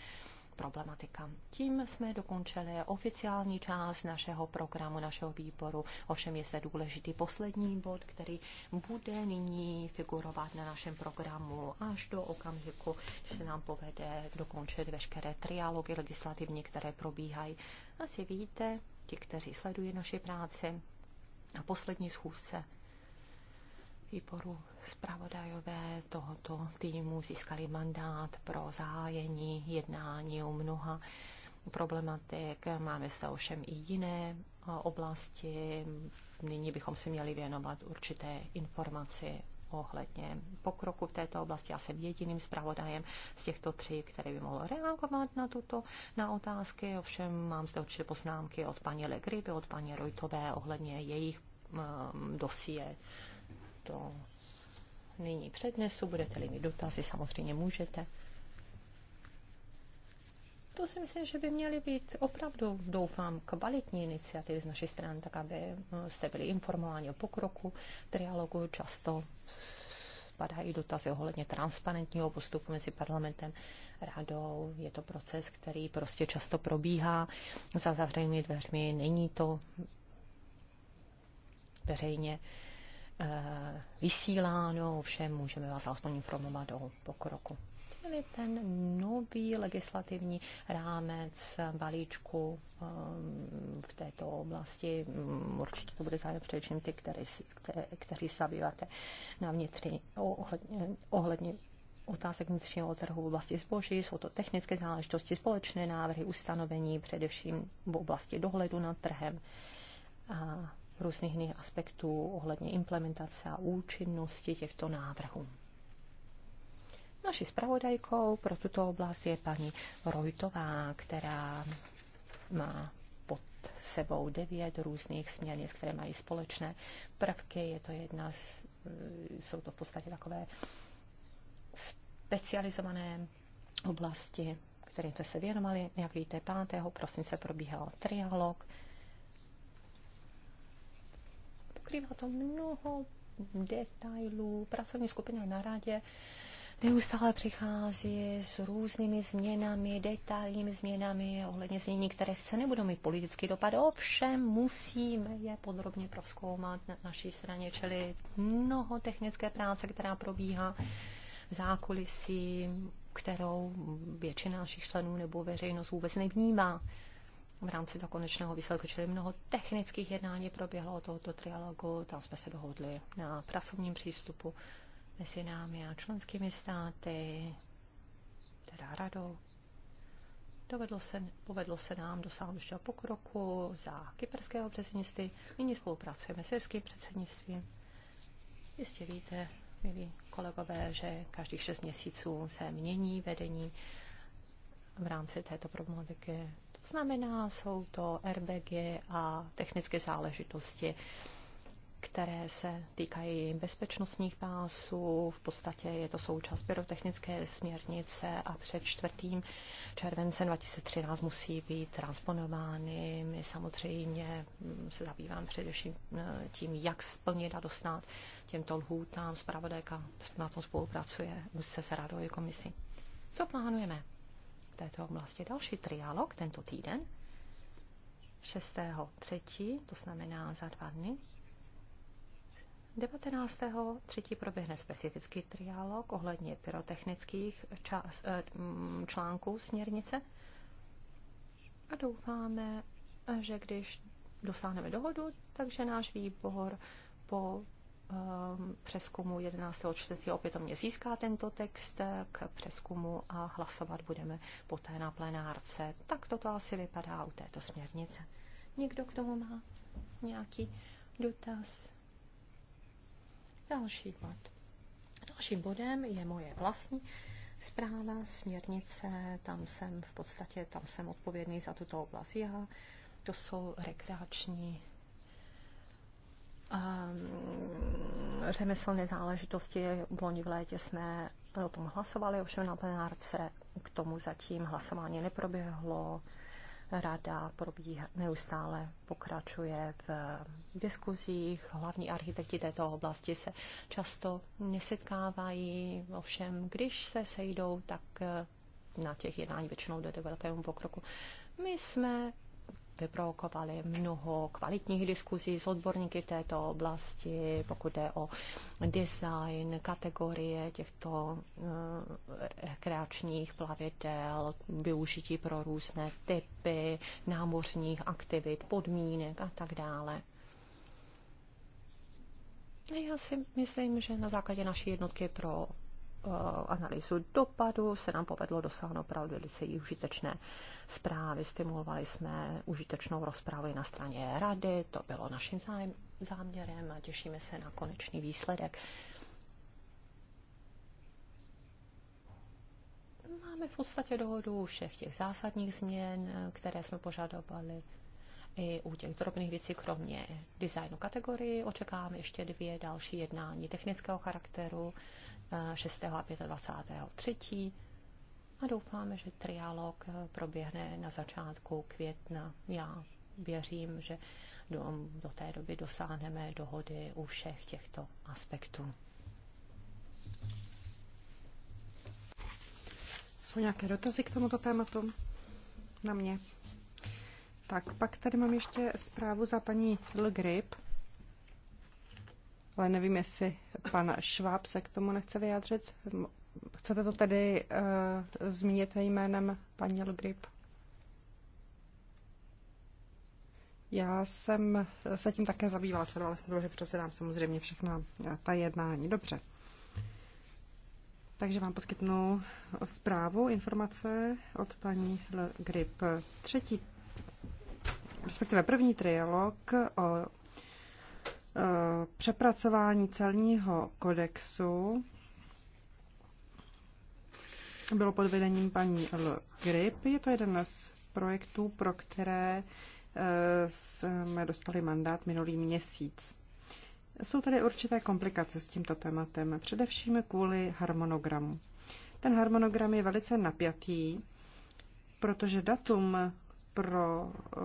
problematika. Tím jsme dokončili oficiální část našeho programu, našeho výboru. Ovšem je zde důležitý poslední bod, který bude nyní figurovat na našem programu až do okamžiku, když se nám povede dokončit veškeré trialogy legislativní, které probíhají. Asi víte, ti, kteří sledují naši práci, na poslední schůzce výboru zpravodajové tohoto týmu získali mandát pro zahájení jednání o mnoha problematik. Máme zde ovšem i jiné oblasti. Nyní bychom si měli věnovat určité informaci ohledně pokroku v této oblasti. Já jsem jediným zpravodajem z těchto tří, který by mohl reagovat na tuto na otázky. Ovšem mám zde určitě poznámky od paní Legryby, od paní Rojtové ohledně jejich um, dosie to nyní přednesu, budete-li mít dotazy, samozřejmě můžete. To si myslím, že by měly být opravdu, doufám, kvalitní iniciativy z naší strany, tak aby eh, jste byli informováni o pokroku trialogu. Často padají dotazy ohledně transparentního postupu mezi parlamentem a radou. Je to proces, který prostě často probíhá za zavřenými dveřmi. Není to veřejně uh, Eh, vysíláno, ovšem můžeme vás alespoň informovat o pokroku. Čili ten nový legislativní rámec balíčku eh, v této oblasti, mm, určitě to bude zájem především ty, který, kteří se zabýváte na vnitřní, ohledně, ohledně otázek vnitřního trhu v oblasti zboží, jsou to technické záležitosti, společné návrhy, ustanovení, především v oblasti dohledu nad trhem. A různých jiných aspektů ohledně implementace a účinnosti těchto návrhů. Naší zpravodajkou pro tuto oblast je paní Rojtová, která má pod sebou devět různých směrnic, které mají společné prvky. Je to jedna z, jsou to v podstatě takové specializované oblasti, kterým jsme se věnovali. Jak víte, 5. prosince probíhal trialog pokrývá to mnoho detailů. Pracovní skupina na radě neustále přichází s různými změnami, detailními změnami ohledně změní, které se nebudou mít politický dopad. Ovšem musíme je podrobně proskoumat na naší straně, čili mnoho technické práce, která probíhá v zákulisí, kterou většina našich členů nebo veřejnost vůbec nevnímá v rámci toho konečného výsledku, čili mnoho technických jednání proběhlo o tohoto trialogu, tam jsme se dohodli na pracovním přístupu mezi námi a členskými státy, teda radou. Dovedlo se, povedlo se nám dosáhnout ještě pokroku za kyperského předsednictví. Nyní spolupracujeme s jirským předsednictvím. Jistě víte, milí kolegové, že každých šest měsíců se mění vedení v rámci této problematiky znamená, jsou to RBG a technické záležitosti, které se týkají bezpečnostních pásů. V podstatě je to součást pyrotechnické směrnice a před 4. červencem 2013 musí být transponovány. My samozřejmě se zabývám především eh, tím, jak splnit a dostat těmto lhůtám. Zpravodajka na tom spolupracuje úzce se radou i komisí. Jako Co plánujeme? této oblasti. Další trialog tento týden, 6. 3., to znamená za dva dny. 19.3. 3. proběhne specifický trialog ohledně pyrotechnických čas, eh, článků směrnice a doufáme, že když dosáhneme dohodu, takže náš výbor po Um, přeskumu 11. čtvrtí opětovně získá tento text k přeskumu a hlasovat budeme poté na plenárce. Tak toto asi vypadá u této směrnice. Někdo k tomu má nějaký dotaz? Další bod. Dalším bodem je moje vlastní zpráva, směrnice, tam jsem v podstatě, tam jsem odpovědný za tuto oblast já. To jsou rekreační Ehm, řemeslné záležitosti. V loni v létě jsme o tom hlasovali, ovšem na plenárce k tomu zatím hlasování neproběhlo. Rada probíhá, neustále pokračuje v diskuzích. Hlavní architekti této oblasti se často nesetkávají, ovšem když se sejdou, tak na těch jednání většinou jde do velkému pokroku. My jsme vyprovokovaly mnoho kvalitních diskuzí s odborníky v této oblasti, pokud jde o design, kategorie těchto eh, rekreačních plavidel, využití pro různé typy námořních aktivit, podmínek a tak dále. Já si myslím, že na základě naší jednotky pro Eh, analýzu dopadu se nám povedlo dosáhnout opravdu velice užitečné zprávy. Stimulovali jsme užitečnou rozprávu na straně rady, to bylo naším záměrem a těšíme se na konečný výsledek. Máme v podstatě dohodu všech těch zásadních změn, které jsme požadovali i u těch drobných věcí, kromě designu kategorii, očekáváme ještě dvě další jednání technického charakteru 6. a 25. 3. A doufáme, že trialog eh, proběhne na začátku května. Já věřím, že do, do té doby dosáhneme dohody u všech těchto aspektů. Jsou nějaké dotazy k tomuto tématu? Na mě. Tak, pak tady mám ještě zprávu za paní Lgrip. Grip ale nevím, jestli pan Šváb se k tomu nechce vyjádřit. Chcete to tedy uh, zmínit jménem paní Lgrip? Já jsem se tím také zabývala, sledovala jsem dlouhé předsedám samozřejmě všechna eh, ta jednání. Dobře. Takže vám poskytnu zprávu, informace od paní Grip. Třetí, respektive první trialog o Eh, přepracování celního kodexu bylo pod vedením paní L. Grip. Je to jeden z projektů, pro které eh, jsme dostali mandát minulý měsíc. Jsou tady určité komplikace s tímto tématem, především kvůli harmonogramu. Ten harmonogram je velice napjatý, protože datum pro eh,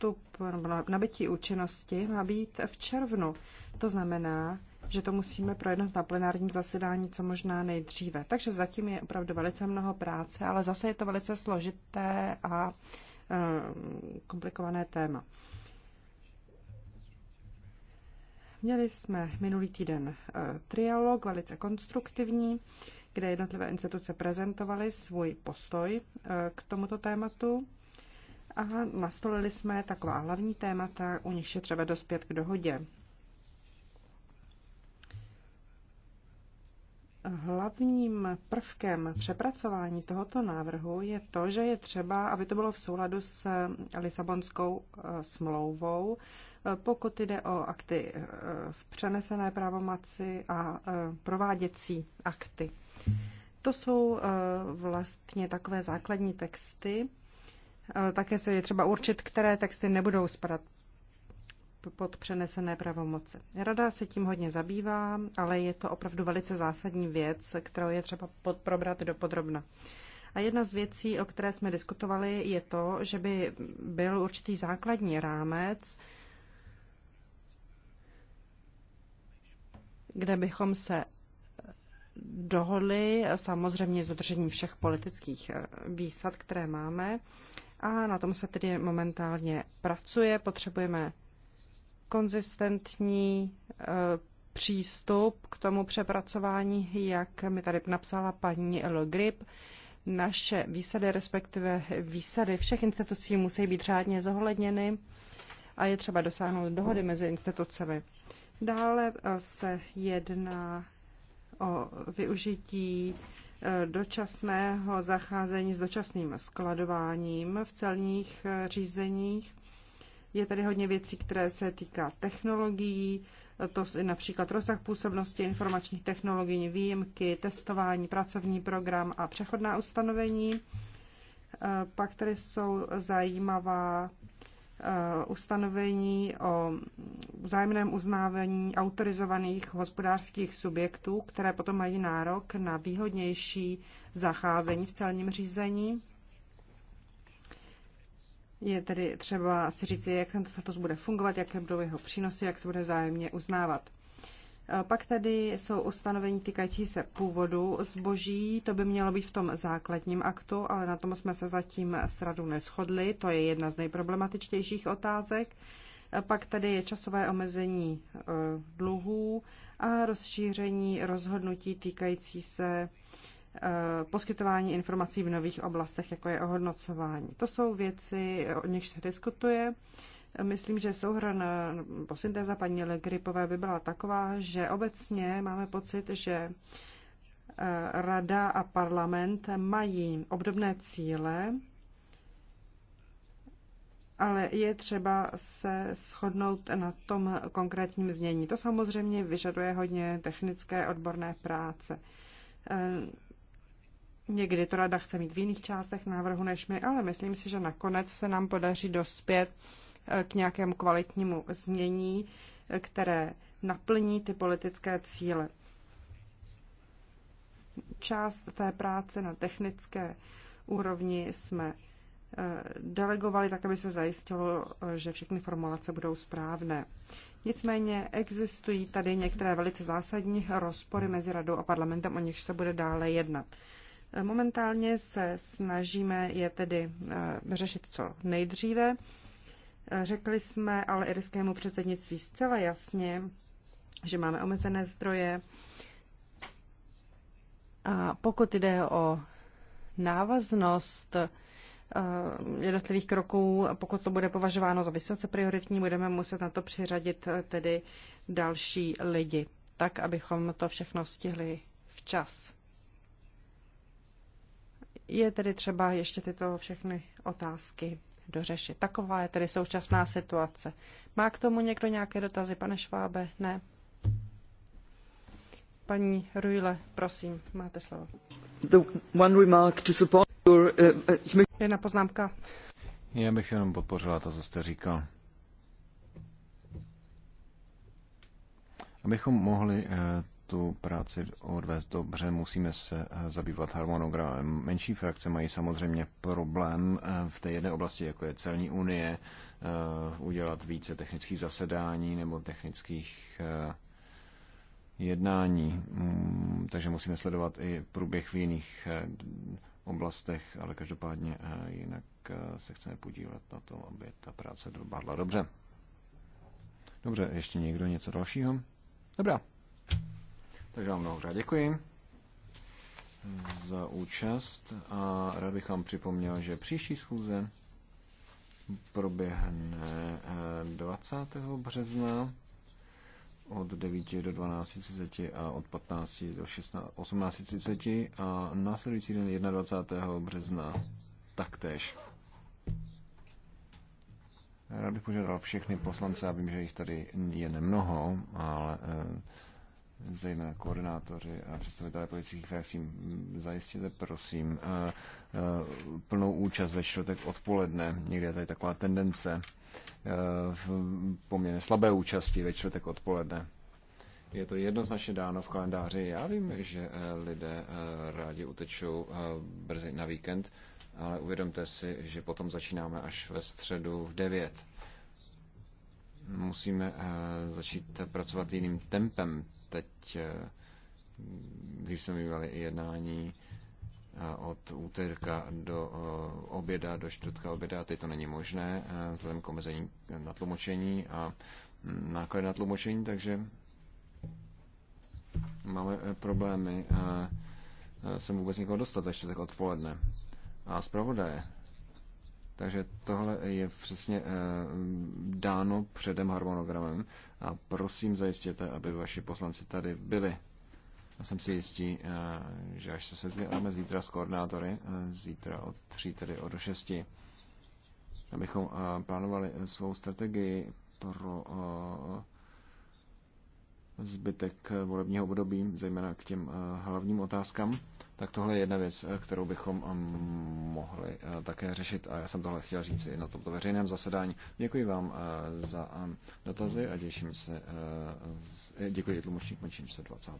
vstup nebo nabití účinnosti má být v červnu. To znamená, že to musíme projednat na plenárním zasedání co možná nejdříve. Takže zatím je opravdu velice mnoho práce, ale zase je to velice složité a eh, komplikované téma. Měli jsme minulý týden eh, trialog, velice konstruktivní, kde jednotlivé instituce prezentovaly svůj postoj eh, k tomuto tématu a nastolili jsme taková hlavní témata, u nich je třeba dospět k dohodě. Hlavním prvkem přepracování tohoto návrhu je to, že je třeba, aby to bylo v souladu s Lisabonskou eh, smlouvou, eh, pokud jde o akty eh, v přenesené právomaci a prováděcí akty. To jsou vlastně takové základní texty, také se je třeba určit, které texty nebudou spadat pod přenesené pravomoci. Rada se tím hodně zabývá, ale je to opravdu velice zásadní věc, kterou je třeba pod, probrat do podrobna. A jedna z věcí, o které jsme diskutovali, je to, že by byl určitý základní rámec, kde bychom se dohodli, samozřejmě s všech politických eh, výsad, které máme, a na tom se tedy momentálně pracuje. Potřebujeme konzistentní eh, přístup k tomu přepracování, jak mi tady napsala paní Elogrip. Naše výsady, respektive výsady všech institucí musí být řádně zohledněny a je třeba dosáhnout dohody mezi institucemi. Dále eh, se jedná o využití dočasného zacházení s dočasným skladováním v celních eh, řízeních. Je tady hodně věcí, které se týká technologií, eh, to je například rozsah působnosti informačních technologií, výjimky, testování, pracovní program a přechodná ustanovení. Eh, pak tady jsou zajímavá Eh, ustanovení o vzájemném uznávání autorizovaných hospodářských subjektů, které potom mají nárok na výhodnější zacházení v celním řízení. Je tedy třeba si říct, jak se to bude fungovat, jaké budou jeho přínosy, jak se bude vzájemně uznávat. Pak tady jsou ustanovení týkající se původu zboží. To by mělo být v tom základním aktu, ale na tom jsme se zatím s radou neschodli. To je jedna z nejproblematičtějších otázek. Pak tady je časové omezení e, dluhů a rozšíření rozhodnutí týkající se e, poskytování informací v nových oblastech, jako je ohodnocování. To jsou věci, o nichž se diskutuje. Myslím, že souhrn nebo syntéza paní Legripové by byla taková, že obecně máme pocit, že eh, Rada a parlament mají obdobné cíle, ale je třeba se shodnout na tom konkrétním znění. To samozřejmě vyžaduje hodně technické odborné práce. Eh, někdy to rada chce mít v jiných částech návrhu než my, ale myslím si, že nakonec se nám podaří dospět k nějakému kvalitnímu změní, které naplní ty politické cíle. Část té práce na technické úrovni jsme eh, delegovali tak, aby se zajistilo, eh, že všechny formulace budou správné. Nicméně existují tady některé velice zásadní rozpory mezi radou a parlamentem, o nichž se bude dále jednat. Eh, momentálně se snažíme je tedy řešit co nejdříve. Řekli jsme ale irskému předsednictví zcela jasně, že máme omezené zdroje. A pokud jde o návaznost eh, jednotlivých kroků, pokud to bude považováno za vysoce prioritní, budeme muset na to přiřadit eh, tedy další lidi, tak abychom to všechno stihli včas. Je tedy třeba ještě tyto všechny otázky dořešit. Taková je tedy současná situace. Má k tomu někdo nějaké dotazy, pane Švábe? Ne. Paní Ruile, prosím, máte slovo. The one remark to support your, uh, uh, Jedna poznámka. Já bych jenom podpořila to, co jste říkal. Abychom mohli eh, tu práci odvést dobře, musíme se eh, zabývat harmonogramem. Menší frakce mají samozřejmě problém eh, v té jedné oblasti, jako je celní unie, eh, udělat více technických zasedání nebo technických jednání. Mm, takže musíme sledovat i průběh v jiných oblastech, ale každopádně jinak se chceme podívat na to, aby ta práce dopadla dobře. Dobře, ještě někdo něco dalšího? Dobrá. Takže vám mnohokrát děkuji za účast a rád bych vám připomněl, že příští schůze proběhne 20. Eh, března od 9 do 12.30 a od 15 do 18.30 a následující den 21. března taktéž. Rád bych požádal všechny poslance, já vím, že jich tady je nemnoho, ale eh, zejména koordinátoři a představitelé politických frakcí, zajistěte prosím eh, eh, plnou účast ve čtvrtek odpoledne. Někdy je tady taková tendence eh, v poměrně slabé účasti ve čtvrtek odpoledne. Je to jednoznačně dáno v kalendáři. Já vím, že lidé rádi utečou brzy na víkend, ale uvědomte si, že potom začínáme až ve středu v 9. Musíme začít pracovat jiným tempem teď, eh, když jsme měli jednání eh, od úterka do eh, oběda, do čtvrtka oběda, teď to není možné, vzhledem k omezení na tlumočení a hm, náklady na tlumočení, takže máme problémy jsem vůbec někoho dostat ještě tak odpoledne. A zpravodaje, takže tohle je přesně eh, dáno předem harmonogramem a prosím zajistěte, aby vaši poslanci tady byli. Já jsem si jistý, eh, že až se setkáme zítra s koordinátory, eh, zítra od 3, tedy od 6, abychom plánovali svou strategii pro zbytek volebního období, zejména k těm hlavním otázkám. Tak tohle je jedna věc, eh, kterou bychom eh, mohli eh, také řešit a já jsem tohle chtěl říct i na tomto veřejném zasedání. Děkuji vám za dotazy a těším se, děkuji tlumočník, končím se 20.